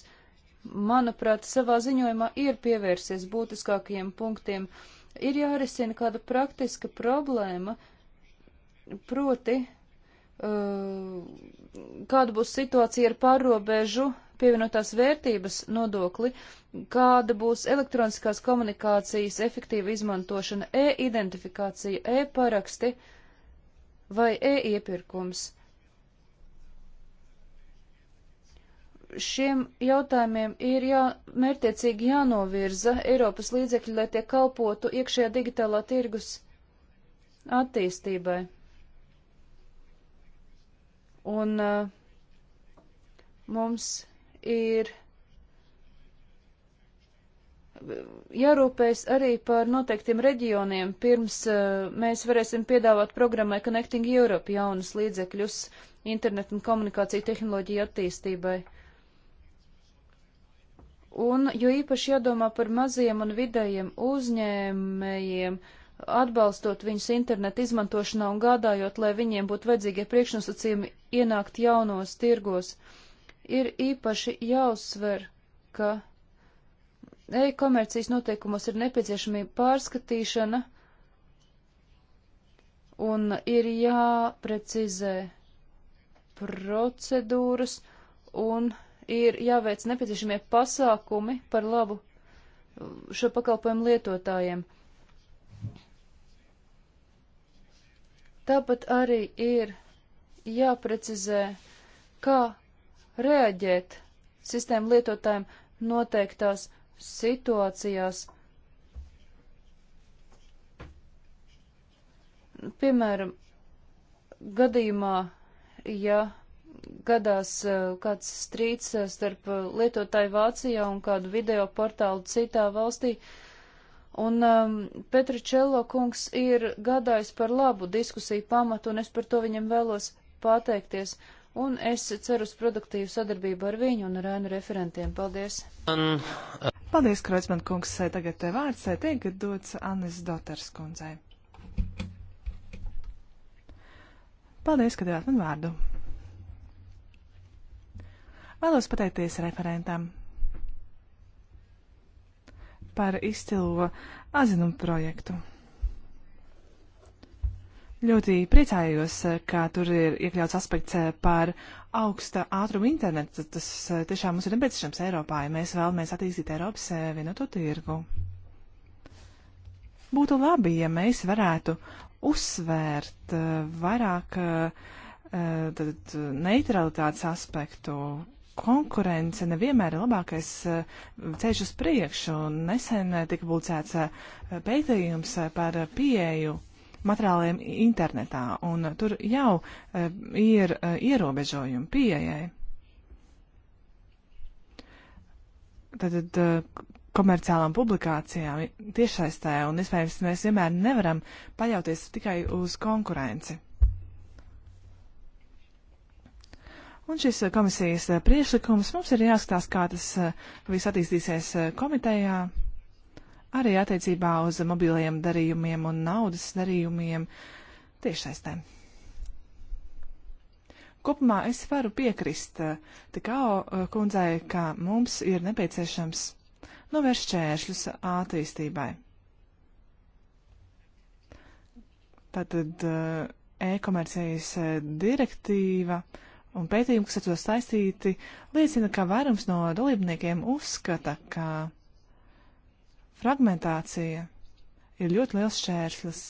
manuprāt, savā ziņojumā ir pievērsies būtiskākajiem punktiem. Uh, Ir jārisina kāda praktiska problēma, proti, uh, kāda būs situācija ar pārobežu pievienotās vērtības nodokli, kāda būs elektroniskās komunikācijas efektīva izmantošana, e-identifikācija, e-paraksti vai e-iepirkums. šiem jautājumiem ir jā, mērtiecīgi jānovirza Eiropas līdzekļi, lai tie kalpotu iekšējā digitālā tirgus attīstībai. Un uh, mums ir jārūpējas arī par noteiktiem reģioniem, pirms uh, mēs varēsim piedāvāt programmai Connecting Europe jaunus līdzekļus internetu un komunikāciju tehnoloģiju attīstībai. Uh, Un jo īpaši jādomā par maziem un vidējiem uzņēmējiem, atbalstot viņus internetu izmantošanā un gādājot, lai viņiem būtu vajadzīgie priekšnosacījumi ienākt jaunos tirgos, ir īpaši jāuzsver, ka e-komercijas noteikumos ir nepieciešamība pārskatīšana un ir jāprecizē procedūras un ir jāveic nepieciešamie pasākumi par labu uh, šo pakalpojumu lietotājiem. Tāpat arī ir jāprecizē, kā reaģēt sistēmu lietotājiem noteiktās situācijās. Piemēram, gadījumā, ja gadās eh, kāds strīds eh, starp eh, lietotāju Vācijā un kādu video portālu citā valstī. Un um, ehm, Petra Čello kungs ir gādājis par labu diskusiju pamatu, un es par to viņam vēlos pateikties. Un es ceru uz produktīvu sadarbību ar viņu un ar ēnu referentiem. Paldies! Um, uh... Paldies, Kreuzman kungs! Tagad te vārds tiek dots Annes Doters kundzei. Paldies, ka devāt man vārdu! Vēlos pateikties referentam par izcilo azinumu projektu. Ļoti priecājos, ka tur ir iekļauts aspekts par augsta ātruma internetu. Tas eh, tiešām mums ir nepieciešams Eiropā, ja mēs vēlamies attīstīt Eiropas eh, vienoto tirgu. Būtu labi, ja mēs varētu uzsvērt eh, vairāk tad, neutralitātes aspektu, konkurence nevienmēr ir labākais eh, ceļš uz priekšu. Nesen eh, tika publicēts eh, pētījums par pieeju materiāliem internetā, un tur jau ir ierobežojumi pieejai. Tātad komerciālām publikācijām tiešsaistē, un iespējams mēs vienmēr nevaram paļauties tikai uz konkurenci. Un šis eh, komisijas eh, priešlikums mums ir jāskatās, kā tas eh, viss attīstīsies komitejā, arī attiecībā uz mobiliem darījumiem un naudas darījumiem tiešsaistēm. Kopumā es varu piekrist tikā kundzei, ka mums ir nepieciešams novērst šķēršļus attīstībai. Tātad e-komercijas direktīva uh, un pētījumi, kas ar to saistīti, liecina, ka vairums no dalībniekiem uzskata, ka fragmentācija ir ļoti liels šķērslis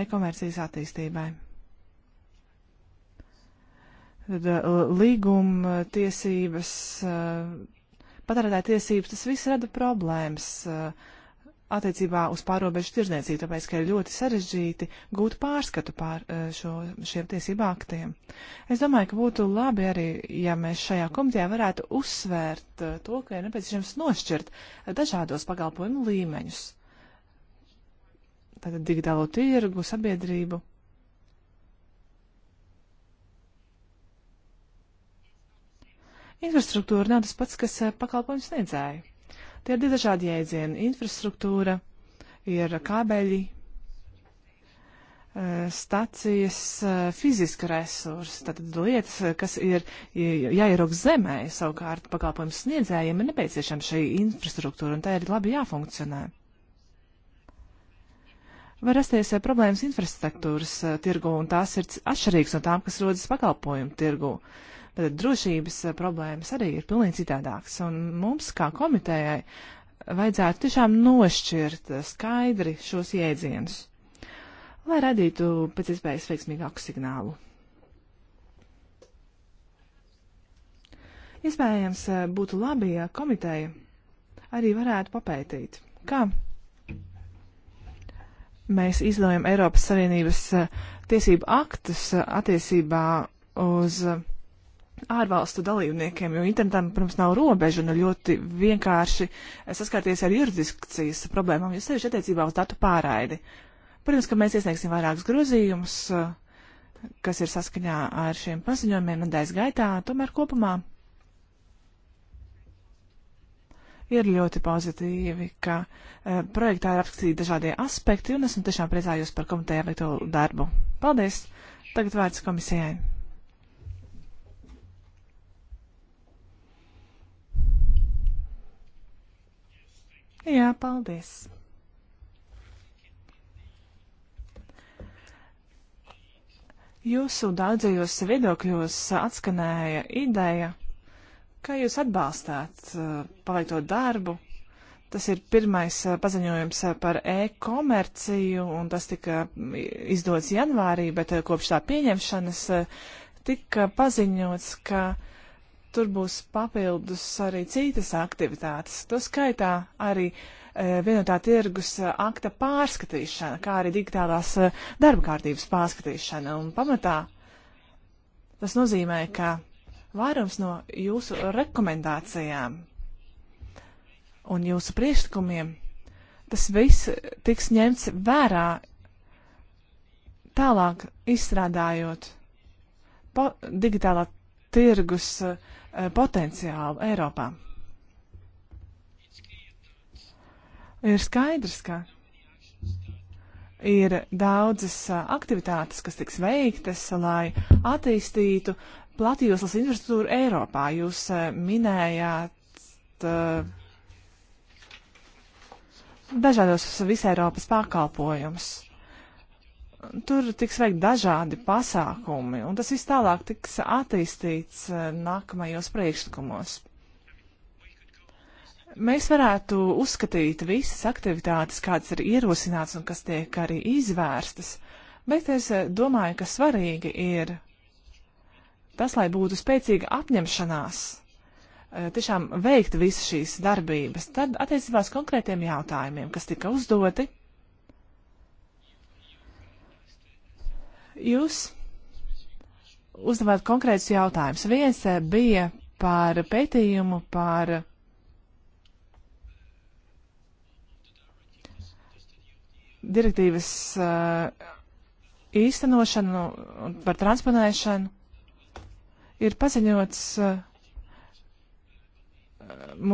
e-komercijas attīstībai. Tad uh, līguma tiesības, uh, patērētāja tiesības, tas viss rada problēmas uh, attiecībā uz pārobežu tirdzniecību, tāpēc, ka ir ļoti sarežģīti gūt pārskatu pār eh, šo, šiem tiesību aktiem. Es domāju, ka būtu labi arī, ja mēs šajā komitejā varētu uzsvērt eh, to, ka ir nepieciešams nošķirt dažādos pakalpojumu līmeņus. Tātad digitālo tirgu, sabiedrību. Infrastruktūra nav tas pats, kas eh, pakalpojums sniedzēja. Tie ir divi dažādi jēdzieni. Infrastruktūra ir kabeļi, eh, stacijas, eh, fiziska resursa, tātad lietas, kas ir jāierok zemē, savukārt pakalpojums sniedzējiem ir nepieciešama šī infrastruktūra, un tā ir labi jāfunkcionē. Var rasties eh, problēmas infrastruktūras tirgu, un tās ir atšķirīgas no tām, kas rodas pakalpojumu tirgu. Uh, Tad drošības eh, problēmas arī ir pilnīgi citādākas. Un mums, kā komitējai, vajadzētu tiešām nošķirt eh, skaidri šos jēdzienus, lai radītu pēc iespējas veiksmīgāku signālu. Iespējams, eh, būtu labi, ja komiteja arī varētu papētīt, kā mēs izdevām Eiropas Savienības tiesību aktus attiecībā uz uh, ārvalstu dalībniekiem, jo internetam, protams, nav robežu un ir ļoti vienkārši saskarties ar jurisdikcijas problēmām, jo sevišķi attiecībā uz datu pārraidi. Protams, ka mēs iesniegsim vairākus grozījumus, kas ir saskaņā ar šiem paziņojumiem nedēļas gaitā, tomēr kopumā ir ļoti pozitīvi, ka uh, projektā ir apskatīti dažādie aspekti, un esmu tiešām priecājos par komiteja veikto darbu. Paldies! Tagad vārds komisijai. Jā, paldies. Jūsu daudzajos viedokļos atskanēja ideja, ka jūs atbalstāt eh, paveikto darbu. Tas ir pirmais eh, paziņojums eh, par e-komerciju, un tas tika mm, izdots janvārī, bet kopš tā pieņemšanas tika paziņots, ka tur būs papildus arī citas aktivitātes. To skaitā arī e, vienotā tirgus e, akta pārskatīšana, kā arī digitālās e, darba kārtības pārskatīšana. Un pamatā tas nozīmē, ka vairums no jūsu rekomendācijām un jūsu priekšlikumiem tas viss tiks ņemts vērā tālāk izstrādājot digitālā tirgus uh, Eh, potenciālu Eiropā. Ir skaidrs, ka ir daudzas eh, aktivitātes, kas tiks veiktas, lai attīstītu platījuslas infrastruktūru Eiropā. Jūs eh, minējāt dažādos visai Eiropas pakalpojumus tur tiks veikt dažādi pasākumi, un tas viss tālāk tiks attīstīts eh, nākamajos priekšlikumos. Mēs varētu uzskatīt visas aktivitātes, kādas ir ierosināts un kas tiek arī izvērstas, bet es eh, domāju, ka svarīgi ir tas, lai būtu spēcīga apņemšanās eh, tiešām veikt visas šīs darbības, tad attiecībās konkrētiem jautājumiem, kas tika uzdoti Jūs uzdevāt konkrētus jautājumus. Viens eh, bija par pētījumu par direktīvas eh, īstenošanu un par transponēšanu. Ir paziņots eh,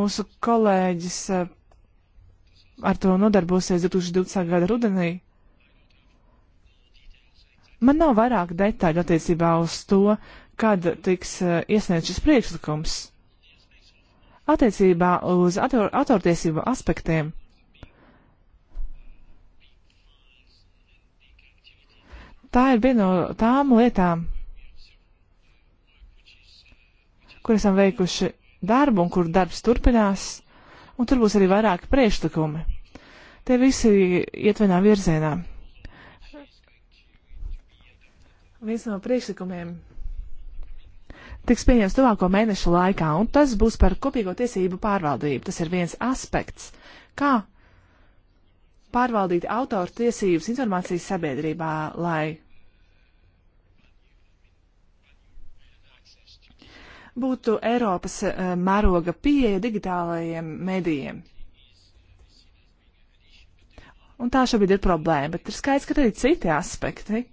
mūsu kolēģis ar to nodarbosies 2020. gada rudenī. Man nav vairāk detaļu attiecībā uz to, kad tiks eh, iesniegts šis priekšlikums. Attiecībā uz autor, autortiesību aspektiem. Tā ir viena no tām lietām, kur esam veikuši darbu un kur darbs turpinās, un tur būs arī vairāki priekšlikumi. Tie visi iet vienā virzienā viens no priekšlikumiem tiks pieņemts tuvāko mēnešu laikā, un tas būs par kopīgo tiesību pārvaldību. Tas ir viens aspekts, kā pārvaldīt autoru tiesības informācijas sabiedrībā, lai būtu Eiropas uh, mēroga pieeja digitālajiem medijiem. Un tā šobrīd ir problēma, bet ir skaidrs, ka arī citi aspekti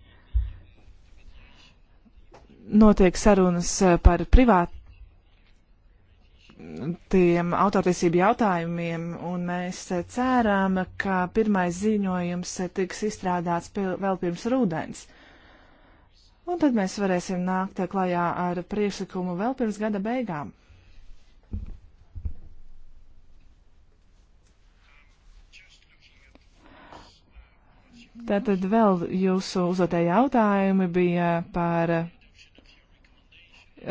notiek sarunas eh, par privātiem autortiesību jautājumiem, un mēs eh, cērām, ka pirmais ziņojums eh, tiks izstrādāts pil vēl pirms rudens. Un tad mēs varēsim nākt klajā ar priekšlikumu vēl pirms gada beigām. Tātad vēl jūsu uzdotie jautājumi bija par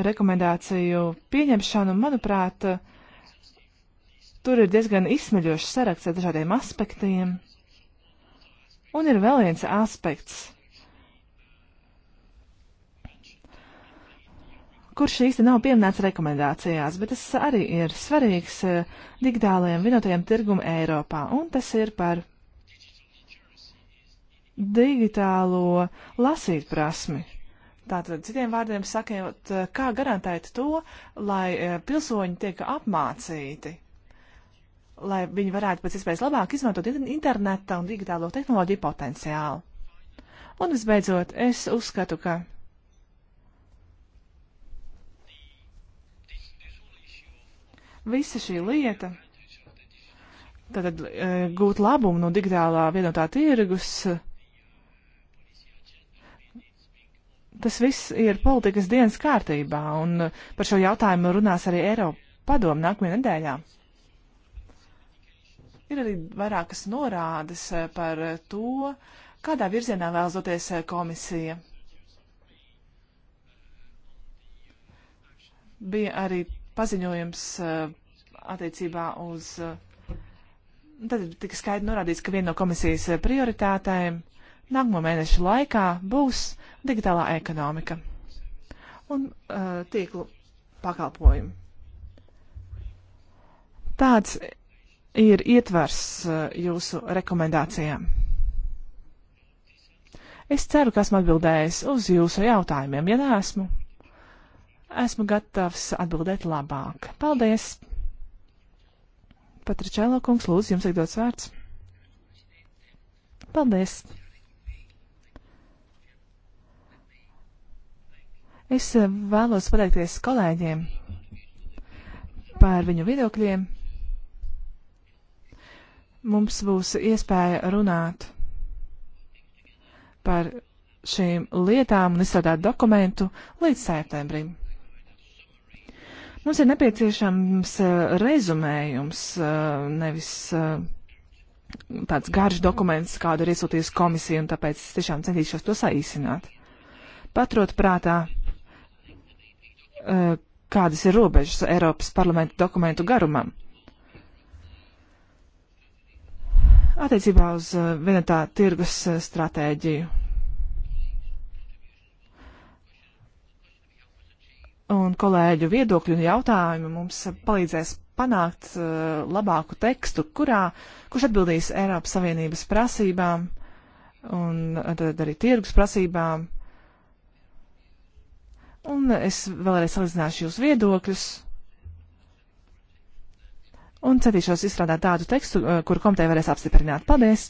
rekomendāciju pieņemšanu, manuprāt, tur ir diezgan izsmeļošs saraksts ar dažādiem aspektiem. Un ir vēl viens aspekts, kurš īsti nav pieminēts rekomendācijās, bet tas arī ir svarīgs eh, digitālajiem vienotajiem tirgum Eiropā, un tas ir par digitālo lasīt prasmi. Tātad, citiem vārdiem sakot, eh, kā garantēt to, lai eh, pilsoņi tiek apmācīti, lai viņi varētu pēc iespējas labāk izmantot interneta un digitālo tehnoloģiju potenciālu. Un visbeidzot, es uzskatu, ka visa šī lieta, tātad eh, gūt labumu no digitālā vienotā tirgus, uh, tas viss ir politikas dienas kārtībā, un uh, par šo jautājumu runās arī Eiropa padomu nākamajā nedēļā. Ir arī vairākas norādes uh, par uh, to, kādā virzienā vēlas doties komisija. Bija arī paziņojums attiecībā uz. Tad tika skaidri norādīts, ka viena no komisijas prioritātēm ir nākamo mēnešu laikā būs digitālā ekonomika un uh, tīklu pakalpojumi. Tāds ir ietvers uh, jūsu rekomendācijām. Es ceru, ka esmu atbildējis uz jūsu jautājumiem. Ja neesmu, esmu gatavs atbildēt labāk. Paldies! Patričēlo kungs, lūdzu, jums ir dots vārds. Paldies! Es eh, vēlos pateikties kolēģiem par viņu viedokļiem. Mums būs iespēja runāt par šīm lietām un izstrādāt dokumentu līdz septembrim. Mums ir nepieciešams eh, rezumējums, eh, nevis tāds garš dokuments, kādu ir iesūtījusi komisija, un tāpēc tiešām centīšos to saīsināt. Paturot prātā Eh, kādas ir robežas Eiropas parlamenta dokumentu garumam. Attiecībā uz eh, vienotā tirgus eh, stratēģiju. Un kolēģu viedokļu un jautājumu mums palīdzēs panākt uh, labāku tekstu, kurā, kurš atbildīs Eiropas Savienības prasībām un tad arī tirgus prasībām Un es vēlreiz salīdzināšu jūs viedokļus. Un centīšos izstrādāt tādu tekstu, eh, kur komiteja varēs apstiprināt. Paldies!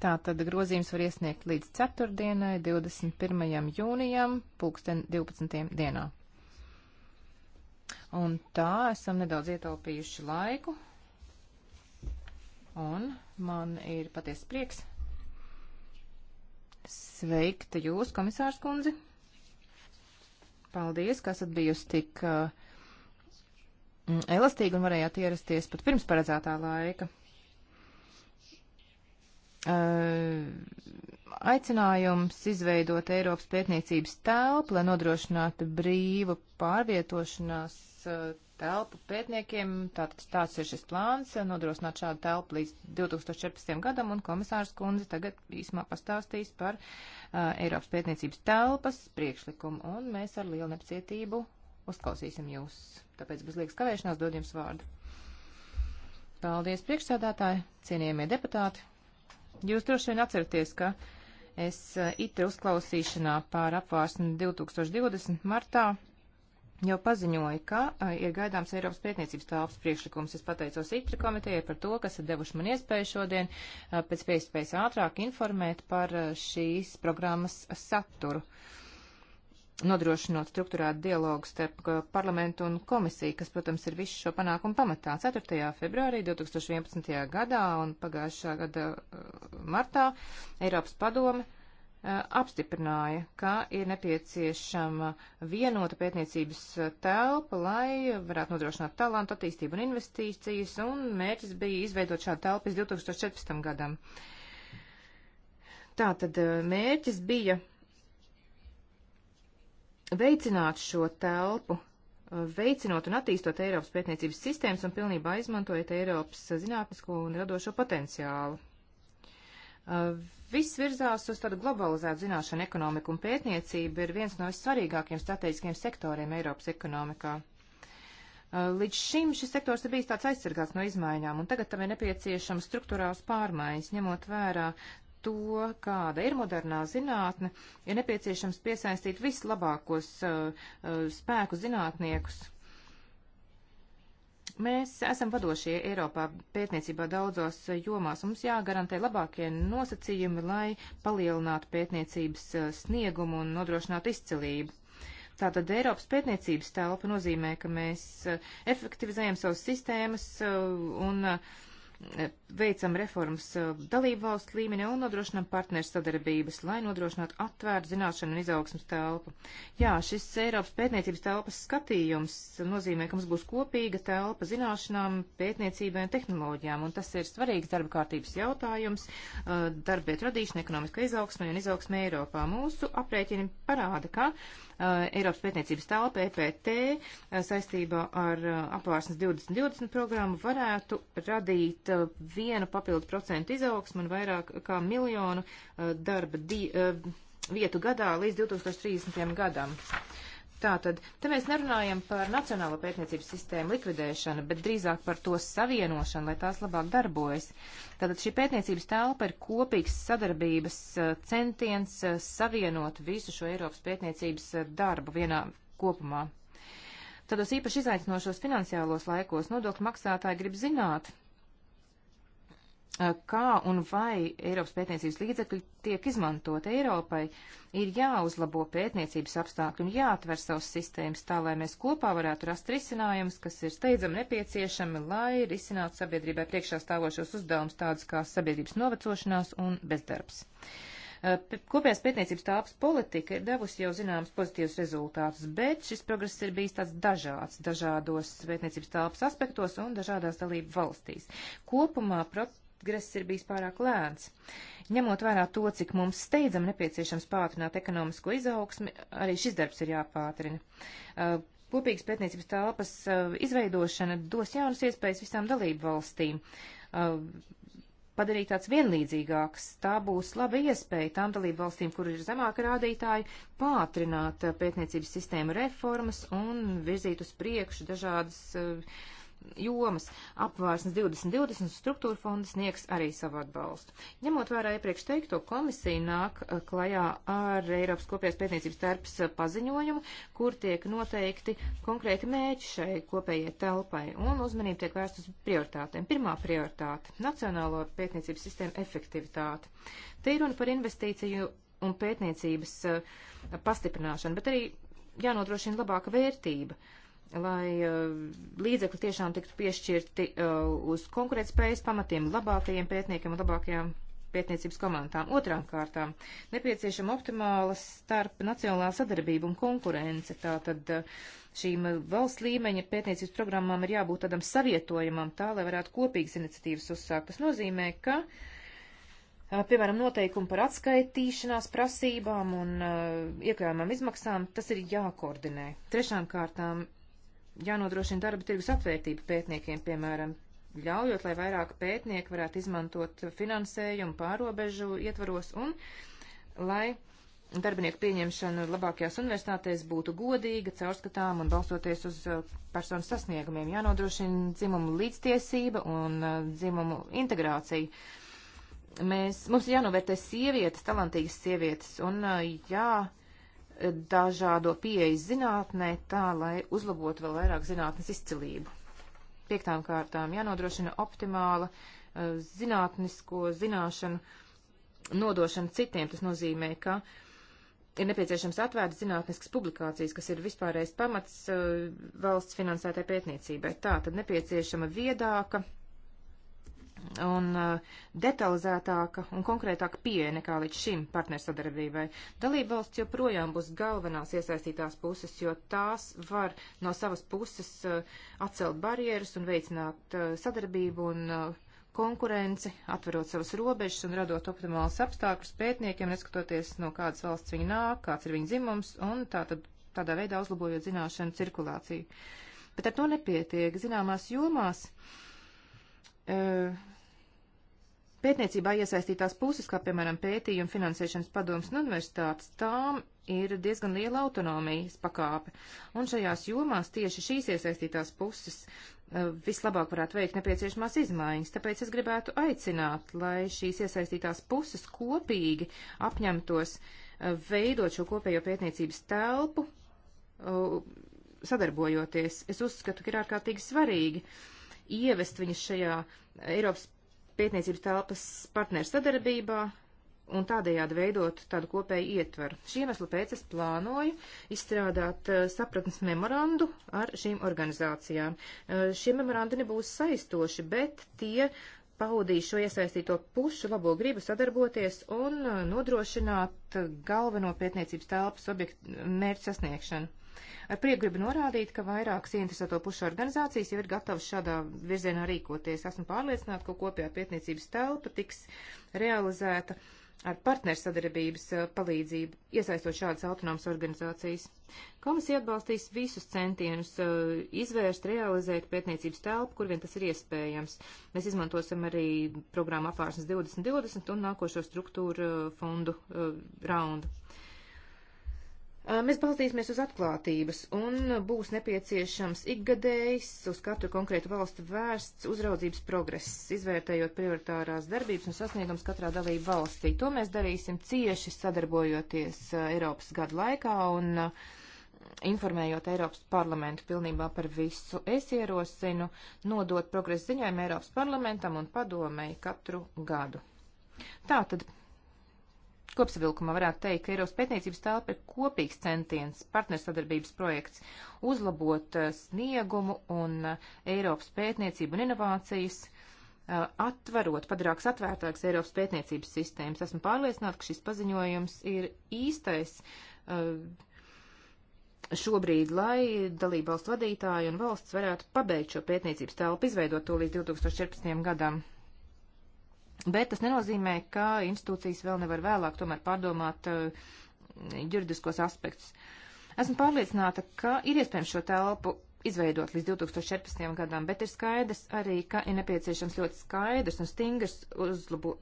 Tātad grozījums var iesniegt līdz ceturtdienai, 21. jūnijam, pulksten 12. dienā. Un tā esam nedaudz ietaupījuši laiku, un man ir patiesi prieks Sveikta jūs, komisārs kundzi. Paldies, ka esat bijusi tik uh, mm, elastīgi un varējāt ierasties pat pirms paredzētā laika. Uh, aicinājums izveidot Eiropas pētniecības telpu, lai nodrošinātu brīvu pārvietošanās uh, telpu pētniekiem. Tātad tāds ir šis plāns eh, nodrošināt šādu telpu līdz 2014. gadam, un komisārs kundze tagad īsumā pastāstīs par uh, Eiropas pētniecības telpas priekšlikumu, un mēs ar lielu nepacietību uzklausīsim jūs. Tāpēc bez liekas kavēšanās dod jums vārdu. Paldies, priekšsēdētāji, cienījamie deputāti. Jūs droši vien atceraties, ka es uh, eh, itri uzklausīšanā pār apvārsni 2020 martā jau paziņoja, ka eh, ir gaidāms Eiropas pētniecības telpas priekšlikums. Es pateicos ITRI komitejai par to, kas ir devuši man iespēju šodien eh, pēc iespējas ātrāk informēt par eh, šīs programmas saturu nodrošinot struktūrētu dialogu starp parlamentu un komisiju, kas, protams, ir visu šo panākumu pamatā. 4. februārī 2011. gadā un pagājušā gada martā Eiropas padome Eh, apstiprināja, ka ir nepieciešama vienota pētniecības telpa, lai varētu nodrošināt talantu attīstību un investīcijas, un mērķis bija izveidot šādu telpu līdz 2014. gadam. Tātad eh, mērķis bija veicināt šo telpu, eh, veicinot un attīstot Eiropas pētniecības sistēmas un pilnībā izmantojot Eiropas zinātnisko un radošo potenciālu. Viss virzās uz tādu globalizētu zināšanu ekonomiku, un pētniecība ir viens no svarīgākiem strateģiskiem sektoriem Eiropas ekonomikā. Līdz šim šis sektors ir bijis tāds aizsargāts no izmaiņām, un tagad tam ir nepieciešama struktūrāls pārmaiņas, ņemot vērā to, kāda ir modernā zinātne, ir nepieciešams piesaistīt vislabākos uh, uh, spēku zinātniekus, Mēs esam vadošie Eiropā pētniecībā daudzos jomās. Mums jāgarantē labākie nosacījumi, lai palielinātu pētniecības eh, sniegumu un nodrošinātu izcilību. Tātad Eiropas pētniecības telpa nozīmē, ka mēs eh, efektivizējam savas sistēmas eh, un uh, veicam reformas eh, dalību valstu līmenī un nodrošinam partneru sadarbības, lai nodrošinātu atvērtu zināšanu un izaugsmas telpu. Jā, šis Eiropas pētniecības telpas skatījums nozīmē, ka mums būs kopīga telpa zināšanām, pētniecībai un tehnoloģijām, un tas ir svarīgs darba kārtības jautājums eh, darbietu radīšana, ekonomiska izaugsme un izaugsme Eiropā. Mūsu aprēķini parāda, ka Uh, Eiropas pētniecības telpa EPT uh, saistībā ar uh, apvārsnes 2020 programmu varētu radīt vienu papildu procentu izaugsmu un vairāk kā miljonu darba di vietu gadā līdz 2030. gadam. Tātad, te mēs nerunājam par nacionālo pētniecības sistēmu likvidēšanu, bet drīzāk par to savienošanu, lai tās labāk darbojas. Tātad šī pētniecības telpa ir kopīgs sadarbības eh, centiens eh, savienot visu šo Eiropas pētniecības eh, darbu vienā kopumā. Tādos īpaši izaicinošos finansiālos laikos nodokļu maksātāji grib zināt, Eh, kā un vai Eiropas pētniecības līdzekļi tiek izmantot Eiropai, ir jāuzlabo pētniecības apstākļi un jāatver savas sistēmas tā, lai mēs kopā varētu rast risinājumus, kas ir steidzami nepieciešami, lai risinātu sabiedrībai priekšā stāvošos uzdevumus tādus kā sabiedrības novecošanās un bezdarbs. Eh, kopējās pētniecības tāpas politika ir devusi jau zināmas pozitīvas rezultātus, bet šis progress ir bijis tāds dažāds dažādos pētniecības tāpas aspektos un dažādās dalību valstīs. Kopumā pro progress ir bijis pārāk lēns. Ņemot vērā to, cik mums steidzam nepieciešams pātrināt ekonomisko izaugsmi, arī šis darbs ir jāpātrina. Uh, Kopīgas pētniecības telpas uh, izveidošana dos jaunas iespējas visām dalību valstīm. Uh, padarīt tāds vienlīdzīgāks. Tā būs laba iespēja tām dalību valstīm, kur ir zemāka rādītāji, pātrināt uh, pētniecības sistēmu reformas un virzīt uz priekšu dažādas uh, jomas. Apvārsnes 2020 struktūra fonda sniegs arī savu atbalstu. Ņemot vērā iepriekš teikto, komisija nāk eh, klajā ar Eiropas kopējās pētniecības terps eh, paziņojumu, kur tiek noteikti konkrēti mēķi šai kopējai telpai un uzmanība tiek vērst uz prioritātēm. Pirmā prioritāte - nacionālo pētniecības sistēmu efektivitāte. Te ir runa par investīciju un pētniecības eh, pastiprināšanu, bet arī jānodrošina labāka vērtība. Uh, lai eh, līdzekļi tiešām tiktu piešķirti eh, uz konkurētspējas pamatiem labākajiem pētniekiem un labākajām pētniecības komandām. Otrām kārtām nepieciešama optimāla starp nacionālā sadarbība un konkurence. Tātad eh, šīm valsts līmeņa pētniecības programmām ir jābūt tādam savietojumam tā, lai varētu kopīgas iniciatīvas uzsākt. Tas nozīmē, ka, piemēram, noteikumi par atskaitīšanās prasībām un iekļāvumam izmaksām, tas ir jākoordinē. Trešām kārtām jānodrošina darba tirgus atvērtība pētniekiem, piemēram, ļaujot, lai vairāk pētnieki varētu izmantot finansējumu pārobežu ietvaros un lai darbinieku pieņemšana labākajās universitātēs būtu godīga, caurskatām un balstoties uz uh, personu sasniegumiem. Jānodrošina dzimumu līdztiesība un uh, dzimumu integrācija. Mēs, mums ir jānovērtē sievietes, talantīgas sievietes, un uh, jā, dažādo pieeju zinātnē, tā lai uzlabotu vēl vairāk zinātnes izcilību. Piektām kārtām jānodrošina optimāla eh, zinātnisko zināšanu nodošana citiem. Tas nozīmē, ka ir nepieciešams atvērt zinātniskas publikācijas, kas ir vispārējais pamats eh, valsts finansētai pētniecībai. Tā tad nepieciešama viedāka un uh, detalizētāka un konkrētāka pieeja nekā līdz šim partnersadarbībai. Dalībvalsts joprojām būs galvenās iesaistītās puses, jo tās var no savas puses uh, atcelt barjeras un veicināt uh, sadarbību un uh, konkurenci, atverot savas robežas un radot optimālus apstākļus pētniekiem, neskatoties no kādas valsts viņi nāk, kāds ir viņa dzimums, un tā tad, tādā veidā uzlabojot zināšanu cirkulāciju. Bet ar to nepietiek. Zināmās jomās uh, Pētniecībā iesaistītās puses, kā piemēram pētījuma finansēšanas padomas un universitātes, tām ir diezgan liela autonomijas pakāpe, un šajās jomās tieši šīs iesaistītās puses uh, vislabāk varētu veikt nepieciešamās izmaiņas, tāpēc es gribētu aicināt, lai šīs iesaistītās puses kopīgi apņemtos uh, veidot šo kopējo pētniecības telpu, uh, sadarbojoties. Es uzskatu, ka ir ārkārtīgi svarīgi ievest viņas šajā Eiropas pētniecības telpas partneru sadarbībā un tādējādi veidot tādu kopēju ietvaru. Šī iemesla pēc es plānoju izstrādāt uh, sapratnes memorandu ar šīm organizācijām. Uh, šie memorandi nebūs saistoši, bet tie paudīs šo iesaistīto pušu labo gribu sadarboties un uh, nodrošināt galveno pētniecības telpas objektu mērķu sasniegšanu. Ar prieku gribu norādīt, ka vairākas interesēto pušu organizācijas jau ir gatavas šādā virzienā rīkoties. Esmu pārliecināta, ka kopējā pietniecības telpa tiks realizēta ar partnersadarbības eh, palīdzību, iesaistot šādas autonomas organizācijas. Komisija atbalstīs visus centienus eh, izvērst, realizēt pētniecības telpu, kur vien tas ir iespējams. Mēs izmantosim arī programmu apvārsnes 2020 un nākošo struktūru eh, fondu raundu. Mēs balstīsimies uz atklātības un būs nepieciešams ikgadējs uz katru konkrētu valstu vērsts uzraudzības progress, izvērtējot prioritārās darbības un sasniegums katrā dalību valstī. To mēs darīsim cieši sadarbojoties Eiropas gadu laikā un informējot Eiropas parlamentu pilnībā par visu. Es ierosinu nodot progresa ziņojumu Eiropas parlamentam un padomēji katru gadu. Tātad kopsavilkumā varētu teikt, ka Eiropas pētniecības telpa ir kopīgs centiens, partnersadarbības projekts, uzlabot eh, sniegumu un eh, Eiropas pētniecību un inovācijas eh, atverot, padarāks atvērtāks Eiropas pētniecības sistēmas. Esmu pārliecināta, ka šis paziņojums ir īstais šobrīd, lai dalībvalstu vadītāji un valsts varētu pabeigt šo pētniecības telpu, izveidot to līdz 2014. gadam. Bet tas nenozīmē, ka institūcijas vēl nevar vēlāk tomēr pārdomāt uh, juridiskos aspektus. Esmu pārliecināta, ka ir iespējams šo telpu izveidot līdz 2014. gadam, bet ir skaidrs arī, ka ir nepieciešams ļoti skaidrs un stingrs uzlabu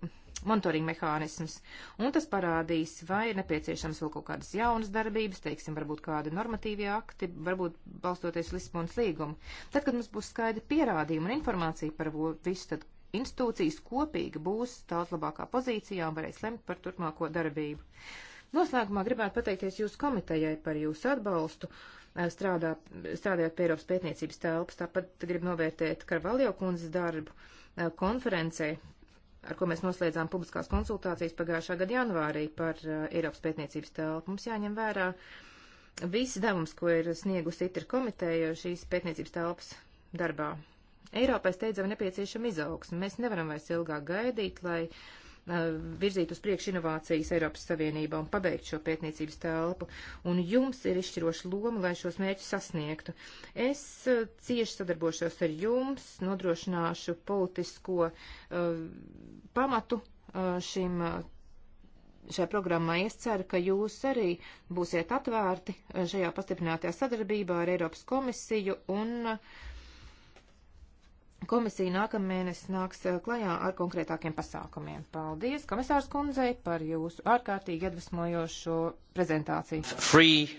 monitoringa mehānisms, un tas parādīs, vai ir nepieciešams vēl kaut kādas jaunas darbības, teiksim, varbūt kādi normatīvie akti, varbūt balstoties Lisbonas līgumu. Tad, kad mums būs skaidri pierādījumi un informācija par visu, tad institūcijas kopīgi būs daudz labākā pozīcijā un varēs lemt par turpmāko darbību. Noslēgumā gribētu pateikties jūsu komitejai par jūsu atbalstu, eh, strādā, strādājot pie Eiropas pētniecības telpas. Tāpat gribu novērtēt Karvaljo kundzes darbu eh, konferencē, ar ko mēs noslēdzām publiskās konsultācijas pagājušā gada janvārī par eh, Eiropas pētniecības telpu. Mums jāņem vērā viss devums, ko ir sniegusi ITR komiteja šīs pētniecības telpas darbā. Eiropai steidzami nepieciešama izaugsme. Mēs nevaram vairs ilgāk gaidīt, lai uh, virzīt uz priekšu inovācijas Eiropas Savienībā un pabeigt šo pētniecības telpu. Un jums ir izšķiroša loma, lai šos mērķus sasniegtu. Es uh, cieši sadarbošos ar jums, nodrošināšu politisko uh, pamatu uh, šim. Uh, Šai programmai es ceru, ka jūs arī būsiet atvērti uh, šajā pastiprinātajā sadarbībā ar Eiropas komisiju un uh, Komisija nākamēnes nāks eh, klajā ar konkrētākiem pasākumiem. Paldies, komisārs kundzei, par jūsu ārkārtīgi iedvesmojošo prezentāciju.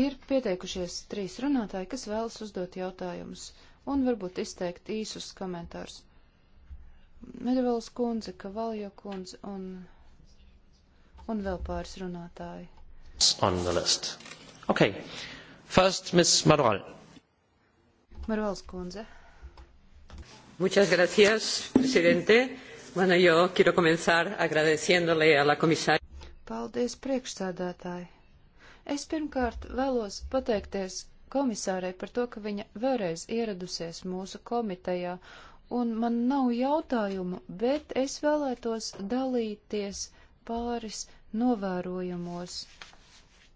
Ir pieteikušies trīs runātāji, kas vēlas uzdot jautājumus un varbūt izteikt īsus komentārus. Medevals kundze, Kavaljo kundze un, un vēl pāris runātāji. On the list. Okay. First, Miss Madral. Marvels kundze. Señor presidente. Bueno, yo quiero comenzar agradeciéndole a la comisaria. Paldies, priekšsādātāji. Es pirmkārt vēlos pateikties komisārai par to, ka viņa vēlreiz ieradusies mūsu komitejā, un man nav jautājumu, bet es vēlētos dalīties pāris novērojumos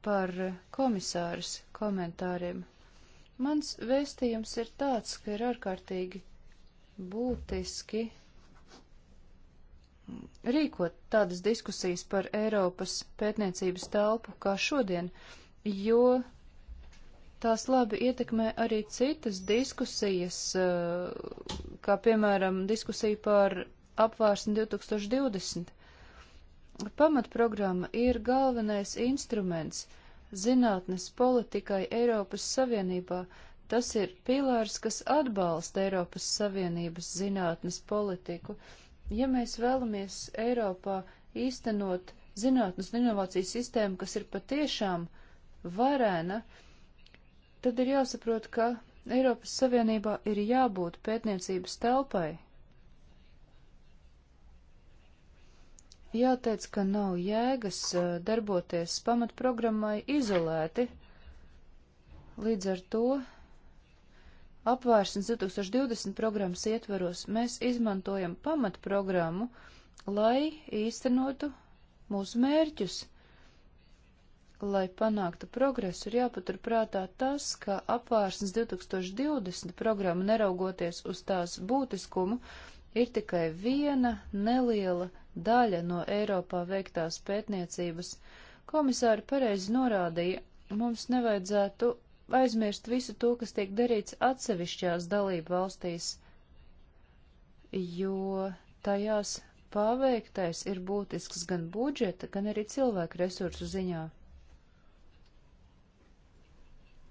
par komisāras komentāriem. Mans vēstījums ir tāds, ka ir ārkārtīgi būtiski rīkot tādas diskusijas par Eiropas pētniecības telpu kā šodien, jo tās labi ietekmē arī citas diskusijas, eh, kā piemēram diskusija par apvārsni 2020. Pamatprogramma ir galvenais instruments zinātnes politikai Eiropas Savienībā, Tas ir pilārs, kas atbalsta Eiropas Savienības zinātnes politiku. Ja mēs vēlamies Eiropā īstenot zinātnes un inovāciju sistēmu, kas ir patiešām varēna, tad ir jāsaprot, ka Eiropas Savienībā ir jābūt pētniecības telpai. Jāteic, ka nav jēgas darboties pamatprogrammai izolēti. Līdz ar to Apvāršanas 2020 programmas ietvaros mēs izmantojam pamatprogrammu, lai īstenotu mūsu mērķus. Lai panāktu progresu, ir jāpaturprātā tas, ka apvārsnes 2020 programma, neraugoties uz tās būtiskumu, ir tikai viena neliela daļa no Eiropā veiktās pētniecības. Komisāri pareizi norādīja, mums nevajadzētu aizmirst visu to, kas tiek darīts atsevišķās dalību valstīs, jo tajās paveiktais ir būtisks gan budžeta, gan arī cilvēku resursu ziņā.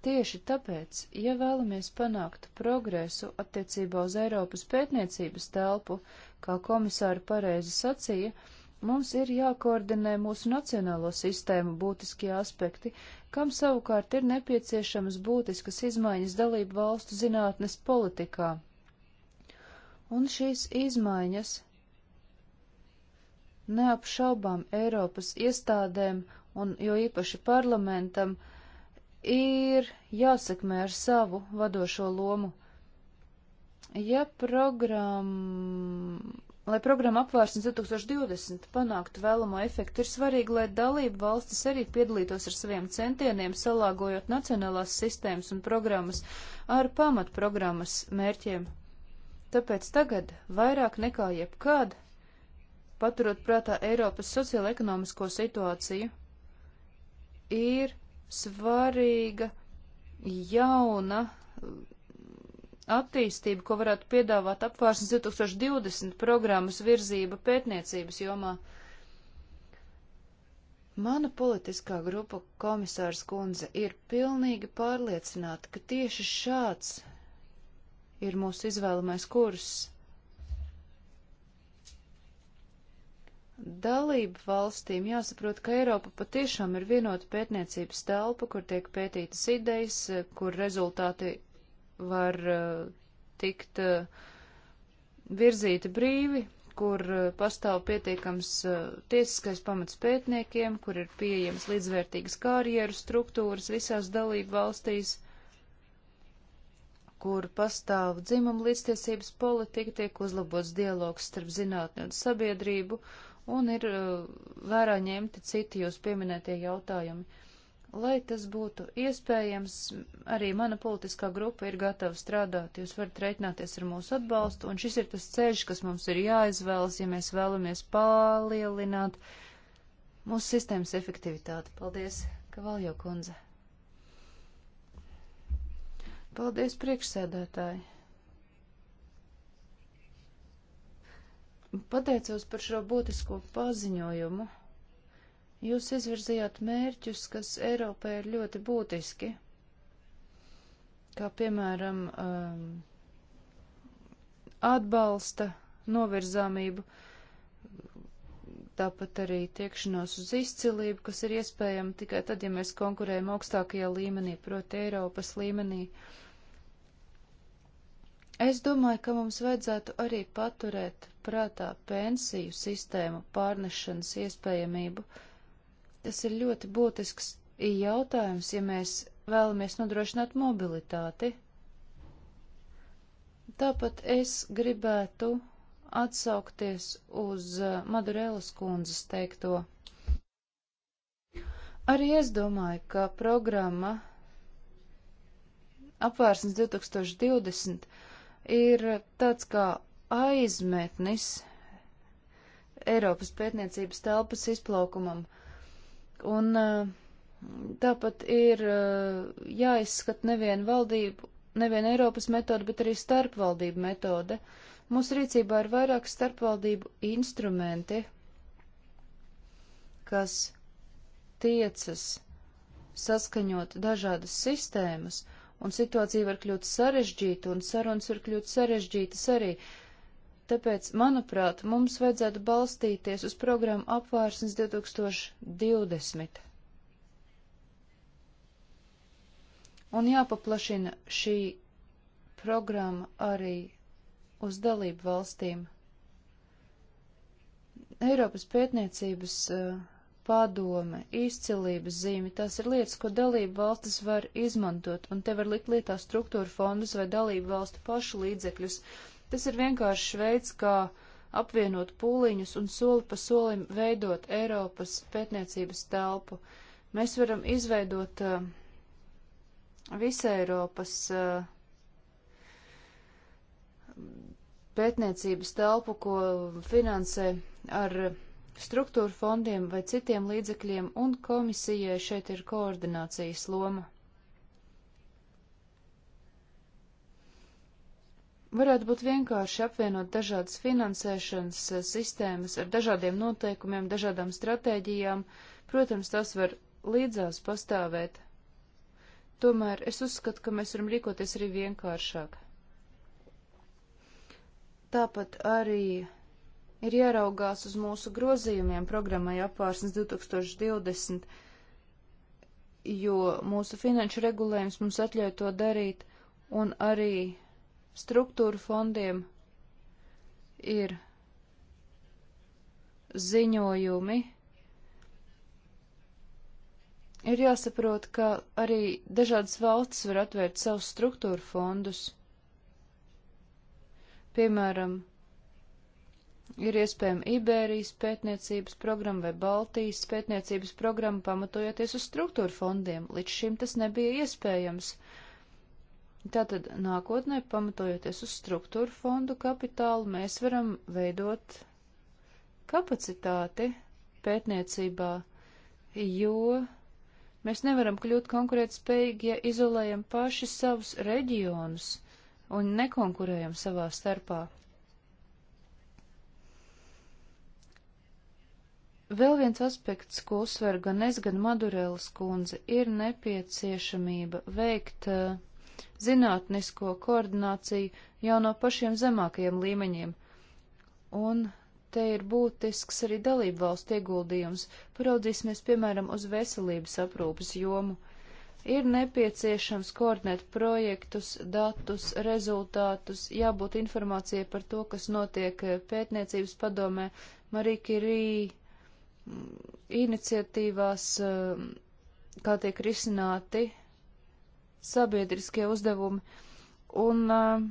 Tieši tāpēc, ja vēlamies panākt progresu attiecībā uz Eiropas pētniecības telpu, kā komisāri pareizi sacīja, Mums ir jākoordinē mūsu nacionālo sistēmu būtiskie aspekti, kam savukārt ir nepieciešamas būtiskas izmaiņas dalību valstu zinātnes politikā. Un šīs izmaiņas neapšaubām Eiropas iestādēm un jo īpaši parlamentam ir jāsekmē ar savu vadošo lomu. Ja programma Lai programma apvērsnes 2020 panāktu vēlamo efektu, ir svarīgi, lai dalību valstis arī piedalītos ar saviem centieniem, salāgojot nacionālās sistēmas un programmas ar pamatprogrammas mērķiem. Tāpēc tagad, vairāk nekā jebkad, paturot prātā Eiropas sociāla-ekonomisko situāciju, ir svarīga jauna attīstību, ko varētu piedāvāt apvārsnes 2020 programmas virzība pētniecības jomā. Mana politiskā grupa komisārs kundze ir pilnīgi pārliecināta, ka tieši šāds ir mūsu izvēlamais kurs. Dalību valstīm jāsaprot, ka Eiropa patiešām ir vienota pētniecības telpa, kur tiek pētītas idejas, kur rezultāti var eh, tikt eh, virzīti brīvi, kur eh, pastāv pietiekams tiesiskais pamats pētniekiem, kur ir pieejams līdzvērtīgas karjeru struktūras visās dalību valstīs, kur pastāv dzimuma līdztiesības politika, tiek uzlabots dialogs starp zinātni un sabiedrību, un ir vērā ņemti citi jūs pieminētie jautājumi lai tas būtu iespējams, arī mana politiskā grupa ir gatava strādāt. Jūs varat reiķināties ar mūsu atbalstu, un šis ir tas ceļš, kas mums ir jāizvēlas, ja mēs vēlamies palielināt mūsu sistēmas efektivitāti. Paldies, Kavaljo kundze. Paldies, priekšsēdētāji. Pateicos par šo būtisko paziņojumu. Jūs izvirzījāt mērķus, kas Eiropai ir ļoti būtiski, kā piemēram um, atbalsta novirzāmību, tāpat arī tiekšanos uz izcilību, kas ir iespējama tikai tad, ja mēs konkurējam augstākajā līmenī, proti Eiropas līmenī. Es domāju, ka mums vajadzētu arī paturēt prātā pensiju sistēmu pārnešanas iespējamību. Uh, Tas ir ļoti būtisks jautājums, ja mēs vēlamies nodrošināt mobilitāti. Tāpat es gribētu atsaukties uz uh, Madurēlas kundzes teikto. Arī es domāju, ka programma apvērsnes 2020 ir tāds kā aizmetnis Eiropas pētniecības telpas izplaukumam. Uh, Un eh, tāpat ir eh, jāizskat nevien valdību, nevien Eiropas metode, bet arī starpvaldību metode. Mūsu rīcībā ir vairāk starpvaldību instrumenti, kas tiecas saskaņot dažādas sistēmas, un situācija var kļūt sarežģīta, un sarunas var kļūt sarežģītas arī. Uh, Tāpēc, manuprāt, mums vajadzētu balstīties uz programmu apvārsnes 2020. Un jāpaplašina šī programma arī uz dalību valstīm. Eiropas pētniecības uh, padome, izcilības zīme, tās ir lietas, ko dalību valstis var izmantot, un te var likt lietā struktūra fondus vai dalību valstu pašu līdzekļus. Uh, Tas ir vienkāršs veids, kā apvienot pūliņus un soli pa solim veidot Eiropas pētniecības telpu. Mēs varam izveidot uh, eh, visu Eiropas uh, pētniecības telpu, ko finansē ar struktūra fondiem vai citiem līdzekļiem, un komisijai šeit ir koordinācijas loma. Varētu būt vienkārši apvienot dažādas finansēšanas eh, sistēmas ar dažādiem noteikumiem, dažādām stratēģijām. Protams, tas var līdzās pastāvēt. Tomēr es uzskatu, ka mēs varam rīkoties arī vienkāršāk. Tāpat arī ir jāraugās uz mūsu grozījumiem programmai apvārsnes 2020 jo mūsu finanšu regulējums mums atļauj to darīt, un arī struktūru fondiem ir ziņojumi. Ir jāsaprot, ka arī dažādas valstis var atvērt savus struktūru fondus. Piemēram, ir iespējama Iberijas pētniecības programma vai Baltijas pētniecības programma pamatojoties uz struktūru fondiem. Līdz šim tas nebija iespējams. Uh, Tātad nākotnē, pamatojoties uz struktūru fondu kapitālu, mēs varam veidot kapacitāti pētniecībā, jo mēs nevaram kļūt konkurētspējīgi, ja izolējam paši savus reģionus un nekonkurējam savā starpā. Vēl viens aspekts, ko uzsver gan es, gan Madurēlas kundze, ir nepieciešamība veikt uh, zinātnisko koordināciju jau no pašiem zemākajiem līmeņiem. Un te ir būtisks arī dalību valstu ieguldījums. Paraudzīsimies, piemēram, uz veselības aprūpas jomu. Ir nepieciešams koordinēt projektus, datus, rezultātus, jābūt informācijai par to, kas notiek eh, pētniecības padomē, Marī Kirī mm, iniciatīvās, eh, kā tiek risināti sabiedriskie uzdevumi. Un eh,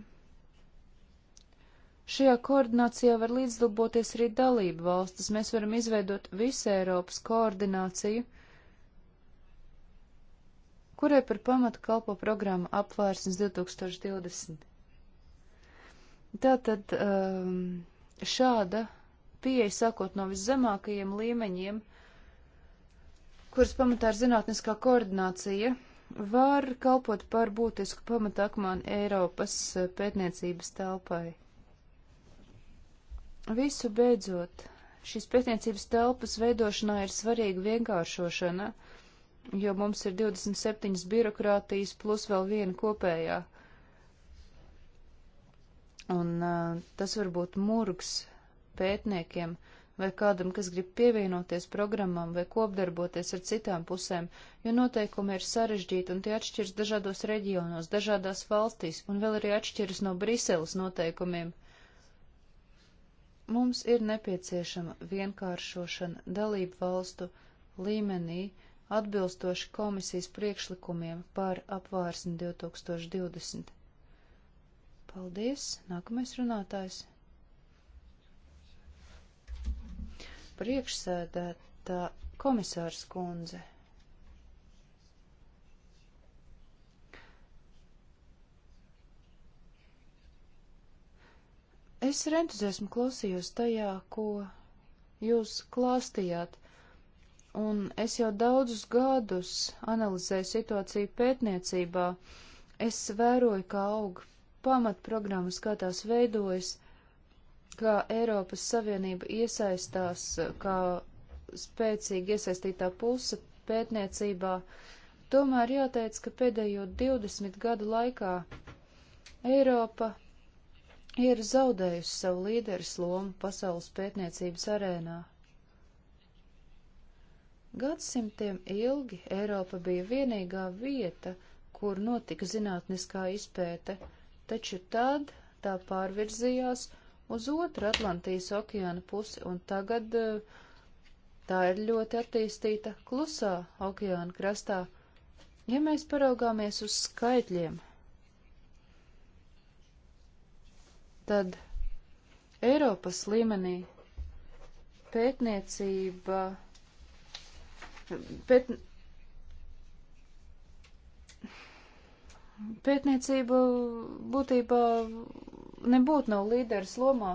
šajā koordinācijā var līdzdarboties arī dalību valstis. Mēs varam izveidot visu Eiropas koordināciju, kurai par pamatu kalpo programma apvērsnes 2020. Tātad eh, šāda pieeja sākot no viszemākajiem līmeņiem, kuras pamatā ir zinātniskā koordinācija, var kalpot par būtisku pamatakmanu Eiropas eh, pētniecības telpai. Visu beidzot, šīs pētniecības telpas veidošanā ir svarīga vienkāršošana, jo mums ir 27 birokrātijas plus vēl viena kopējā. Un uh, tas var būt murgs pētniekiem, uh, vai kādam, kas grib pievienoties programmam vai kopdarboties ar citām pusēm, jo noteikumi ir sarežģīti un tie atšķiras dažādos reģionos, dažādās valstīs un vēl arī atšķiras no Briseles noteikumiem. Mums ir nepieciešama vienkāršošana dalību valstu līmenī atbilstoši komisijas priekšlikumiem par apvārsni 2020. Paldies! Nākamais runātājs! priekšsēdētā komisārs kundze. Es ar entuziasmu klausījos tajā, ko jūs klāstījāt, un es jau daudzus gadus analizēju situāciju pētniecībā. Es vēroju, kā aug pamatprogrammas, kā tās veidojas, kā Eiropas Savienība iesaistās, kā spēcīgi iesaistītā puse pētniecībā, tomēr jāteic, ka pēdējo 20 gadu laikā Eiropa ir zaudējusi savu līderes lomu pasaules pētniecības arēnā. Gadsimtiem ilgi Eiropa bija vienīgā vieta, kur notika zinātniskā izpēte, taču tad tā pārvirzījās, uz otru Atlantijas okeāna pusi, un tagad eh, tā ir ļoti attīstīta klusā okeāna krastā. Ja mēs paraugāmies uz skaitļiem, tad Eiropas līmenī pētniecība, pēt, pētniecība būtībā nebūtu nav līderis lomā.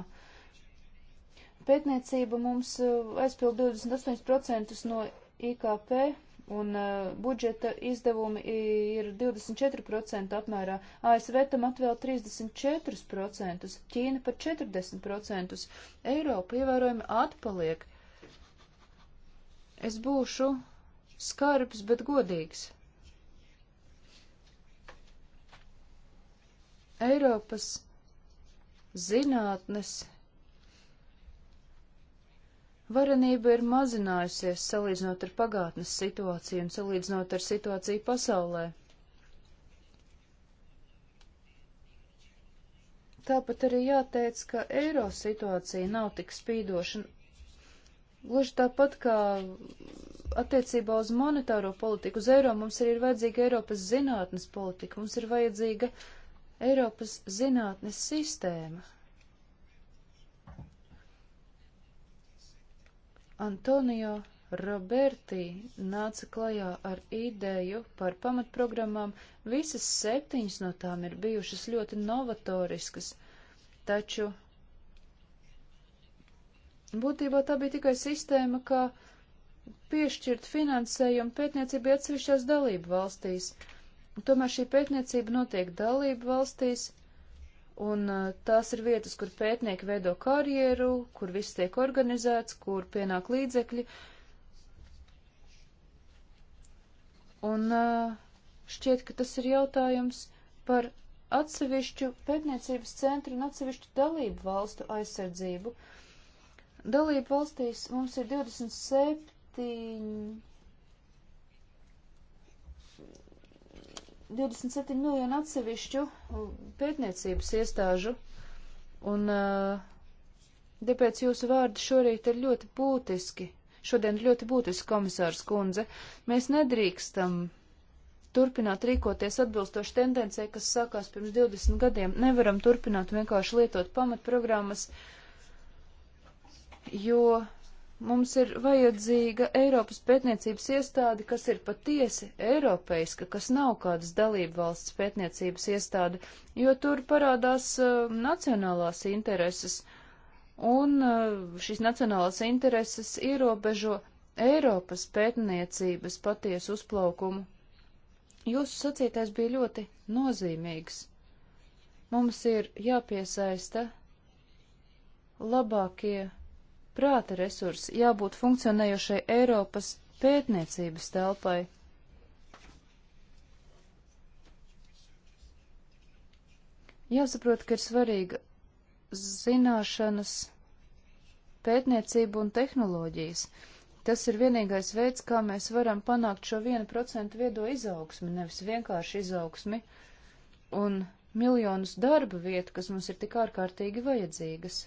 Pētniecība mums uh, aizpild 28% no IKP un uh, budžeta izdevumi ir 24% apmērā, ASV tam atvēl 34%, Ķīna par 40%, Eiropa ievērojami atpaliek. Es būšu skarbs, bet godīgs. Eiropas zinātnes varenība ir mazinājusies salīdzinot ar pagātnes situāciju un salīdzinot ar situāciju pasaulē. Tāpat arī jāteic, ka eiro situācija nav tik spīdoša. Gluži tāpat kā attiecībā uz monetāro politiku, uz eiro mums arī ir vajadzīga Eiropas zinātnes politika, mums ir vajadzīga uh, Eiropas zinātnes sistēma. Antonio Roberti nāca klajā ar ideju par pamatprogrammām. Visas septiņas no tām ir bijušas ļoti novatoriskas, taču būtībā tā bija tikai sistēma, kā piešķirt finansējumu pētniecībai atsevišķās dalību valstīs. Uh, Tomēr šī pētniecība notiek dalību valstīs, un uh, tās ir vietas, kur pētnieki veido karjeru, kur viss tiek organizēts, kur pienāk līdzekļi. Un uh, šķiet, ka tas ir jautājums par atsevišķu pētniecības centru un atsevišķu dalību valstu aizsardzību. Dalību valstīs mums ir 27 27 miljonu atsevišķu uh, pētniecības iestāžu, un uh, tāpēc jūsu vārdi šorīt ir ļoti būtiski. Šodien ļoti būtiski, komisārs kundze. Mēs nedrīkstam turpināt rīkoties atbilstoši tendencei, kas sākās pirms 20 gadiem. Nevaram turpināt vienkārši lietot pamatprogrammas, jo Mums ir vajadzīga Eiropas pētniecības iestāde, kas ir patiesi eiropeiska, kas nav kādas dalību valsts pētniecības iestāde, jo tur parādās uh, nacionālās intereses, un uh, šīs nacionālās intereses ierobežo Eiropas pētniecības patiesu uzplaukumu. Jūsu sacītais bija ļoti nozīmīgs. Mums ir jāpiesaista labākie prāta resursi, jābūt funkcionējošai Eiropas pētniecības telpai. Jāsaprot, ka ir svarīga zināšanas, pētniecība un tehnoloģijas. Tas ir vienīgais veids, kā mēs varam panākt šo 1% viedo izaugsmi, nevis vienkārši izaugsmi, un miljonus darba vietu, kas mums ir tik ārkārtīgi vajadzīgas.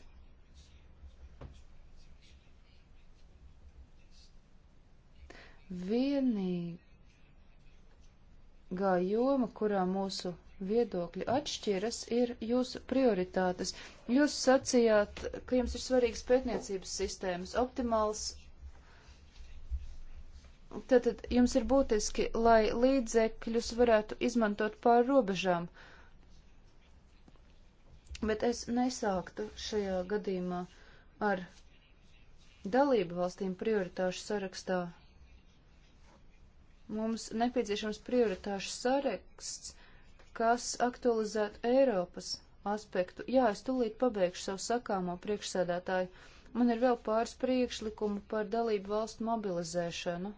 Vienīgā joma, kurā mūsu viedokļi atšķiras, ir jūsu prioritātes. Jūs sacījāt, ka jums ir svarīgas pētniecības sistēmas, optimāls. Tātad jums ir būtiski, lai līdzekļus varētu izmantot pār robežām. Bet es nesāktu šajā gadījumā ar dalību valstīm prioritāšu sarakstā Mums nepieciešams prioritāšu saraksts, kas aktualizētu Eiropas aspektu. Jā, es tūlīt pabeigšu savu sakāmo priekšsēdētāju. Man ir vēl pāris priekšlikumu par dalību valstu mobilizēšanu.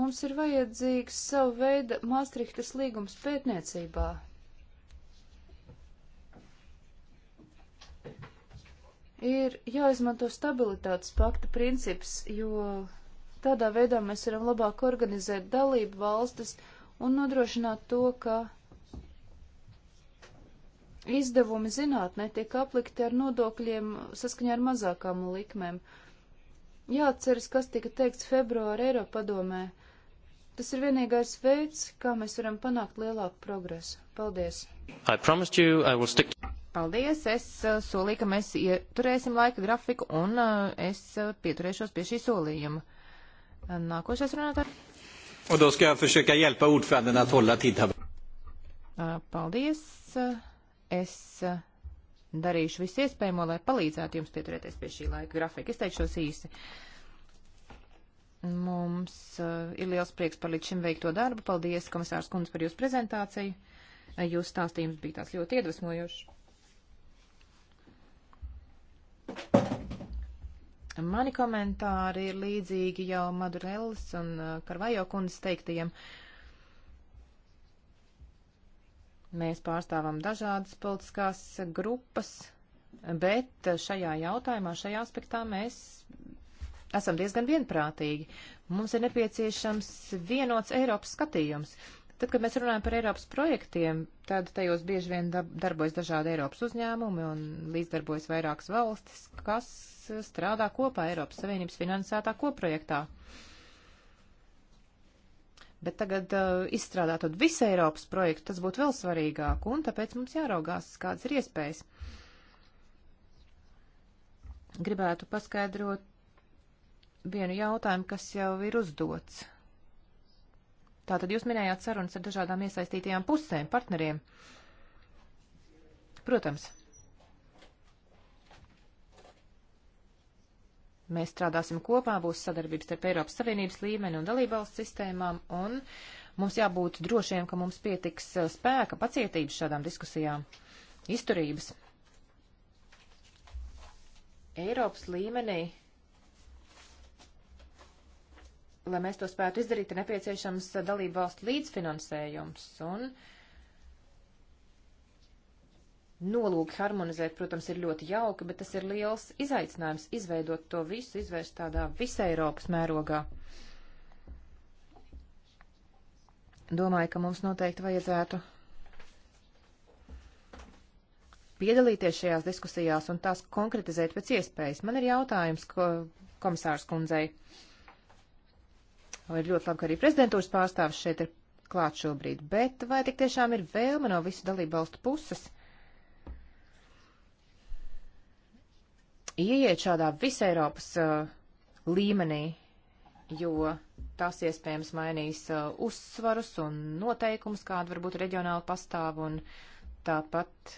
Mums ir vajadzīgs savu veidu Maastrichtas līgums pētniecībā, ir jāizmanto stabilitātes pakta princips, jo Tādā veidā mēs varam labāk organizēt dalību valstis un nodrošināt to, ka izdevumi zinātnē tiek aplikti ar nodokļiem saskaņā ar mazākām likmēm. Jāatceras, kas tika teikts februāra Eiropadomē. Tas ir vienīgais veids, kā mēs varam panākt lielāku progresu. Paldies! You, stick... Paldies! Es uh, solīju, ka mēs ieturēsim laika grafiku un uh, es uh, pieturēšos pie šī solījuma. Nākošais runātājs. Un då ska jag försöka hjälpa ordföranden att hålla tidtabellen. Paldies. Es darīšu visu iespējamo, lai palīdzētu jums pieturēties pie šī laika grafika. Es teikšos īsi. Mums ir liels prieks par līdz šim veikto darbu. Paldies, komisārs Kundze, par jūsu prezentāciju. Jūsu stāstījums bija tāds ļoti iedvesmojošs. Mani komentāri ir līdzīgi jau Madurellas un uh, Karvajo kundas teiktajiem. Mēs pārstāvam dažādas politiskās grupas, bet šajā jautājumā, šajā aspektā mēs esam diezgan vienprātīgi. Mums ir nepieciešams vienots Eiropas skatījums. Tad, kad mēs runājam par Eiropas projektiem, tad tajos bieži vien darbojas dažādi Eiropas uzņēmumi un līdzdarbojas vairākas valstis, kas strādā kopā Eiropas Savienības finansētā koprojektā. Bet tagad uh, izstrādāt tādu visu Eiropas projektu, tas būtu vēl svarīgāk, un tāpēc mums jāraugās, kādas ir iespējas. Gribētu paskaidrot vienu jautājumu, kas jau ir uzdots. Tātad jūs minējāt sarunas ar dažādām iesaistītajām pusēm, partneriem. Protams, Mēs strādāsim kopā, būs sadarbības starp Eiropas Savienības līmeni un dalībvalsts sistēmām, un mums jābūt drošiem, ka mums pietiks uh, spēka, pacietības šādām diskusijām, izturības. Eiropas līmenī lai mēs to spētu izdarīt, ir nepieciešams uh, dalību valstu līdzfinansējums. Un nolūki harmonizēt, protams, ir ļoti jauki, bet tas ir liels izaicinājums izveidot to visu, izvērst tādā visai Eiropas mērogā. Domāju, ka mums noteikti vajadzētu piedalīties šajās diskusijās un tās konkretizēt pēc iespējas. Man ir jautājums ko komisārs kundzei. Ir ļoti labi, ka arī prezidentūras pārstāvis šeit ir klāt šobrīd, bet vai tik tiešām ir vēlme no visu dalību valstu puses? Uh, ieiet šādā visai Eiropas uh, līmenī, jo tas iespējams mainīs uh, uzsvarus un noteikumus, kāda varbūt reģionāli pastāv, un tāpat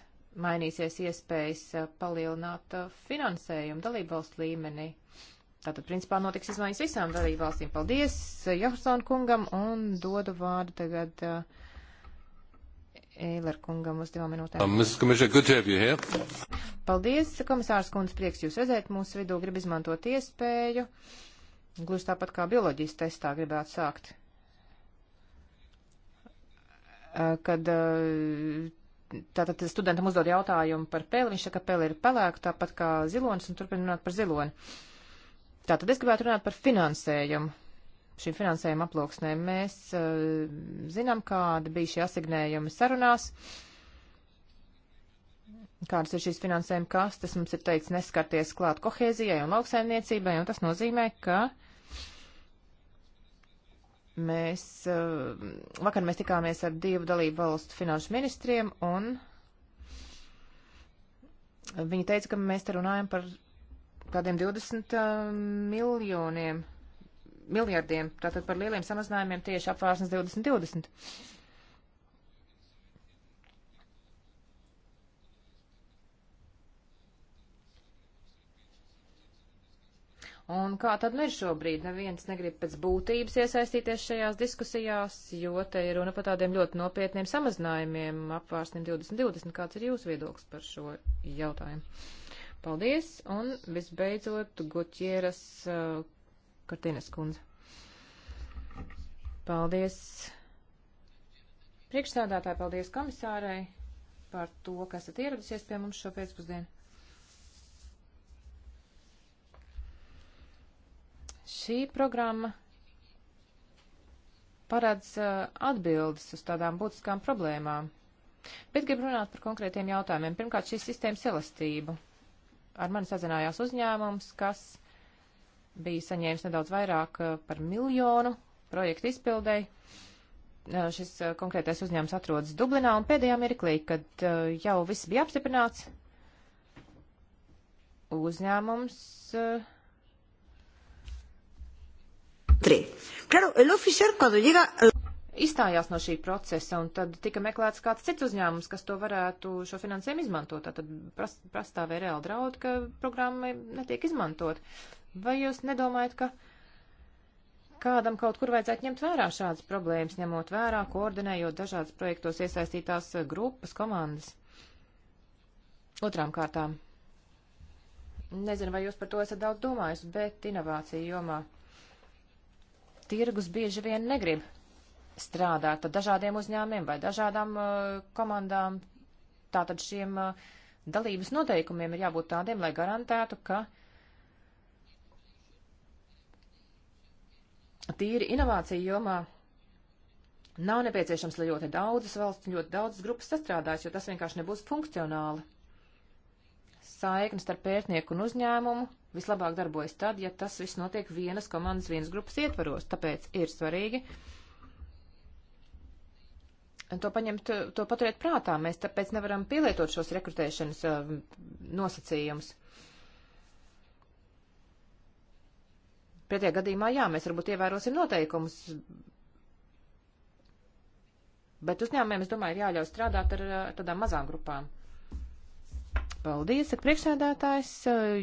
mainīsies iespējas uh, palielināt uh, finansējumu dalību valstu līmenī. Tātad, principā, notiks izmaiņas visām dalību valstīm. Paldies uh, Jefferson kungam un dodu vārdu tagad. Uh, Eiler kungam uz divām minūtēm. Um, Paldies, komisārs kundze, prieks jūs redzēt mūsu vidū, grib izmantot iespēju. Gluži tāpat kā bioloģijas testā gribētu sākt. Uh, kad uh, tātad studentam uzdod jautājumu par peli, viņš saka, ka peli ir pelēka, tāpat kā zilonis, un turpina runāt par ziloni. Tātad es gribētu runāt par finansējumu šīm finansējuma aploksnēm. Mēs uh, zinām, kāda bija šī asignējuma sarunās, kādas ir šīs finansējuma kastes. Mums ir teicis neskarties klāt kohēzijai un lauksaimniecībai, un tas nozīmē, ka mēs, uh, vakar mēs tikāmies ar divu dalību valstu finanšu ministriem, un viņi teica, ka mēs te runājam par kādiem 20 uh, eh, miljoniem miljardiem, tātad par lieliem samazinājumiem tieši apvārsnes 2020. Un kā tad nu ir šobrīd? Neviens negrib pēc būtības iesaistīties šajās diskusijās, jo te ir runa par tādiem ļoti nopietniem samazinājumiem apvārsniem 2020. Kāds ir jūsu viedoklis par šo jautājumu? Paldies, un visbeidzot, Gutieras uh, Kartīnas kundze. Paldies priekšsādātāji, paldies komisārai par to, ka esat ieradusies pie mums šo pēcpusdienu. Šī programma paredz uh, atbildes uz tādām būtiskām problēmām. Bet gribu runāt par konkrētiem jautājumiem. Pirmkārt, šīs sistēmas elastību. Ar mani sazinājās uzņēmums, kas bija saņēmis nedaudz vairāk eh, par miljonu projektu izpildēji. Eh, šis eh, konkrētais uzņēmums atrodas Dublinā un pēdējā mirklī, kad jau viss bija apstiprināts, uzņēmums. Claro, el oficial cuando llega izstājās no šī procesa, un tad tika meklēts kāds cits uzņēmums, kas to varētu šo finansējumu izmantot. Tad prastāvēja reāli draudi, ka programma netiek izmantot. Vai jūs nedomājat, ka kādam kaut kur vajadzētu ņemt vērā šādas problēmas, ņemot vērā, koordinējot dažādas projektos iesaistītās grupas, komandas? Otrām kārtām. Nezinu, vai jūs par to esat daudz domājis, bet inovāciju jomā tirgus bieži vien negrib strādāt ar dažādiem uzņēmiem vai dažādām uh, komandām. Tātad šiem uh, dalības noteikumiem ir jābūt tādiem, lai garantētu, ka uh, tīri inovāciju jomā nav nepieciešams, lai ļoti daudzas valsts un ļoti daudzas grupas sastrādājas, jo tas vienkārši nebūs funkcionāli. Saiknes starp pētnieku un uzņēmumu vislabāk darbojas tad, ja tas viss notiek vienas komandas, vienas grupas ietvaros. Tāpēc ir svarīgi to paņemt, to paturēt prātā. Mēs tāpēc nevaram pielietot šos rekrutēšanas eh, nosacījumus. Pretējā gadījumā, jā, mēs varbūt ievērosim noteikumus, bet uzņēmumiem, es domāju, ir jāļauj strādāt ar, ar tādām mazām grupām. Paldies, saka priekšsēdētājs.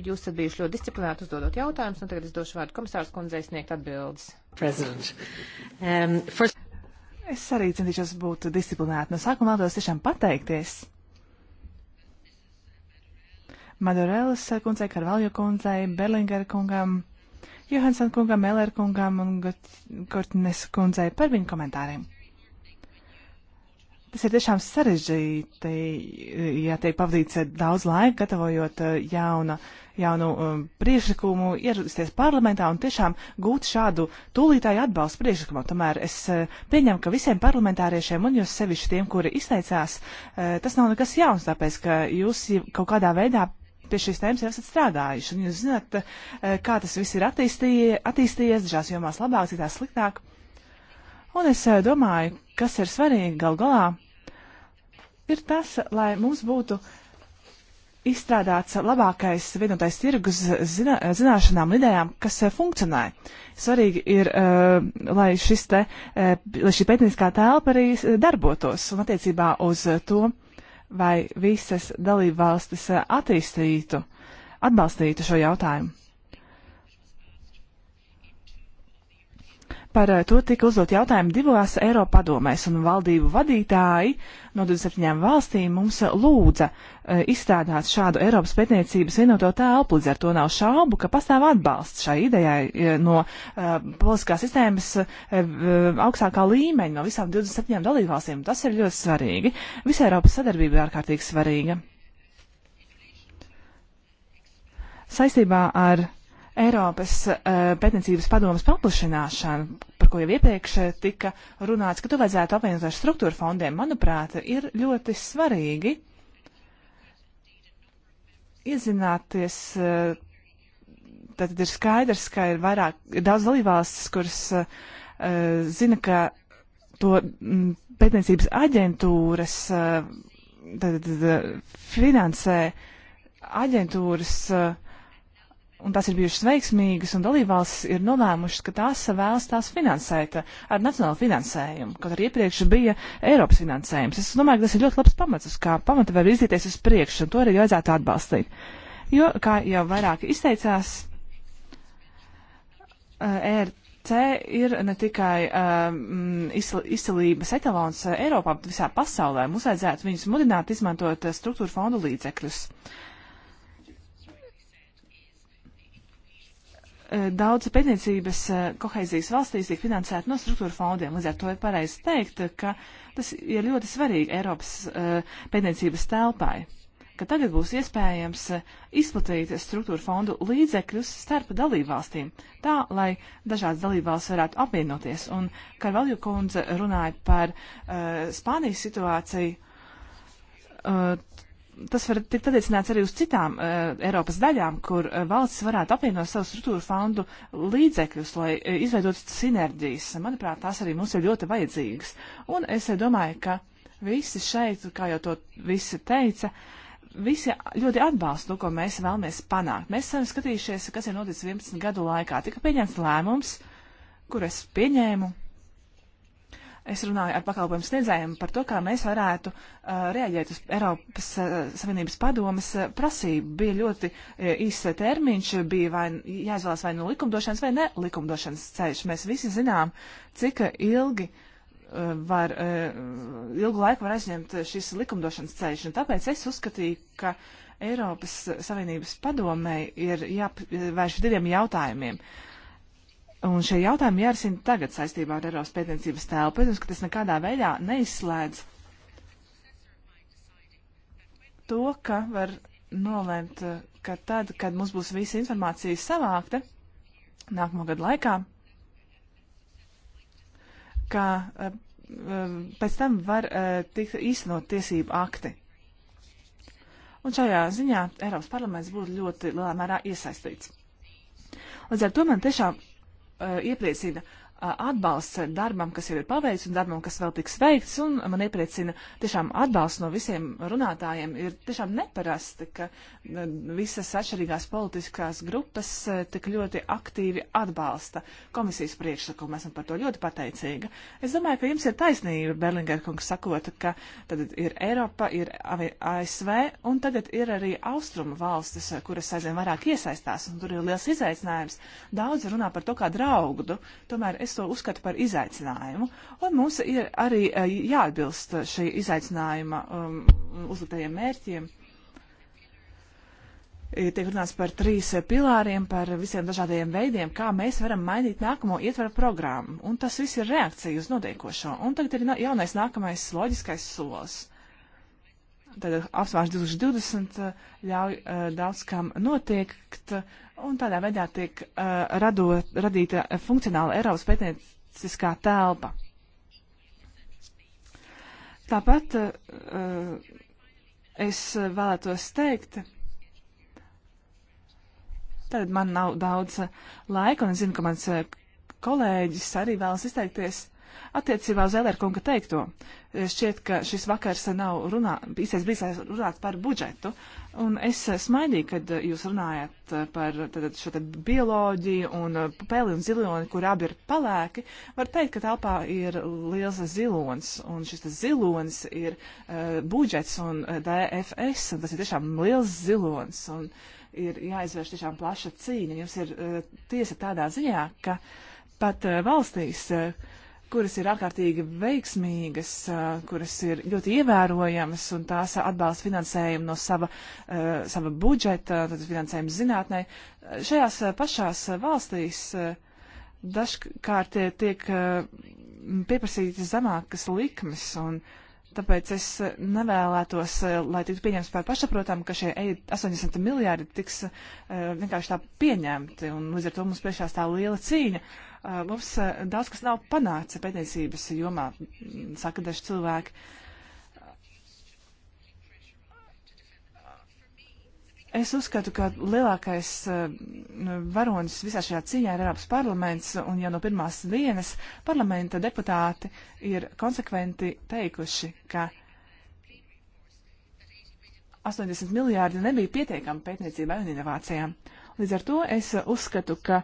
Jūs esat bijuši ļoti disciplināti uzdodot jautājumus, un tagad es došu vārdu komisārs kundzei sniegt atbildes. President. Um, first... Es arī centīšos būt disciplinēta. No sākuma vēlos tiešām pateikties. Madurēlas kundzei, Karvaljo kundzei, Berlingera kungam Johansson kungam, Eller kungam un Kortines kundzei par viņu komentāriem. Tas ir tiešām sarežģīti, ja tiek pavadīts daudz laika, gatavojot eh, jauna, jaunu um, priekšlikumu, ierasties parlamentā un tiešām gūt šādu tūlītāju atbalstu priekšlikumam. Tomēr es uh, pieņemu, ka visiem parlamentāriešiem un jūs sevišķi tiem, kuri izteicās, uh, tas nav nekas jauns, tāpēc, ka jūs kaut kādā veidā pie šīs tēmas jau esat strādājuši. Un jūs zināt, eh, kā tas viss ir attīstījies, dažās jomās labāk, citās sliktāk. Un es eh, domāju, kas ir svarīgi gal galā, ir tas, lai mums būtu izstrādāts labākais vienotais tirgus zina, zināšanām un idejām, kas eh, funkcionē. Svarīgi ir, lai, šis te, lai šī pētnieciskā telpa arī darbotos un attiecībā uz to vai visas dalībvalstis eh, attīstītu, atbalstītu šo jautājumu. Par eh, to tika uzdot jautājumi divās Eiropa padomēs, un valdību vadītāji no 27 valstīm mums eh, lūdza eh, izstrādāt šādu Eiropas pētniecības vienoto telpu. Līdz ar to nav šaubu, ka pastāv atbalsts šai idejai no uh, politiskās sistēmas uh, augstākā līmeņa, no visām 27 dalībvalstīm. Tas ir ļoti svarīgi. Visa Eiropas sadarbība ir ārkārtīgi svarīga. Saistībā ar Eiropas eh, pētniecības padomas paplašināšanu, par ko jau iepriekš eh, tika runāts, ka to vajadzētu apvienot ar struktūra fondiem, manuprāt, ir ļoti svarīgi iezināties. Eh, tad ir skaidrs, ka ir vairāk, ir daudz dalībvalstis, kuras uh, zina, ka to mm, pētniecības aģentūras uh, tad, tad, finansē aģentūras uh, un tās ir bijušas veiksmīgas, un dalībvalstis ir nolēmušas, ka tās vēlas tās finansēt ar nacionālu finansējumu, kaut arī iepriekš bija Eiropas finansējums. Es domāju, ka tas ir ļoti labs pamats, uz kā pamata var virzīties uz priekšu, un to arī vajadzētu atbalstīt. Jo, kā jau vairāk izteicās, ERC eh, e ir ne tikai um, eh, izcelības etalons eh, Eiropā, bet visā pasaulē. Mums vajadzētu viņus mudināt izmantot struktūra fondu līdzekļus. Uh, Eh, daudz pētniecības eh, koheizijas valstīs tiek finansēta no struktūra fondiem. Līdz ar to ir pareizi teikt, ka tas ir ļoti svarīgi Eiropas eh, pētniecības telpai, ka tagad būs iespējams izplatīt struktūra fondu līdzekļus starp dalībvalstīm, tā, lai dažādas dalībvalsts varētu apvienoties. Un Karvalju kundze runāja par uh, Spānijas situāciju. Uh, tas var tikt attiecināts arī uz citām uh, Eiropas daļām, kur uh, eh, valsts varētu apvienot savus struktūru fondu līdzekļus, lai uh, izveidotu sinerģijas. Manuprāt, tās arī mums ir ļoti vajadzīgas. Un es uh, domāju, ka visi šeit, kā jau to visi teica, visi ļoti atbalsta to, ko mēs vēlamies panākt. Mēs esam skatījušies, kas ir noticis 11 gadu laikā. Tika pieņemts lēmums, kur es pieņēmu Es runāju ar pakalpojumu sniedzējiem par to, kā mēs varētu uh, reaģēt uz Eiropas uh, Savienības padomas uh, prasību. Bija ļoti uh, īsts termiņš, bija vai, jāizvēlas vai nu no likumdošanas vai ne likumdošanas ceļš. Mēs visi zinām, cik ilgi uh, var, uh, ilgu laiku var aizņemt šis likumdošanas ceļš. Un tāpēc es uzskatīju, ka Eiropas Savienības padomei ir jāvērš uh, diviem jautājumiem. Uh, Un šie jautājumi jārisina tagad saistībā ar Eiropas pētniecības tēlu. Protams, ka tas nekādā veidā neizslēdz to, ka var nolēmt, eh, ka tad, kad mums būs visa informācija savākta nākamo gadu laikā, ka eh, eh, pēc tam var tikt īstenot tiesību akti. Un šajā ziņā Eiropas parlaments būtu ļoti lielā mērā iesaistīts. Līdz ar to man tiešām Uh, iepliecina atbalsts darbam, kas jau ir paveicis un darbam, kas vēl tiks veikts. Un man iepriecina tiešām atbalsts no visiem runātājiem. Ir tiešām neparasti, ka visas atšķirīgās politiskās grupas tik ļoti aktīvi atbalsta komisijas priekšlikumu. Esam par to ļoti pateicīga. Es domāju, ka jums ir taisnība, Berlinger kungs, sakot, ka tad ir Eiropa, ir ASV un tagad ir arī Austrumu valstis, kuras aizvien vairāk iesaistās. Un tur ir liels izaicinājums. Daudz runā par to kā draudu. Tomēr es es to uzskatu par izaicinājumu. Un mums ir arī e, jāatbilst šī izaicinājuma um, uzliktajiem mērķiem. E, tiek runāts par trīs pilāriem, par visiem dažādiem veidiem, kā mēs varam mainīt nākamo ietvaru programmu. Un tas viss ir reakcija uz notiekošo. Un tagad ir jaunais nākamais loģiskais solis tātad apsvērš 2020 ļauj uh, daudz kam notiekt, Un tādā veidā tiek uh, radot, radīta funkcionāla Eiropas pētnieciskā telpa. Tāpat uh, es vēlētos teikt, tad man nav daudz laika, un es zinu, ka mans uh, kolēģis arī vēlas izteikties. Attiecībā uz Elerkunga teikto, eh, šķiet, ka šis vakars nav runā, īstais brīsais runāt par budžetu, un es eh, smaidīju, kad eh, jūs runājat par tad, šo te bioloģiju un peli un ziloni, kur abi ir palēki. Var teikt, ka telpā ir liels zilons, un šis zilons ir uh, budžets un DFS, un tas ir tiešām liels zilons. Un, ir jāizvērš tiešām plaša cīņa. Jums ir uh, tiesa tādā ziņā, ka pat uh, valstīs, uh, kuras ir ārkārtīgi veiksmīgas, kuras ir ļoti ievērojamas un tās atbalsta finansējumu no sava, sava budžeta, tad finansējumu zinātnē. Šajās pašās valstīs dažkārt tiek pieprasītas zemākas likmes un uh, Tāpēc es eh, nevēlētos, eh, lai tiktu pieņemts par pašsaprotamu, ka šie 80 miljārdi tiks uh, vienkārši tā pieņemti. Un līdz ar to mums priekšā stāv liela cīņa. Uh, mums uh, daudz kas nav panāca pētniecības jomā, saka daži cilvēki. Uh, Es uzskatu, ka lielākais eh, varonis visā šajā cīņā ir Eiropas parlaments, un jau no pirmās dienas parlamenta deputāti ir konsekventi teikuši, ka 80 miljārdi nebija pietiekami pētniecībai un inovācijām. Līdz ar to es uzskatu, ka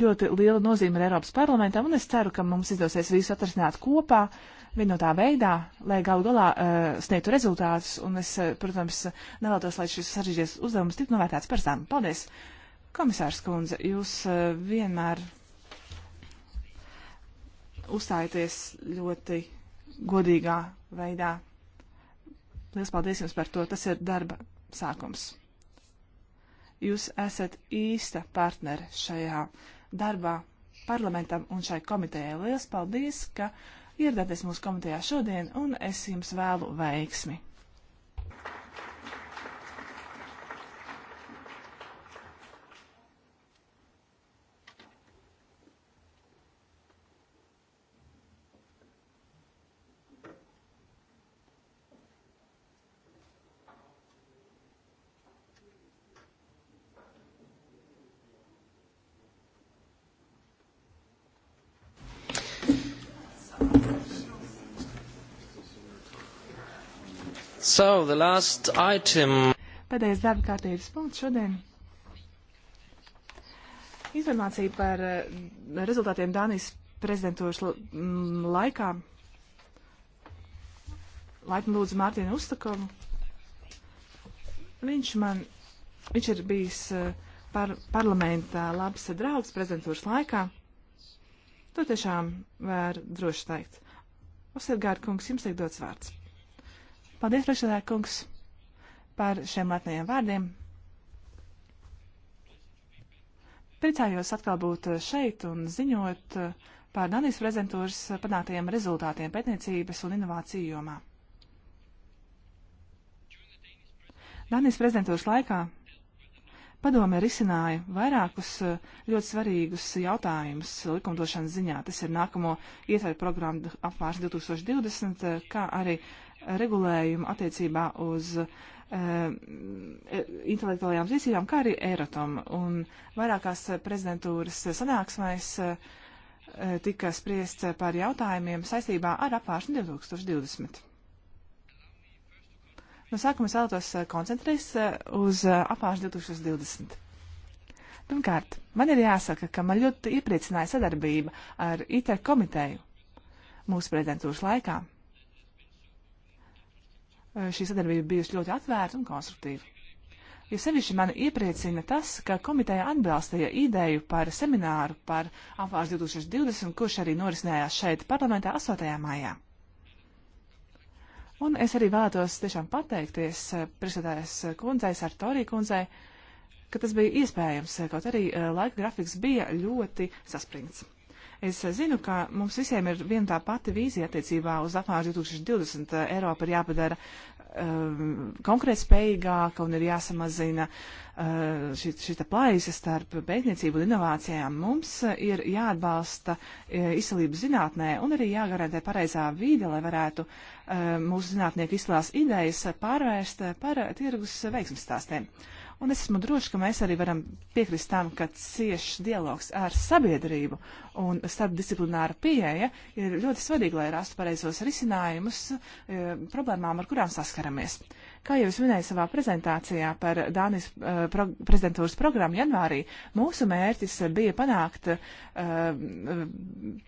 ļoti liela nozīme ir Eiropas parlamentam, un es ceru, ka mums izdosies visu atrasināt kopā, uh, vienotā veidā, lai galu galā uh, sniegtu rezultātus. Un es, uh, protams, nevēlos, lai šis sarežģīts uzdevums tiktu novērtēts par zemu. Paldies! Komisārs Kundze, jūs uh, vienmēr uzstājaties ļoti godīgā veidā. Lielas paldies jums par to. Tas ir darba sākums. Jūs esat īsta partneri šajā darbā parlamentam un šai komitejai. Lielas paldies, ka uh, ieradāties mūsu komitejā šodien, un es jums vēlu veiksmi! So, the last item. Pēdējais darba kārtības punkts šodien. Informācija par eh, rezultātiem Dānijas prezidentūras laikā. Laipni lūdzu Mārtiņu Ustakovu. Viņš man, viņš ir bijis eh, par, parlamentā labs draugs prezidentūras laikā. To tiešām var droši teikt. Uzsvergārd kungs, jums tiek dots vārds. Paldies, priekšsēdētājkungs, par šiem lepniem vārdiem. Priecājos atkal būt šeit un ziņot par Danijas prezentūras panāktajiem rezultātiem pētniecības un inovāciju jomā. Danijas prezidentūras laikā padome risināja vairākus ļoti svarīgus jautājumus likumdošanas ziņā. Tas ir nākamo ietveru programmu apvārs 2020, kā arī regulējumu attiecībā uz uh, intelektuālajām tiesībām, kā arī Eiratom. Un vairākās prezidentūras sanāksmēs uh, tika spriests par jautājumiem saistībā ar apvāršanu 2020. No sākuma es vēlētos eh, koncentrēties uz apvāršanu 2020. Pirmkārt, man ir jāsaka, ka man ļoti iepriecināja sadarbība ar ITER komiteju mūsu prezidentūras laikā. Eh, šī sadarbība bijusi ļoti atvērta un konstruktīva. Jo sevišķi mani iepriecina tas, ka komiteja atbalstīja ideju par semināru par apvārs 2020, kurš arī norisinājās šeit parlamentā 8. maijā. Un es arī vēlētos tiešām pateikties eh, priekšstādājas kundzei, Sartorī kundzei, ka tas bija iespējams, eh, kaut arī laika grafiks bija ļoti saspringts. Es zinu, ka mums visiem ir viena tā pati vīzija attiecībā uz apmēram 2020 Eiropa ir jāpadara um, konkrēt spējīgāka un ir jāsamazina uh, šī, šī plaisa starp pētniecību un inovācijām. Mums ir jāatbalsta uh, izcelības zinātnē un arī jāgarantē pareizā vīde, lai varētu uh, mūsu zinātnieku izcilās idejas pārvērst par tirgus veiksmestāstiem. Uh, Un es esmu droši, ka mēs arī varam piekrist tam, ka ciešs dialogs ar sabiedrību un starpdisciplināra pieeja ir ļoti svarīga, lai rastu pareizos risinājumus e, problēmām, ar kurām saskaramies. Kā jau es minēju savā prezentācijā par Dānijas uh, pro prezidentūras programmu janvārī, mūsu mērķis bija panākt uh,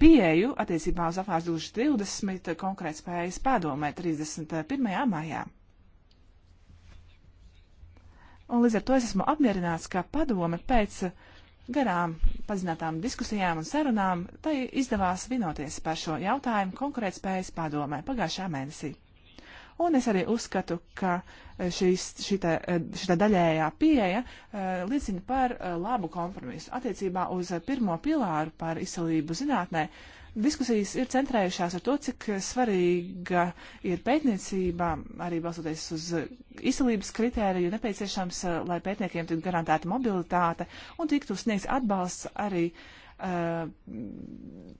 pieeju attiecībā uz apvārs 2020 konkrētspējas padomē 31. maijā. Un līdz ar to es esmu apmierināts, ka padome pēc garām padzinātām diskusijām un sarunām tai izdevās vienoties par šo jautājumu konkurētspējas padomē pagājušā mēnesī. Un es arī uzskatu, ka eh, šīs, šita, eh, šita daļējā pieeja eh, liecina par labu kompromisu. Attiecībā uz pirmo pilāru par izcelību zinātnē Diskusijas ir centrējušās ar to, cik svarīga ir pētniecība, arī balstoties uz izcelības kritēriju, nepieciešams, eh, lai pētniekiem tiktu garantēta mobilitāte un tiktu sniegts atbalsts arī uh,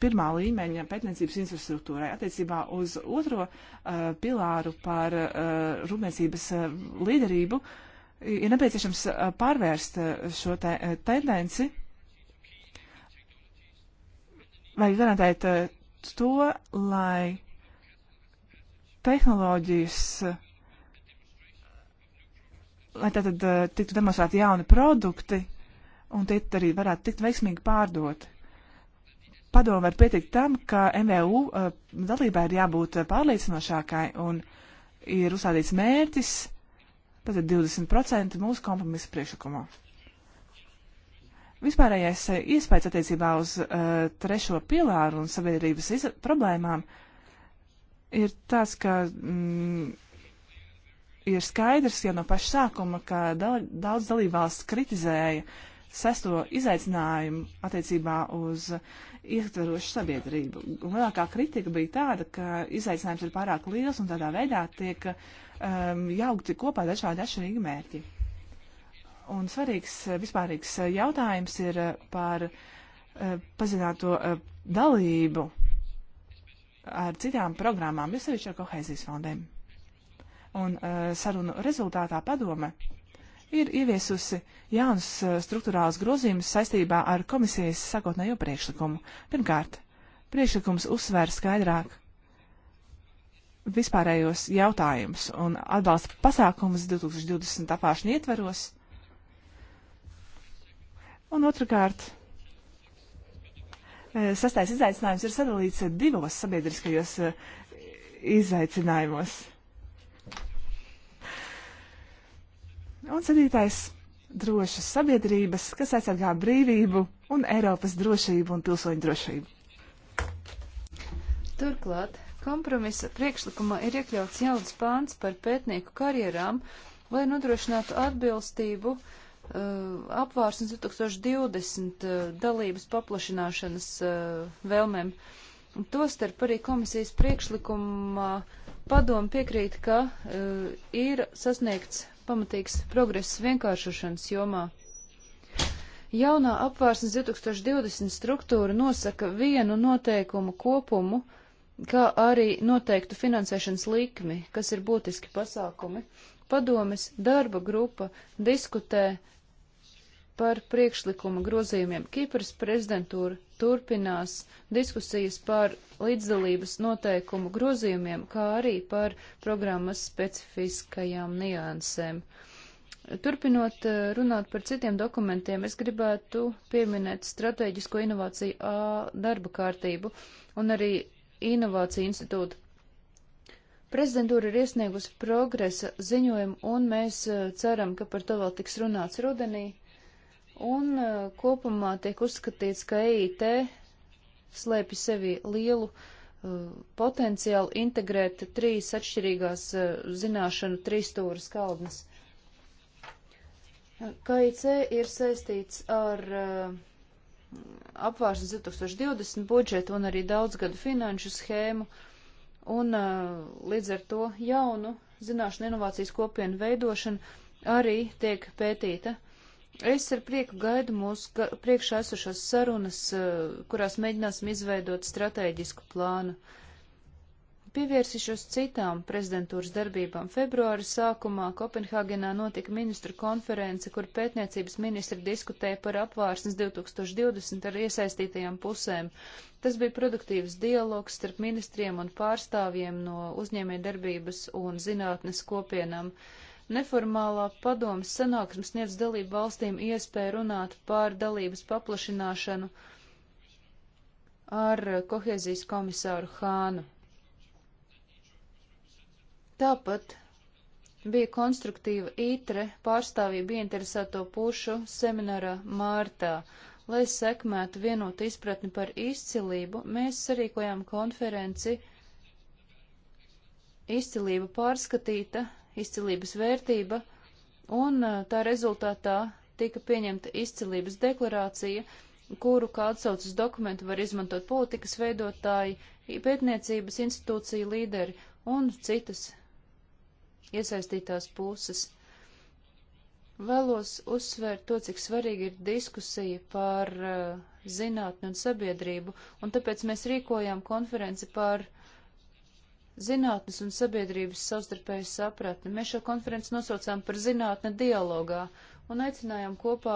pirmā līmeņa pētniecības infrastruktūrai. Attiecībā uz otro uh, pilāru par uh, rūpniecības līderību ir nepieciešams pārvērst šo te tendenci vajag garantēt eh, to, lai tehnoloģijas, lai tātad eh, tiktu demonstrēti jauni produkti, un tie arī varētu tikt veiksmīgi pārdoti. Padomu var pietikt tam, ka MVU eh, dalībā ir jābūt pārliecinošākai un ir uzstādīts mērķis, tātad 20% mūsu kompromisa priekšlikumā. Vispārējais eh, iespējas attiecībā uz uh, trešo pilāru un sabiedrības problēmām ir tas, ka mm, ir skaidrs jau no paša sākuma, ka da daudz dalībvalsts kritizēja sesto izaicinājumu attiecībā uz ietverošu sabiedrību. Un lielākā kritika bija tāda, ka izaicinājums ir pārāk liels un tādā veidā tiek um, jaukti kopā dažādi atšķirīgi mērķi. Un svarīgs eh, vispārīgs eh, jautājums ir eh, par pazināto dalību ar citām programmām, jo sevišķi ar kohēzijas fondiem. Un sarunu rezultātā padome ir ieviesusi jaunas struktūrāls grozījumus saistībā ar komisijas sakotnējo priekšlikumu. Pirmkārt, priekšlikums uzsver skaidrāk vispārējos jautājumus un atbalsta pasākumus 2020 apvāršņu ietveros Un otrkārt, eh, sastais izaicinājums ir sadalīts divos sabiedriskajos eh, izaicinājumos. Un sadītais drošas sabiedrības, kas aizsargā brīvību un Eiropas drošību un pilsoņu drošību. Turklāt kompromisa priekšlikumā ir iekļauts jauns pāns par pētnieku karjerām, lai nodrošinātu atbilstību uh, Uh, apvārsnes 2020 uh, dalības paplašināšanas uh, vēlmēm. Tostarp arī komisijas priekšlikumā padomu piekrīt, ka ir sasniegts pamatīgs progress vienkāršošanas jomā. Jaunā apvārsnes 2020 struktūra nosaka vienu noteikumu kopumu, kā arī noteiktu finansēšanas likmi, kas ir būtiski pasākumi. Padomes darba grupa diskutē par priekšlikuma grozījumiem. Kipras prezidentūra turpinās diskusijas par līdzdalības noteikumu grozījumiem, kā arī par programmas specifiskajām niansēm. Turpinot eh, runāt par citiem dokumentiem, es gribētu pieminēt strateģisko inovāciju A darba kārtību un arī Inovāciju institūtu. Prezidentūra ir iesniegusi progresa ziņojumu, un mēs eh, ceram, ka par to vēl tiks runāts rudenī un e, kopumā tiek uzskatīts, ka EIT slēpj sevi lielu e, potenciālu integrēt trīs atšķirīgās e, zināšanu trīsstūras kalnes. KIC ir saistīts ar apvārsnes 2020 budžetu un arī daudzgadu finanšu schēmu, un līdz ar to jaunu zināšanu inovācijas kopienu veidošana arī tiek pētīta. Uh, Es ar prieku gaidu mūsu priekšā esošās sarunas, eh, kurās mēģināsim izveidot strateģisku plānu. Pievērsīšos citām prezidentūras darbībām. Februāra sākumā Kopenhāgenā notika ministru konference, kur pētniecības ministri diskutēja par apvārsnes 2020 ar iesaistītajām pusēm. Tas bija produktīvs dialogs starp ministriem un pārstāvjiem no uzņēmē darbības un zinātnes kopienām. Uh, Neformālā padomas sanāksmes sniedz dalību valstīm iespēju runāt par dalības paplašināšanu ar kohēzijas komisāru Hānu. Tāpat bija konstruktīva ītre pārstāvība ieinteresēto pušu seminārā Mārtā. Lai sekmētu vienotu izpratni par izcilību, mēs sarīkojām konferenci Izcilība pārskatīta izcilības vērtība, un uh, tā rezultātā tika pieņemta izcilības deklarācija, kuru kā atsaucas dokumentu var izmantot politikas veidotāji, pētniecības institūcija līderi un citas iesaistītās puses. Vēlos uzsvērt to, cik svarīgi ir diskusija par uh, zinātni un sabiedrību, un tāpēc mēs rīkojām konferenci par uh, zinātnes un sabiedrības savstarpēju sapratni. Mēs šo konferenci nosaucām par zinātne dialogā un aicinājām kopā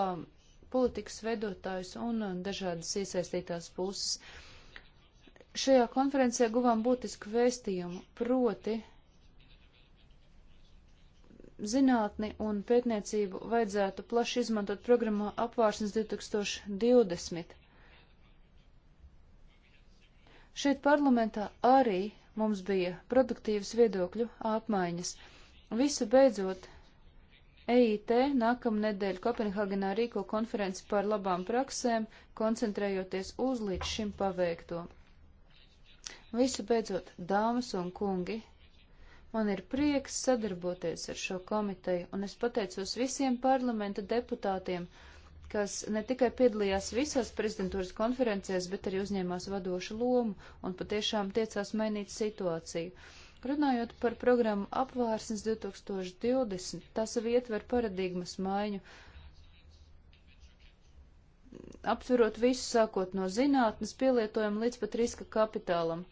politikas veidotājus un dažādas iesaistītās puses. Šajā konferencē guvām būtisku vēstījumu, proti zinātni un pētniecību vajadzētu plaši izmantot programmā apvārsnes 2020. Šeit parlamentā arī mums bija produktīvas viedokļu apmaiņas. Visu beidzot, EIT nākamnedēļ Kopenhagenā rīko konferenci par labām praksēm, koncentrējoties uz līdz šim paveikto. Visu beidzot, dāmas un kungi, man ir prieks sadarboties ar šo komiteju, un es pateicos visiem parlamenta deputātiem, uh, kas ne tikai piedalījās visās prezidentūras konferencēs, bet arī uzņēmās vadošu lomu un patiešām tiecās mainīt situāciju. Runājot par programmu apvārsnes 2020, tas jau ietver paradigmas maiņu, aptverot visu sākot no zinātnes pielietojumu līdz pat riska kapitālam.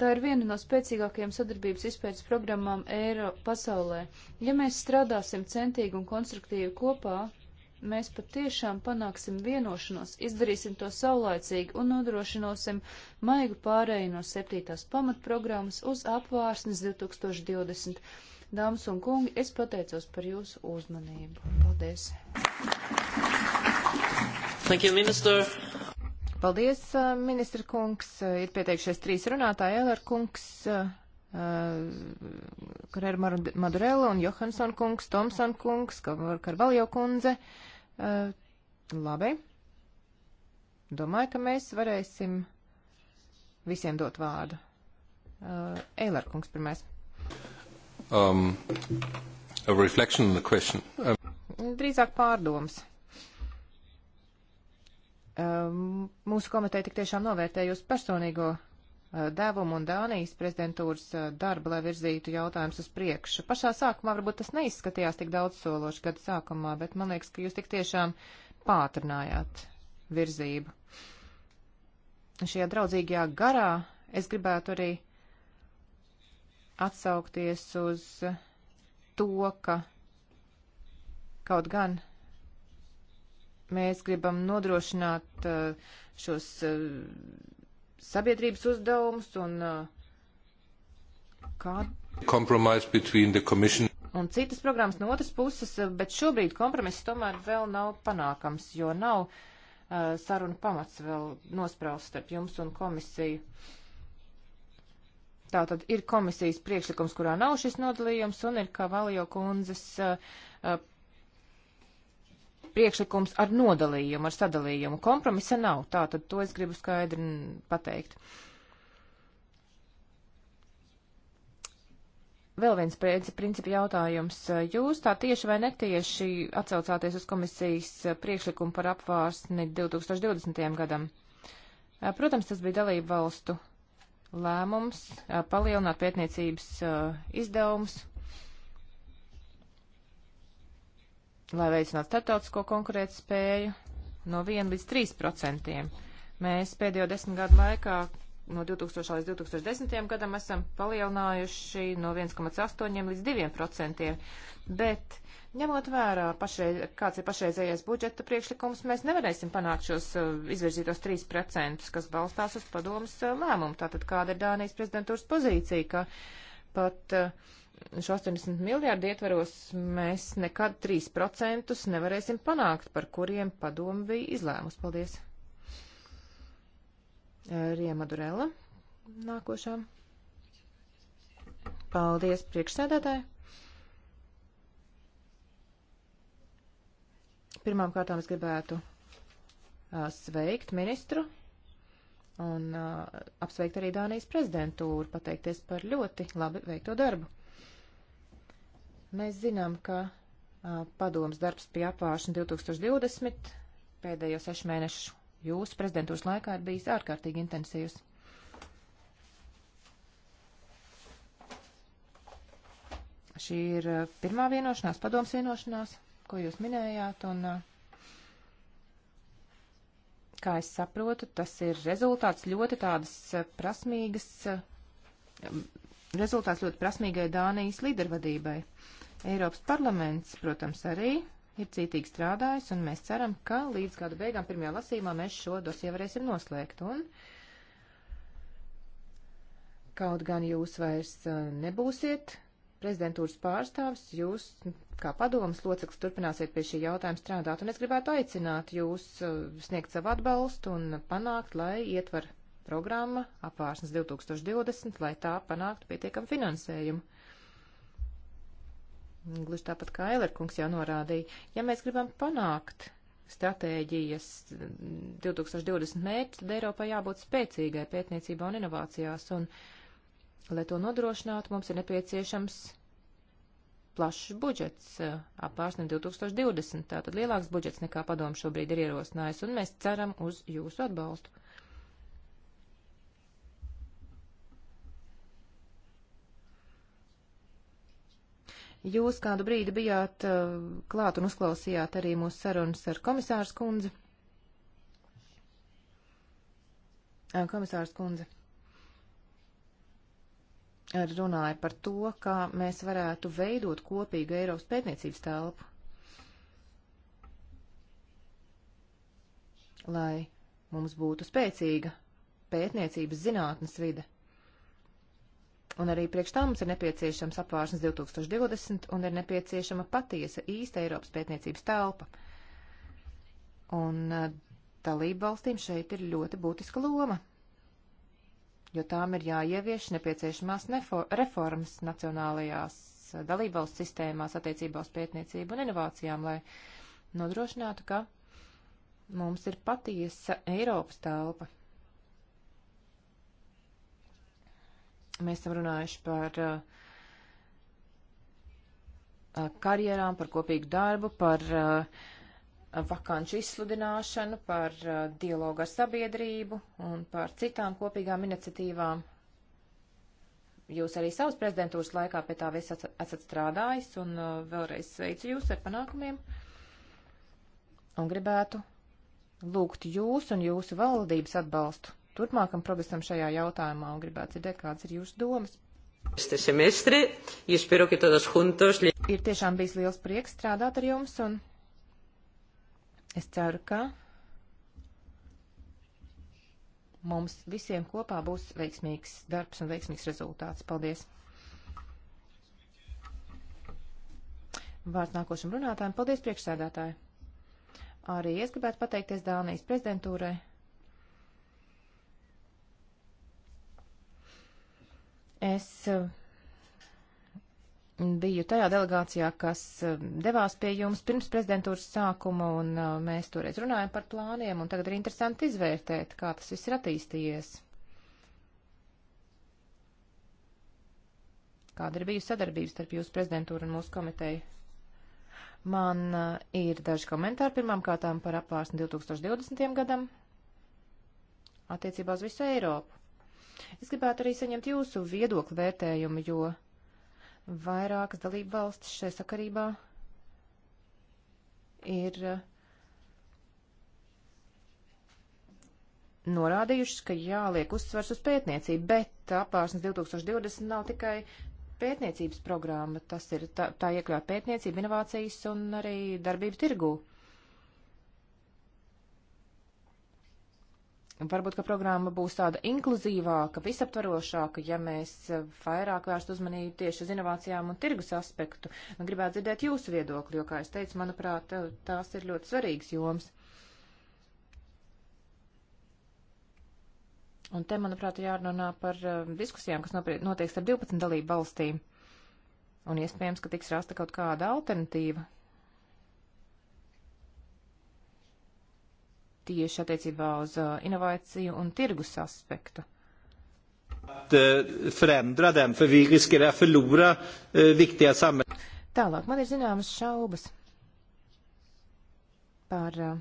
Tā ir viena no spēcīgākajām sadarbības izpētes programmām Eiro pasaulē. Ja mēs strādāsim centīgi un konstruktīvi kopā, mēs patiešām panāksim vienošanos, izdarīsim to saulēcīgi un nodrošināsim maigu pārēju no septītās pamatprogrammas uz apvārsnes 2020. Dāmas un kungi, es pateicos par jūsu uzmanību. Paldies! Thank you, minister. Paldies, uh, ministra kungs. Uh, ir pieteikšies trīs runātāji, Elere kungs, uh, Karēra Madurela un Johansson kungs, Tomson kungs, Karvaljo kundze. Uh, Uh, labi. Domāju, ka mēs varēsim visiem dot vārdu. Uh, eh, Eilar kungs pirmais. Um, a reflection on the question. Um. Drīzāk pārdoms. Um, mūsu komiteja tik tiešām novērtē jūsu personīgo Eh, devumu un Dānijas prezidentūras eh, darbu, lai virzītu jautājumus uz priekšu. Pašā sākumā varbūt tas neizskatījās tik daudz sološi gada sākumā, bet man liekas, ka jūs tik tiešām pātrinājāt virzību. Šajā draudzīgajā garā es gribētu arī atsaukties uz to, ka kaut gan mēs gribam nodrošināt eh, šos sabiedrības uzdevumus un uh, kā. Un citas programmas no otras puses, uh, bet šobrīd kompromiss tomēr vēl nav panākams, jo nav uh, saruna pamats vēl nospraust starp jums un komisiju. Tātad ir komisijas priekšlikums, kurā nav šis nodalījums, un ir Kavaljo kundzes uh, uh priekšlikums ar nodalījumu, ar sadalījumu. Kompromisa nav, tā tad to es gribu skaidri pateikt. Vēl viens principi jautājums. Jūs tā tieši vai netieši atcaucāties uz komisijas priekšlikumu par apvārsni 2020. gadam? Eh, protams, tas bija dalību valstu lēmums eh, palielināt pētniecības eh, izdevumus lai veicinātu starptautisko konkurētspēju no 1 līdz 3 procentiem. Mēs pēdējo desmit gadu laikā no 2000 līdz 2010 gadam esam palielinājuši no 1,8 līdz 2 procentiem, bet ņemot vērā, pašreiz, kāds ir pašreizējais budžeta priekšlikums, mēs nevarēsim panākt šos uh, izvirzītos 3 procentus, kas balstās uz padomas uh, lēmumu. Tātad kāda ir Dānijas prezidentūras pozīcija, ka pat uh, šo 80 miljārdu ietveros mēs nekad 3% nevarēsim panākt, par kuriem padomu bija izlēmus. Paldies. Riema Durela nākošā. Paldies priekšsēdētāji. Pirmām kārtām es gribētu uh, sveikt ministru un uh, apsveikt arī Dānijas prezidentūru, pateikties par ļoti labi veikto darbu. Mēs zinām, ka padomas darbs pie apvāršana 2020 pēdējo sešu mēnešu jūsu prezidentūras laikā ir bijis ārkārtīgi intensīvs. Šī ir pirmā vienošanās, padoms vienošanās, ko jūs minējāt, un, kā es saprotu, tas ir rezultāts ļoti tādas prasmīgas, rezultāts ļoti prasmīgai Dānijas līdervadībai. Uh, Eiropas parlaments, protams, arī ir cītīgi strādājis, un mēs ceram, ka līdz gada beigām pirmajā lasīmā mēs šo dosie varēsim noslēgt. Un kaut gan jūs vairs uh, nebūsiet prezidentūras pārstāvis, jūs kā padomas loceklis turpināsiet pie šī jautājuma strādāt, un es gribētu aicināt jūs uh, sniegt savu atbalstu un panākt, lai ietver programma apvārsnes 2020, lai tā panāktu pietiekam finansējumu. Gluži tāpat kā Eiler kungs jau norādīja, ja mēs gribam panākt stratēģijas 2020 mērķi, tad Eiropai jābūt spēcīgai pētniecībā un inovācijās, un, lai to nodrošinātu, mums ir nepieciešams plašs budžets eh, apvārsnim 2020, tātad lielāks budžets nekā padomu šobrīd ir ierosinājis, un mēs ceram uz jūsu atbalstu. Jūs kādu brīdi bijāt uh, klāt un uzklausījāt arī mūsu sarunas ar komisārs kundzi. Uh, komisārs kundze runāja par to, kā mēs varētu veidot kopīgu Eiropas pētniecības telpu, lai mums būtu spēcīga pētniecības zinātnes vide. Un arī priekš tā mums ir nepieciešams apvāršanas 2020 un ir nepieciešama patiesa īsta Eiropas pētniecības telpa. Un eh, dalību valstīm šeit ir ļoti būtiska loma, jo tām ir jāievieš nepieciešamās reformas nacionālajās eh, dalību valsts sistēmās attiecībā uz pētniecību un inovācijām, lai nodrošinātu, ka mums ir patiesa Eiropas telpa. Mēs esam runājuši par uh, uh, karjerām, par kopīgu darbu, par uh, vakanču izsludināšanu, par uh, dialogu ar sabiedrību un par citām kopīgām iniciatīvām. Jūs arī savas prezidentūras laikā pie tā viss esat strādājis un uh, vēlreiz sveicu jūs ar panākumiem un gribētu lūgt jūs un jūsu valdības atbalstu turpmākam progresam šajā jautājumā un gribētu dzirdēt, kādas ir jūsu domas. Ir tiešām bijis liels prieks strādāt ar jums un es ceru, ka mums visiem kopā būs veiksmīgs darbs un veiksmīgs rezultāts. Paldies! Vārds nākošam runātājam. Paldies, priekšsēdētāji! Arī es gribētu pateikties Dānijas prezidentūrai Es eh, biju tajā delegācijā, kas eh, devās pie jums pirms prezidentūras sākuma, un eh, mēs toreiz runājam par plāniem, un tagad ir interesanti izvērtēt, kā tas viss ir attīstījies. Kāda ir bijusi sadarbības starp jūsu prezidentūru un mūsu komiteju? Man ir daži komentāri pirmām kārtām par apvārsni 2020. gadam attiecībā uz visu Eiropu. Es gribētu arī saņemt jūsu viedokli vērtējumu, jo vairākas dalību valstis šai sakarībā ir uh, norādījušas, ka jāliek uzsvers uz pētniecību, bet apvārsnes 2020 nav tikai pētniecības programma, tas ir tā, tā iekļaut pētniecību, inovācijas un arī darbību tirgū. Uh, Varbūt, ka programma būs tāda inkluzīvāka, visaptvarošāka, ja mēs vairāk vērst uzmanību tieši uz inovācijām un tirgus aspektu. Gribētu dzirdēt jūsu viedokli, jo, kā es teicu, manuprāt, tās ir ļoti svarīgas jomas. Un te, manuprāt, jārunā par uh, diskusijām, kas notiek starp 12 dalību valstīm. Un iespējams, ka tiks rasta kaut kāda alternatīva tieši attiecībā uz uh, inovāciju un tirgus aspektu. Eh, förändra den, för vi riskerar förlora eh, viktiga samhällen. Tālāk man ir zināmas šaubas par uh,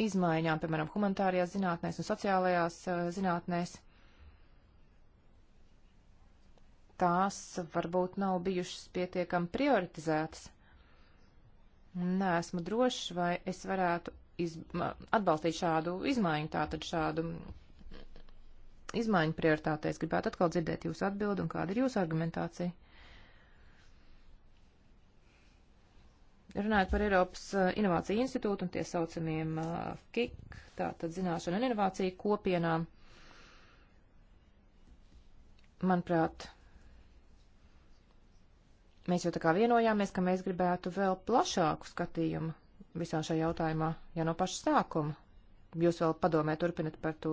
izmaiņām, piemēram, humanitārajās zinātnēs un sociālajās uh, zinātnēs. Tās varbūt nav bijušas pietiekami prioritizētas. Nesmu drošs, vai es varētu iz, atbalstīt šādu izmaiņu, tātad šādu izmaiņu prioritātēs. Gribētu atkal dzirdēt jūsu atbildi un kāda ir jūsu argumentācija. Runājot par Eiropas eh, Inovāciju institūtu un tie saucamiem KIK, eh, tātad zināšanu un inovāciju kopienām, manuprāt, Mēs jau tā kā vienojāmies, ka mēs gribētu vēl plašāku skatījumu visā šajā jautājumā, ja no paša sākuma. Jūs vēl padomē turpinat par to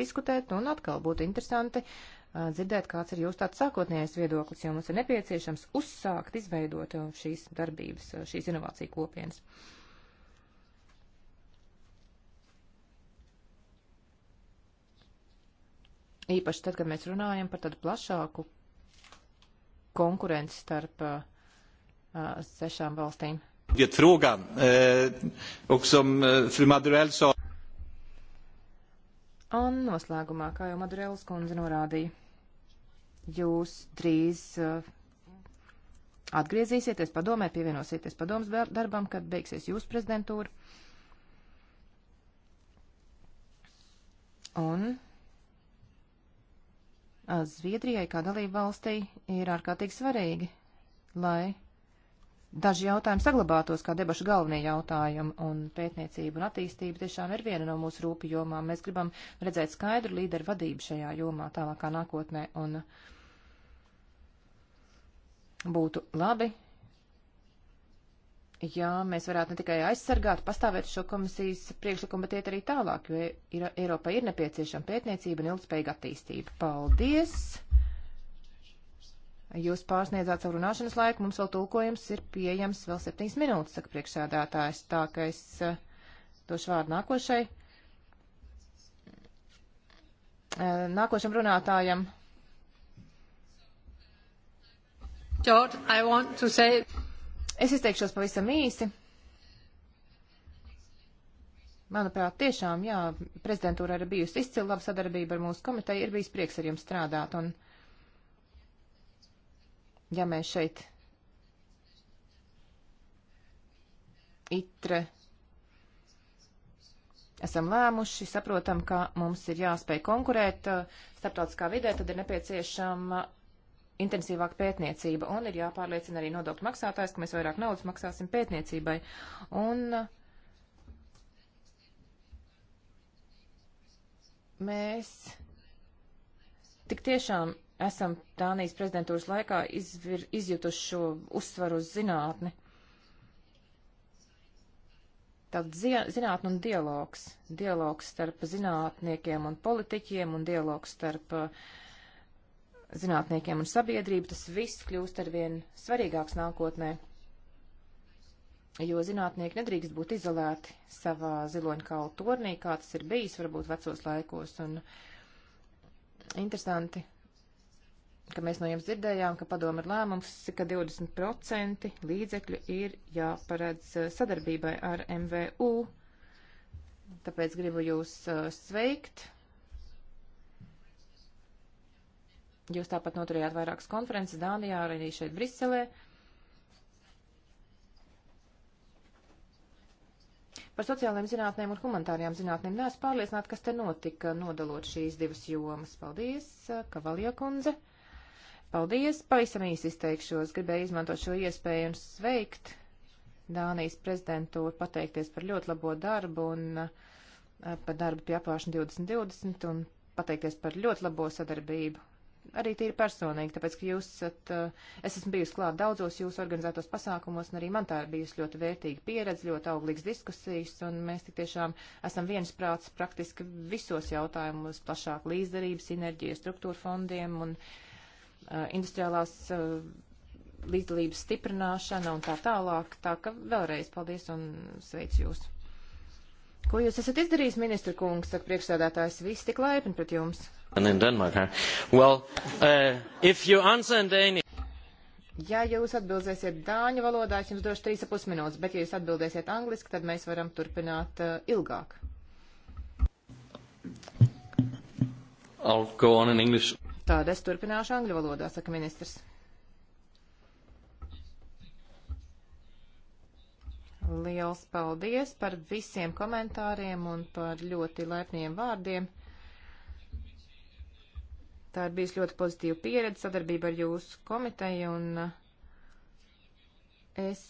diskutēt, nu, un atkal būtu interesanti uh, dzirdēt, kāds ir jūs tāds sākotnējais viedoklis, jo mums ir nepieciešams uzsākt, izveidot uh, šīs darbības, uh, šīs inovāciju kopienas. Īpaši tad, kad mēs runājam par tādu plašāku konkurence starp uh, uh sešām valstīm. Budgetfrågan, eh, och som eh, fru Madurell sa. Un noslēgumā, kā jau Madurellas kundze norādīja, jūs drīz uh, atgriezīsieties padomē, pievienosieties padomas darbam, kad beigsies jūsu prezidentūra. Un Zviedrijai kā dalību valstī ir ārkārtīgi svarīgi, lai daži jautājumi saglabātos kā debašu galvenie jautājumi, un pētniecība un attīstība tiešām ir viena no mūsu rūpi jomām. Mēs gribam redzēt skaidru līderu vadību šajā jomā tālākā nākotnē, un būtu labi, Jā, mēs varētu ne tikai aizsargāt, pastāvēt šo komisijas priekšlikumu, bet iet arī tālāk, jo ir, Eiropai ir nepieciešama pētniecība un ilgspējīga attīstība. Paldies! Jūs pārsniedzāt savu runāšanas laiku, mums vēl tulkojums ir pieejams vēl septiņas minūtes, saka priekšsēdētājs, tā ka es eh, došu vārdu nākošai. Eh, nākošam runātājam. George, I want to say Es izteikšos pavisam īsi. Manuprāt, tiešām, jā, prezidentūra ir bijusi izcila laba sadarbība ar mūsu komiteju, ir bijis prieks ar jums strādāt. Un, ja mēs šeit itre esam lēmuši, saprotam, ka mums ir jāspēj konkurēt uh, starptautiskā vidē, tad ir nepieciešama intensīvāka pētniecība, un ir jāpārliecina arī nodokļu maksātājs, ka mēs vairāk naudas maksāsim pētniecībai. Un mēs tik tiešām esam Dānijas prezidentūras laikā izvir, izjutuši šo uzsvaru uz zinātni. Tātad zi, zinātne un dialogs. Dialogs starp zinātniekiem un politiķiem un dialogs starp uh, zinātniekiem un sabiedrību, tas viss kļūst arvien svarīgāks nākotnē, jo zinātnieki nedrīkst būt izolēti savā ziloņkalu tornī, kā tas ir bijis varbūt vecos laikos. Un interesanti, ka mēs no jums dzirdējām, ka padomu ir lēmums, ka 20% līdzekļu ir jāparedz eh, sadarbībai ar MVU. Tāpēc gribu jūs eh, sveikt Jūs tāpat noturējāt vairākas konferences Dānijā, arī šeit Briselē. Par sociālajiem zinātnēm un humanitārajām zinātnēm neesmu pārliecināta, kas te notika, nodalot šīs divas jomas. Paldies, eh, Kavalija kundze. Paldies, pavisam īsi izteikšos. Gribēju izmantot šo iespēju un sveikt Dānijas prezidentūru, pateikties par ļoti labo darbu un eh, par darbu pie apvāršana 2020 un pateikties par ļoti labo sadarbību arī tīri personīgi, tāpēc, ka jūs esat, eh, es esmu bijusi klāt daudzos jūsu organizētos pasākumos, un arī man tā ir bijusi ļoti vērtīga pieredze, ļoti auglīgas diskusijas, un mēs tik tiešām esam viensprāts praktiski visos jautājumos - plašāk līdzdarības, enerģija, struktūra fondiem un uh, industriālās uh, līdzdalības stiprināšana un tā tālāk. Tā ka vēlreiz paldies un sveicu jūs! Ko jūs esat izdarījis, ministra kungs, saka priekšsēdētājs, viss tik laipni pret jums? And in Denmark, huh? well, uh, if you answer in Danish... Ja jūs atbildēsiet dāņu valodā, es jums došu 3,5 minūtes, bet ja jūs atbildēsiet angliski, tad mēs varam turpināt uh, ilgāk. I'll go on in English. Tāda es turpināšu angļu valodā, saka ministrs. Liels paldies par visiem komentāriem un par ļoti laipniem vārdiem. Tā ir bijusi ļoti pozitīva pieredze sadarbība ar jūsu komiteju, un eh, es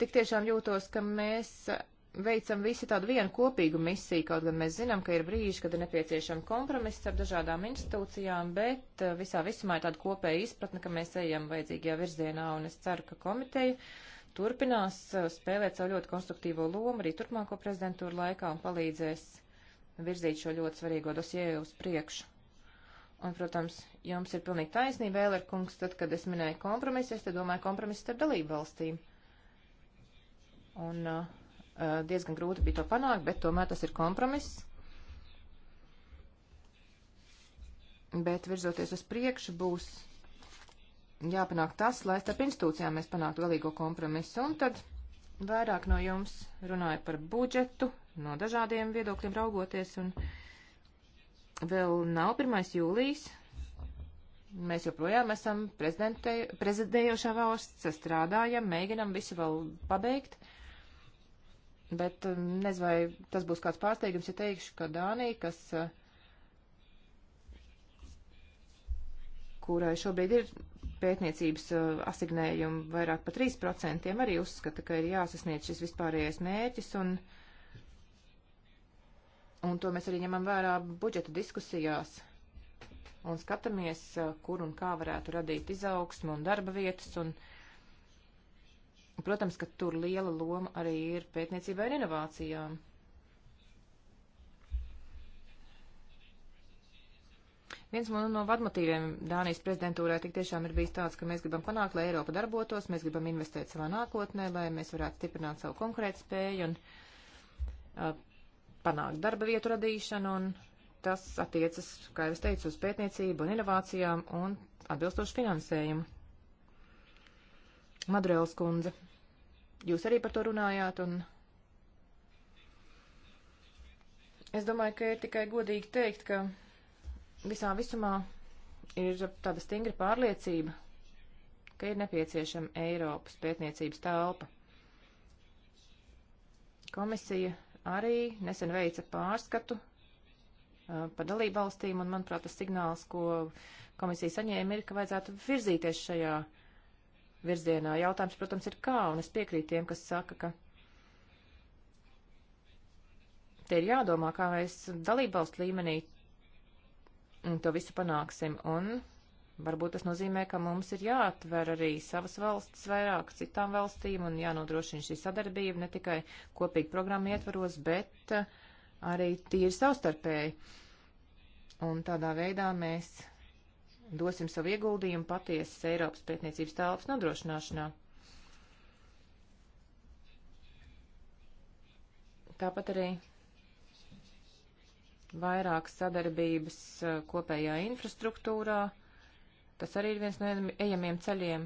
tik tiešām jūtos, ka mēs eh, veicam visi tādu vienu kopīgu misiju, kaut gan mēs zinām, ka ir brīži, kad ir nepieciešama kompromiss ar dažādām institūcijām, bet eh, visā visumā ir tāda kopēja izpratne, ka mēs ejam vajadzīgajā virzienā, un es ceru, ka komiteja turpinās spēlēt savu ļoti konstruktīvo lomu arī turpmāko prezidentūru laikā un palīdzēs virzīt šo ļoti svarīgo dosie uz priekšu. Un, protams, jums ir pilnīgi taisnība, Vēler kungs, tad, kad es minēju kompromisu, es te domāju kompromisu starp dalību valstīm. Un uh, uh, diezgan grūti bija to panākt, bet tomēr tas ir kompromiss. Bet virzoties uz priekšu būs jāpanāk tas, lai starp institūcijām mēs panāktu galīgo kompromisu. Un tad vairāk no jums runāja par budžetu, no dažādiem viedokļiem raugoties. Un, uh, vēl nav 1. jūlijas. Mēs joprojām esam prezidējošā valsts, strādājam, mēģinam visu vēl pabeigt. Bet eh, nezinu, vai tas būs kāds pārsteigums, ja teikšu, ka Dānija, kas, eh, kurai šobrīd ir pētniecības eh, asignējumi vairāk par 3%, arī uzskata, ka ir jāsasniedz šis vispārējais mērķis. Un, uh, Un to mēs arī ņemam vērā budžeta diskusijās un skatāmies, kur un kā varētu radīt izaugsmu un darba vietas. Un, protams, ka tur liela loma arī ir pētniecībai un inovācijām. Viens no vadmotīviem Dānijas prezidentūrai tik tiešām ir bijis tāds, ka mēs gribam panākt, lai Eiropa darbotos, mēs gribam investēt savā nākotnē, lai mēs varētu stiprināt savu konkurētspēju un uh, panākt darba vietu radīšanu, un tas attiecas, kā jau es teicu, uz pētniecību un inovācijām un atbilstošu finansējumu. Madrēls kundze, jūs arī par to runājāt, un es domāju, ka ir tikai godīgi teikt, ka visā visumā ir tāda stingra pārliecība, ka ir nepieciešama Eiropas pētniecības telpa. Komisija arī nesen veica pārskatu uh, par dalību valstīm, un, manuprāt, tas signāls, ko komisija saņēma, ir, ka vajadzētu virzīties šajā virzienā. Jautājums, protams, ir kā, un es piekrītu tiem, kas saka, ka te ir jādomā, kā mēs dalību valstu līmenī to visu panāksim, un Varbūt tas nozīmē, ka mums ir jāatver arī savas valstis vairāk citām valstīm un jānodrošina šī sadarbība ne tikai kopīgi programma ietvaros, bet eh, arī tīri savstarpēji. Un tādā veidā mēs dosim savu ieguldījumu patiesas Eiropas pētniecības tālpas nodrošināšanā. Tāpat arī vairāk sadarbības eh, kopējā infrastruktūrā Tas arī ir viens no ejamiem ceļiem.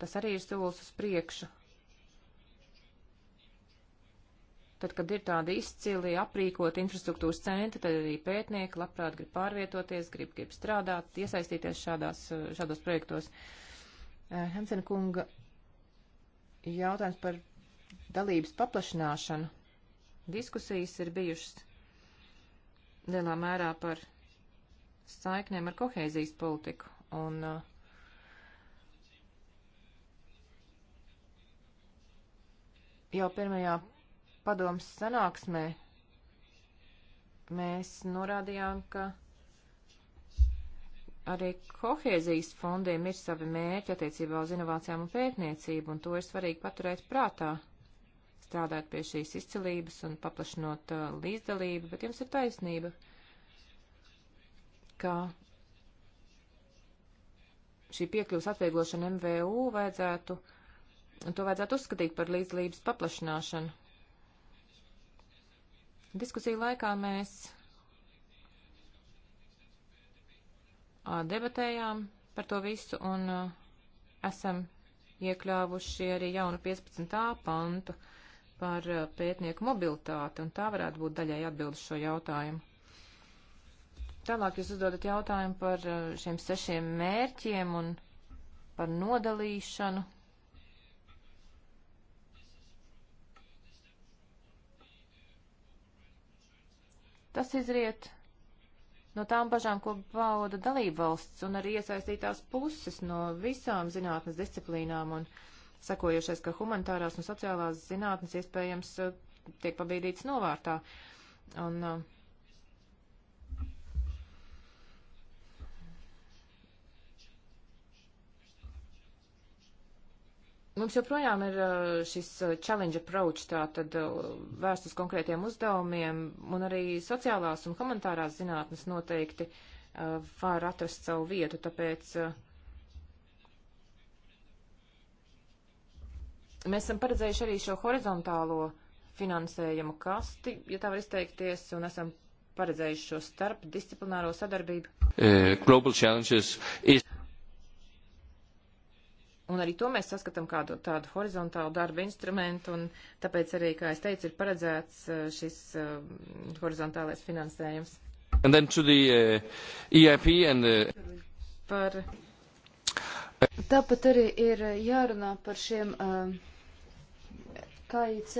Tas arī ir solis uz priekšu. Tad, kad ir tādi izcili aprīkoti infrastruktūras centri, tad arī pētnieki labprāt grib pārvietoties, grib, grib strādāt, iesaistīties šādās, šādos projektos. Eh, Hansen kunga jautājums par dalības paplašināšanu. Diskusijas ir bijušas lielā mērā par saiknēm ar kohēzijas politiku. Un, uh, jau pirmajā padomas sanāksmē mēs norādījām, ka arī kohēzijas fondiem ir savi mērķi attiecībā uz inovācijām un pētniecību, un to ir svarīgi paturēt prātā, strādāt pie šīs izcilības un paplašinot uh, līdzdalību, bet jums ir taisnība. Uh, ka šī piekļuvas atvieglošana MVU vajadzētu, to vajadzētu uzskatīt par līdzlības paplašināšanu. Diskusiju laikā mēs debatējām par to visu un esam iekļāvuši arī jaunu 15a pantu par pētnieku mobilitāti, un tā varētu būt daļai atbildes šo jautājumu. Tālāk jūs uzdodat jautājumu par eh, šiem sešiem mērķiem un par nodalīšanu. Tas izriet no tām bažām, ko bauda dalībvalsts un arī iesaistītās puses no visām zinātnes disciplīnām un sekojošais, ka humanitārās un sociālās zinātnes iespējams eh, tiek pabīdīts novārtā. Un, uh, Mums joprojām ir uh, šis uh, challenge approach, tā tad uh, vērst uz konkrētiem uzdevumiem, un arī sociālās un humanitārās zinātnes noteikti var atrast savu vietu, tāpēc mēs esam paredzējuši arī šo horizontālo finansējumu kasti, ja tā var izteikties, un esam paredzējuši šo starpdisciplināro sadarbību. Uh, Un arī to mēs saskatām kādu tādu horizontālu darba instrumentu, un tāpēc arī, kā es teicu, ir paredzēts uh, šis uh, horizontālais finansējums. And then to the uh, EIP and the... Par... Tāpat arī ir jārunā par šiem uh, KIC.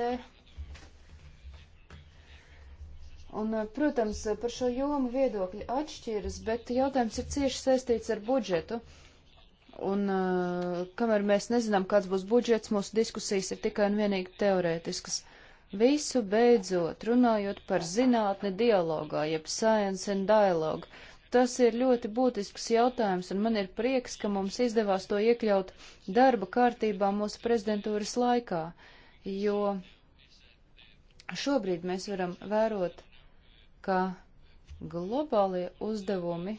Un, uh, protams, par šo jomu viedokļi atšķiras, bet jautājums ir cieši saistīts ar budžetu. Uh, Un uh, kamēr mēs nezinām, kāds būs budžets, mūsu diskusijas ir tikai un vienīgi teorētiskas. Visu beidzot, runājot par zinātni dialogā, jeb science and dialogue, tas ir ļoti būtisks jautājums, un man ir prieks, ka mums izdevās to iekļaut darba kārtībā mūsu prezidentūras laikā, jo šobrīd mēs varam vērot, ka globālie uzdevumi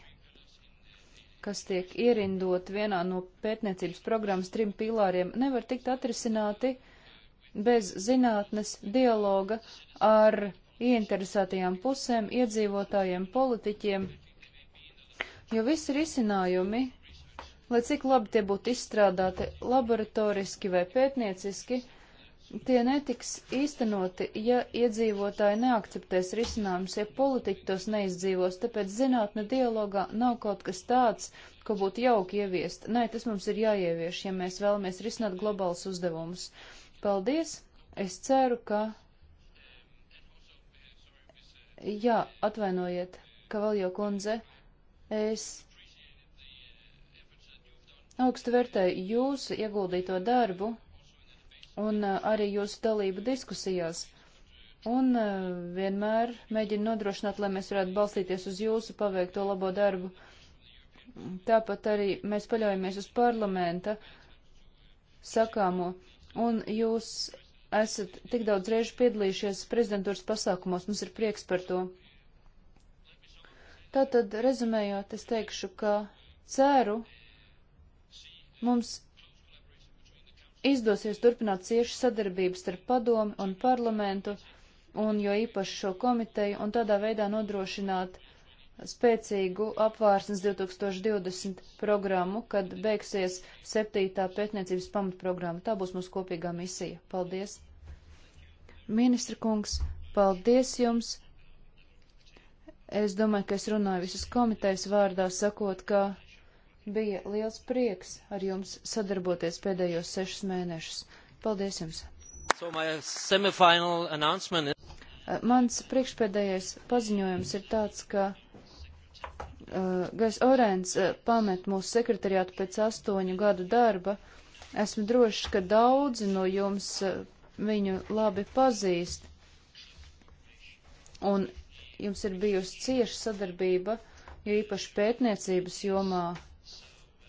kas tiek ierindot vienā no pētniecības programmas trim pīlāriem, nevar tikt atrisināti bez zinātnes dialoga ar ieinteresētajām pusēm, iedzīvotājiem, politiķiem, jo visi risinājumi, lai cik labi tie būtu izstrādāti laboratoriski vai pētnieciski, tie netiks īstenoti, ja iedzīvotāji neakceptēs risinājumus, ja politiķi tos neizdzīvos, tāpēc zinātne dialogā nav kaut kas tāds, ko būtu jauki ieviest. Nē, tas mums ir jāievieš, ja mēs vēlamies risināt globālus uzdevumus. Paldies! Es ceru, ka. Jā, atvainojiet, ka vēl jau kundze. Es augstu vērtēju jūsu ieguldīto darbu un uh, arī jūsu dalību diskusijās. Un uh, vienmēr mēģinu nodrošināt, lai mēs varētu balstīties uz jūsu paveikto labo darbu. Tāpat arī mēs paļaujamies uz parlamenta sakāmo, un jūs esat tik daudz reižu piedalījušies prezidentūras pasākumos, mums ir prieks par to. Tātad, rezumējot, es teikšu, ka ceru, mums izdosies turpināt cieši sadarbības starp padomi un parlamentu, un jo īpaši šo komiteju, un tādā veidā nodrošināt spēcīgu apvārsnes 2020 programmu, kad beigsies septītā pētniecības pamatprogramma. Tā būs mūsu kopīgā misija. Paldies! Ministra kungs, paldies jums! Es domāju, ka es runāju visas komitejas vārdā, sakot, ka Bija liels prieks ar jums sadarboties pēdējos sešus mēnešus. Paldies jums! So uh, Mans priekšpēdējais paziņojums ir tāds, ka uh, Gais Orēns uh, pamet mūsu sekretariātu pēc astoņu gadu darba. Esmu drošs, ka daudzi no jums uh, viņu labi pazīst. Un jums ir bijusi cieša sadarbība, jo īpaši pētniecības jomā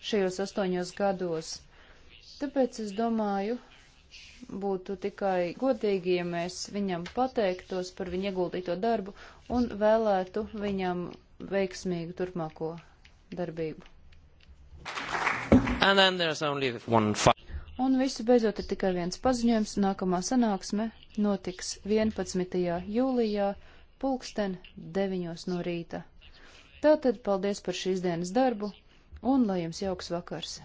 šajos astoņos gados. Tāpēc es domāju, būtu tikai godīgi, ja mēs viņam pateiktos par viņu ieguldīto darbu un vēlētu viņam veiksmīgu turpmāko darbību. Un visu beidzot ir tikai viens paziņojums. Nākamā sanāksme notiks 11. jūlijā pulksten 9. no rīta. Tātad paldies par šīs dienas darbu un lai jums jauks vakars!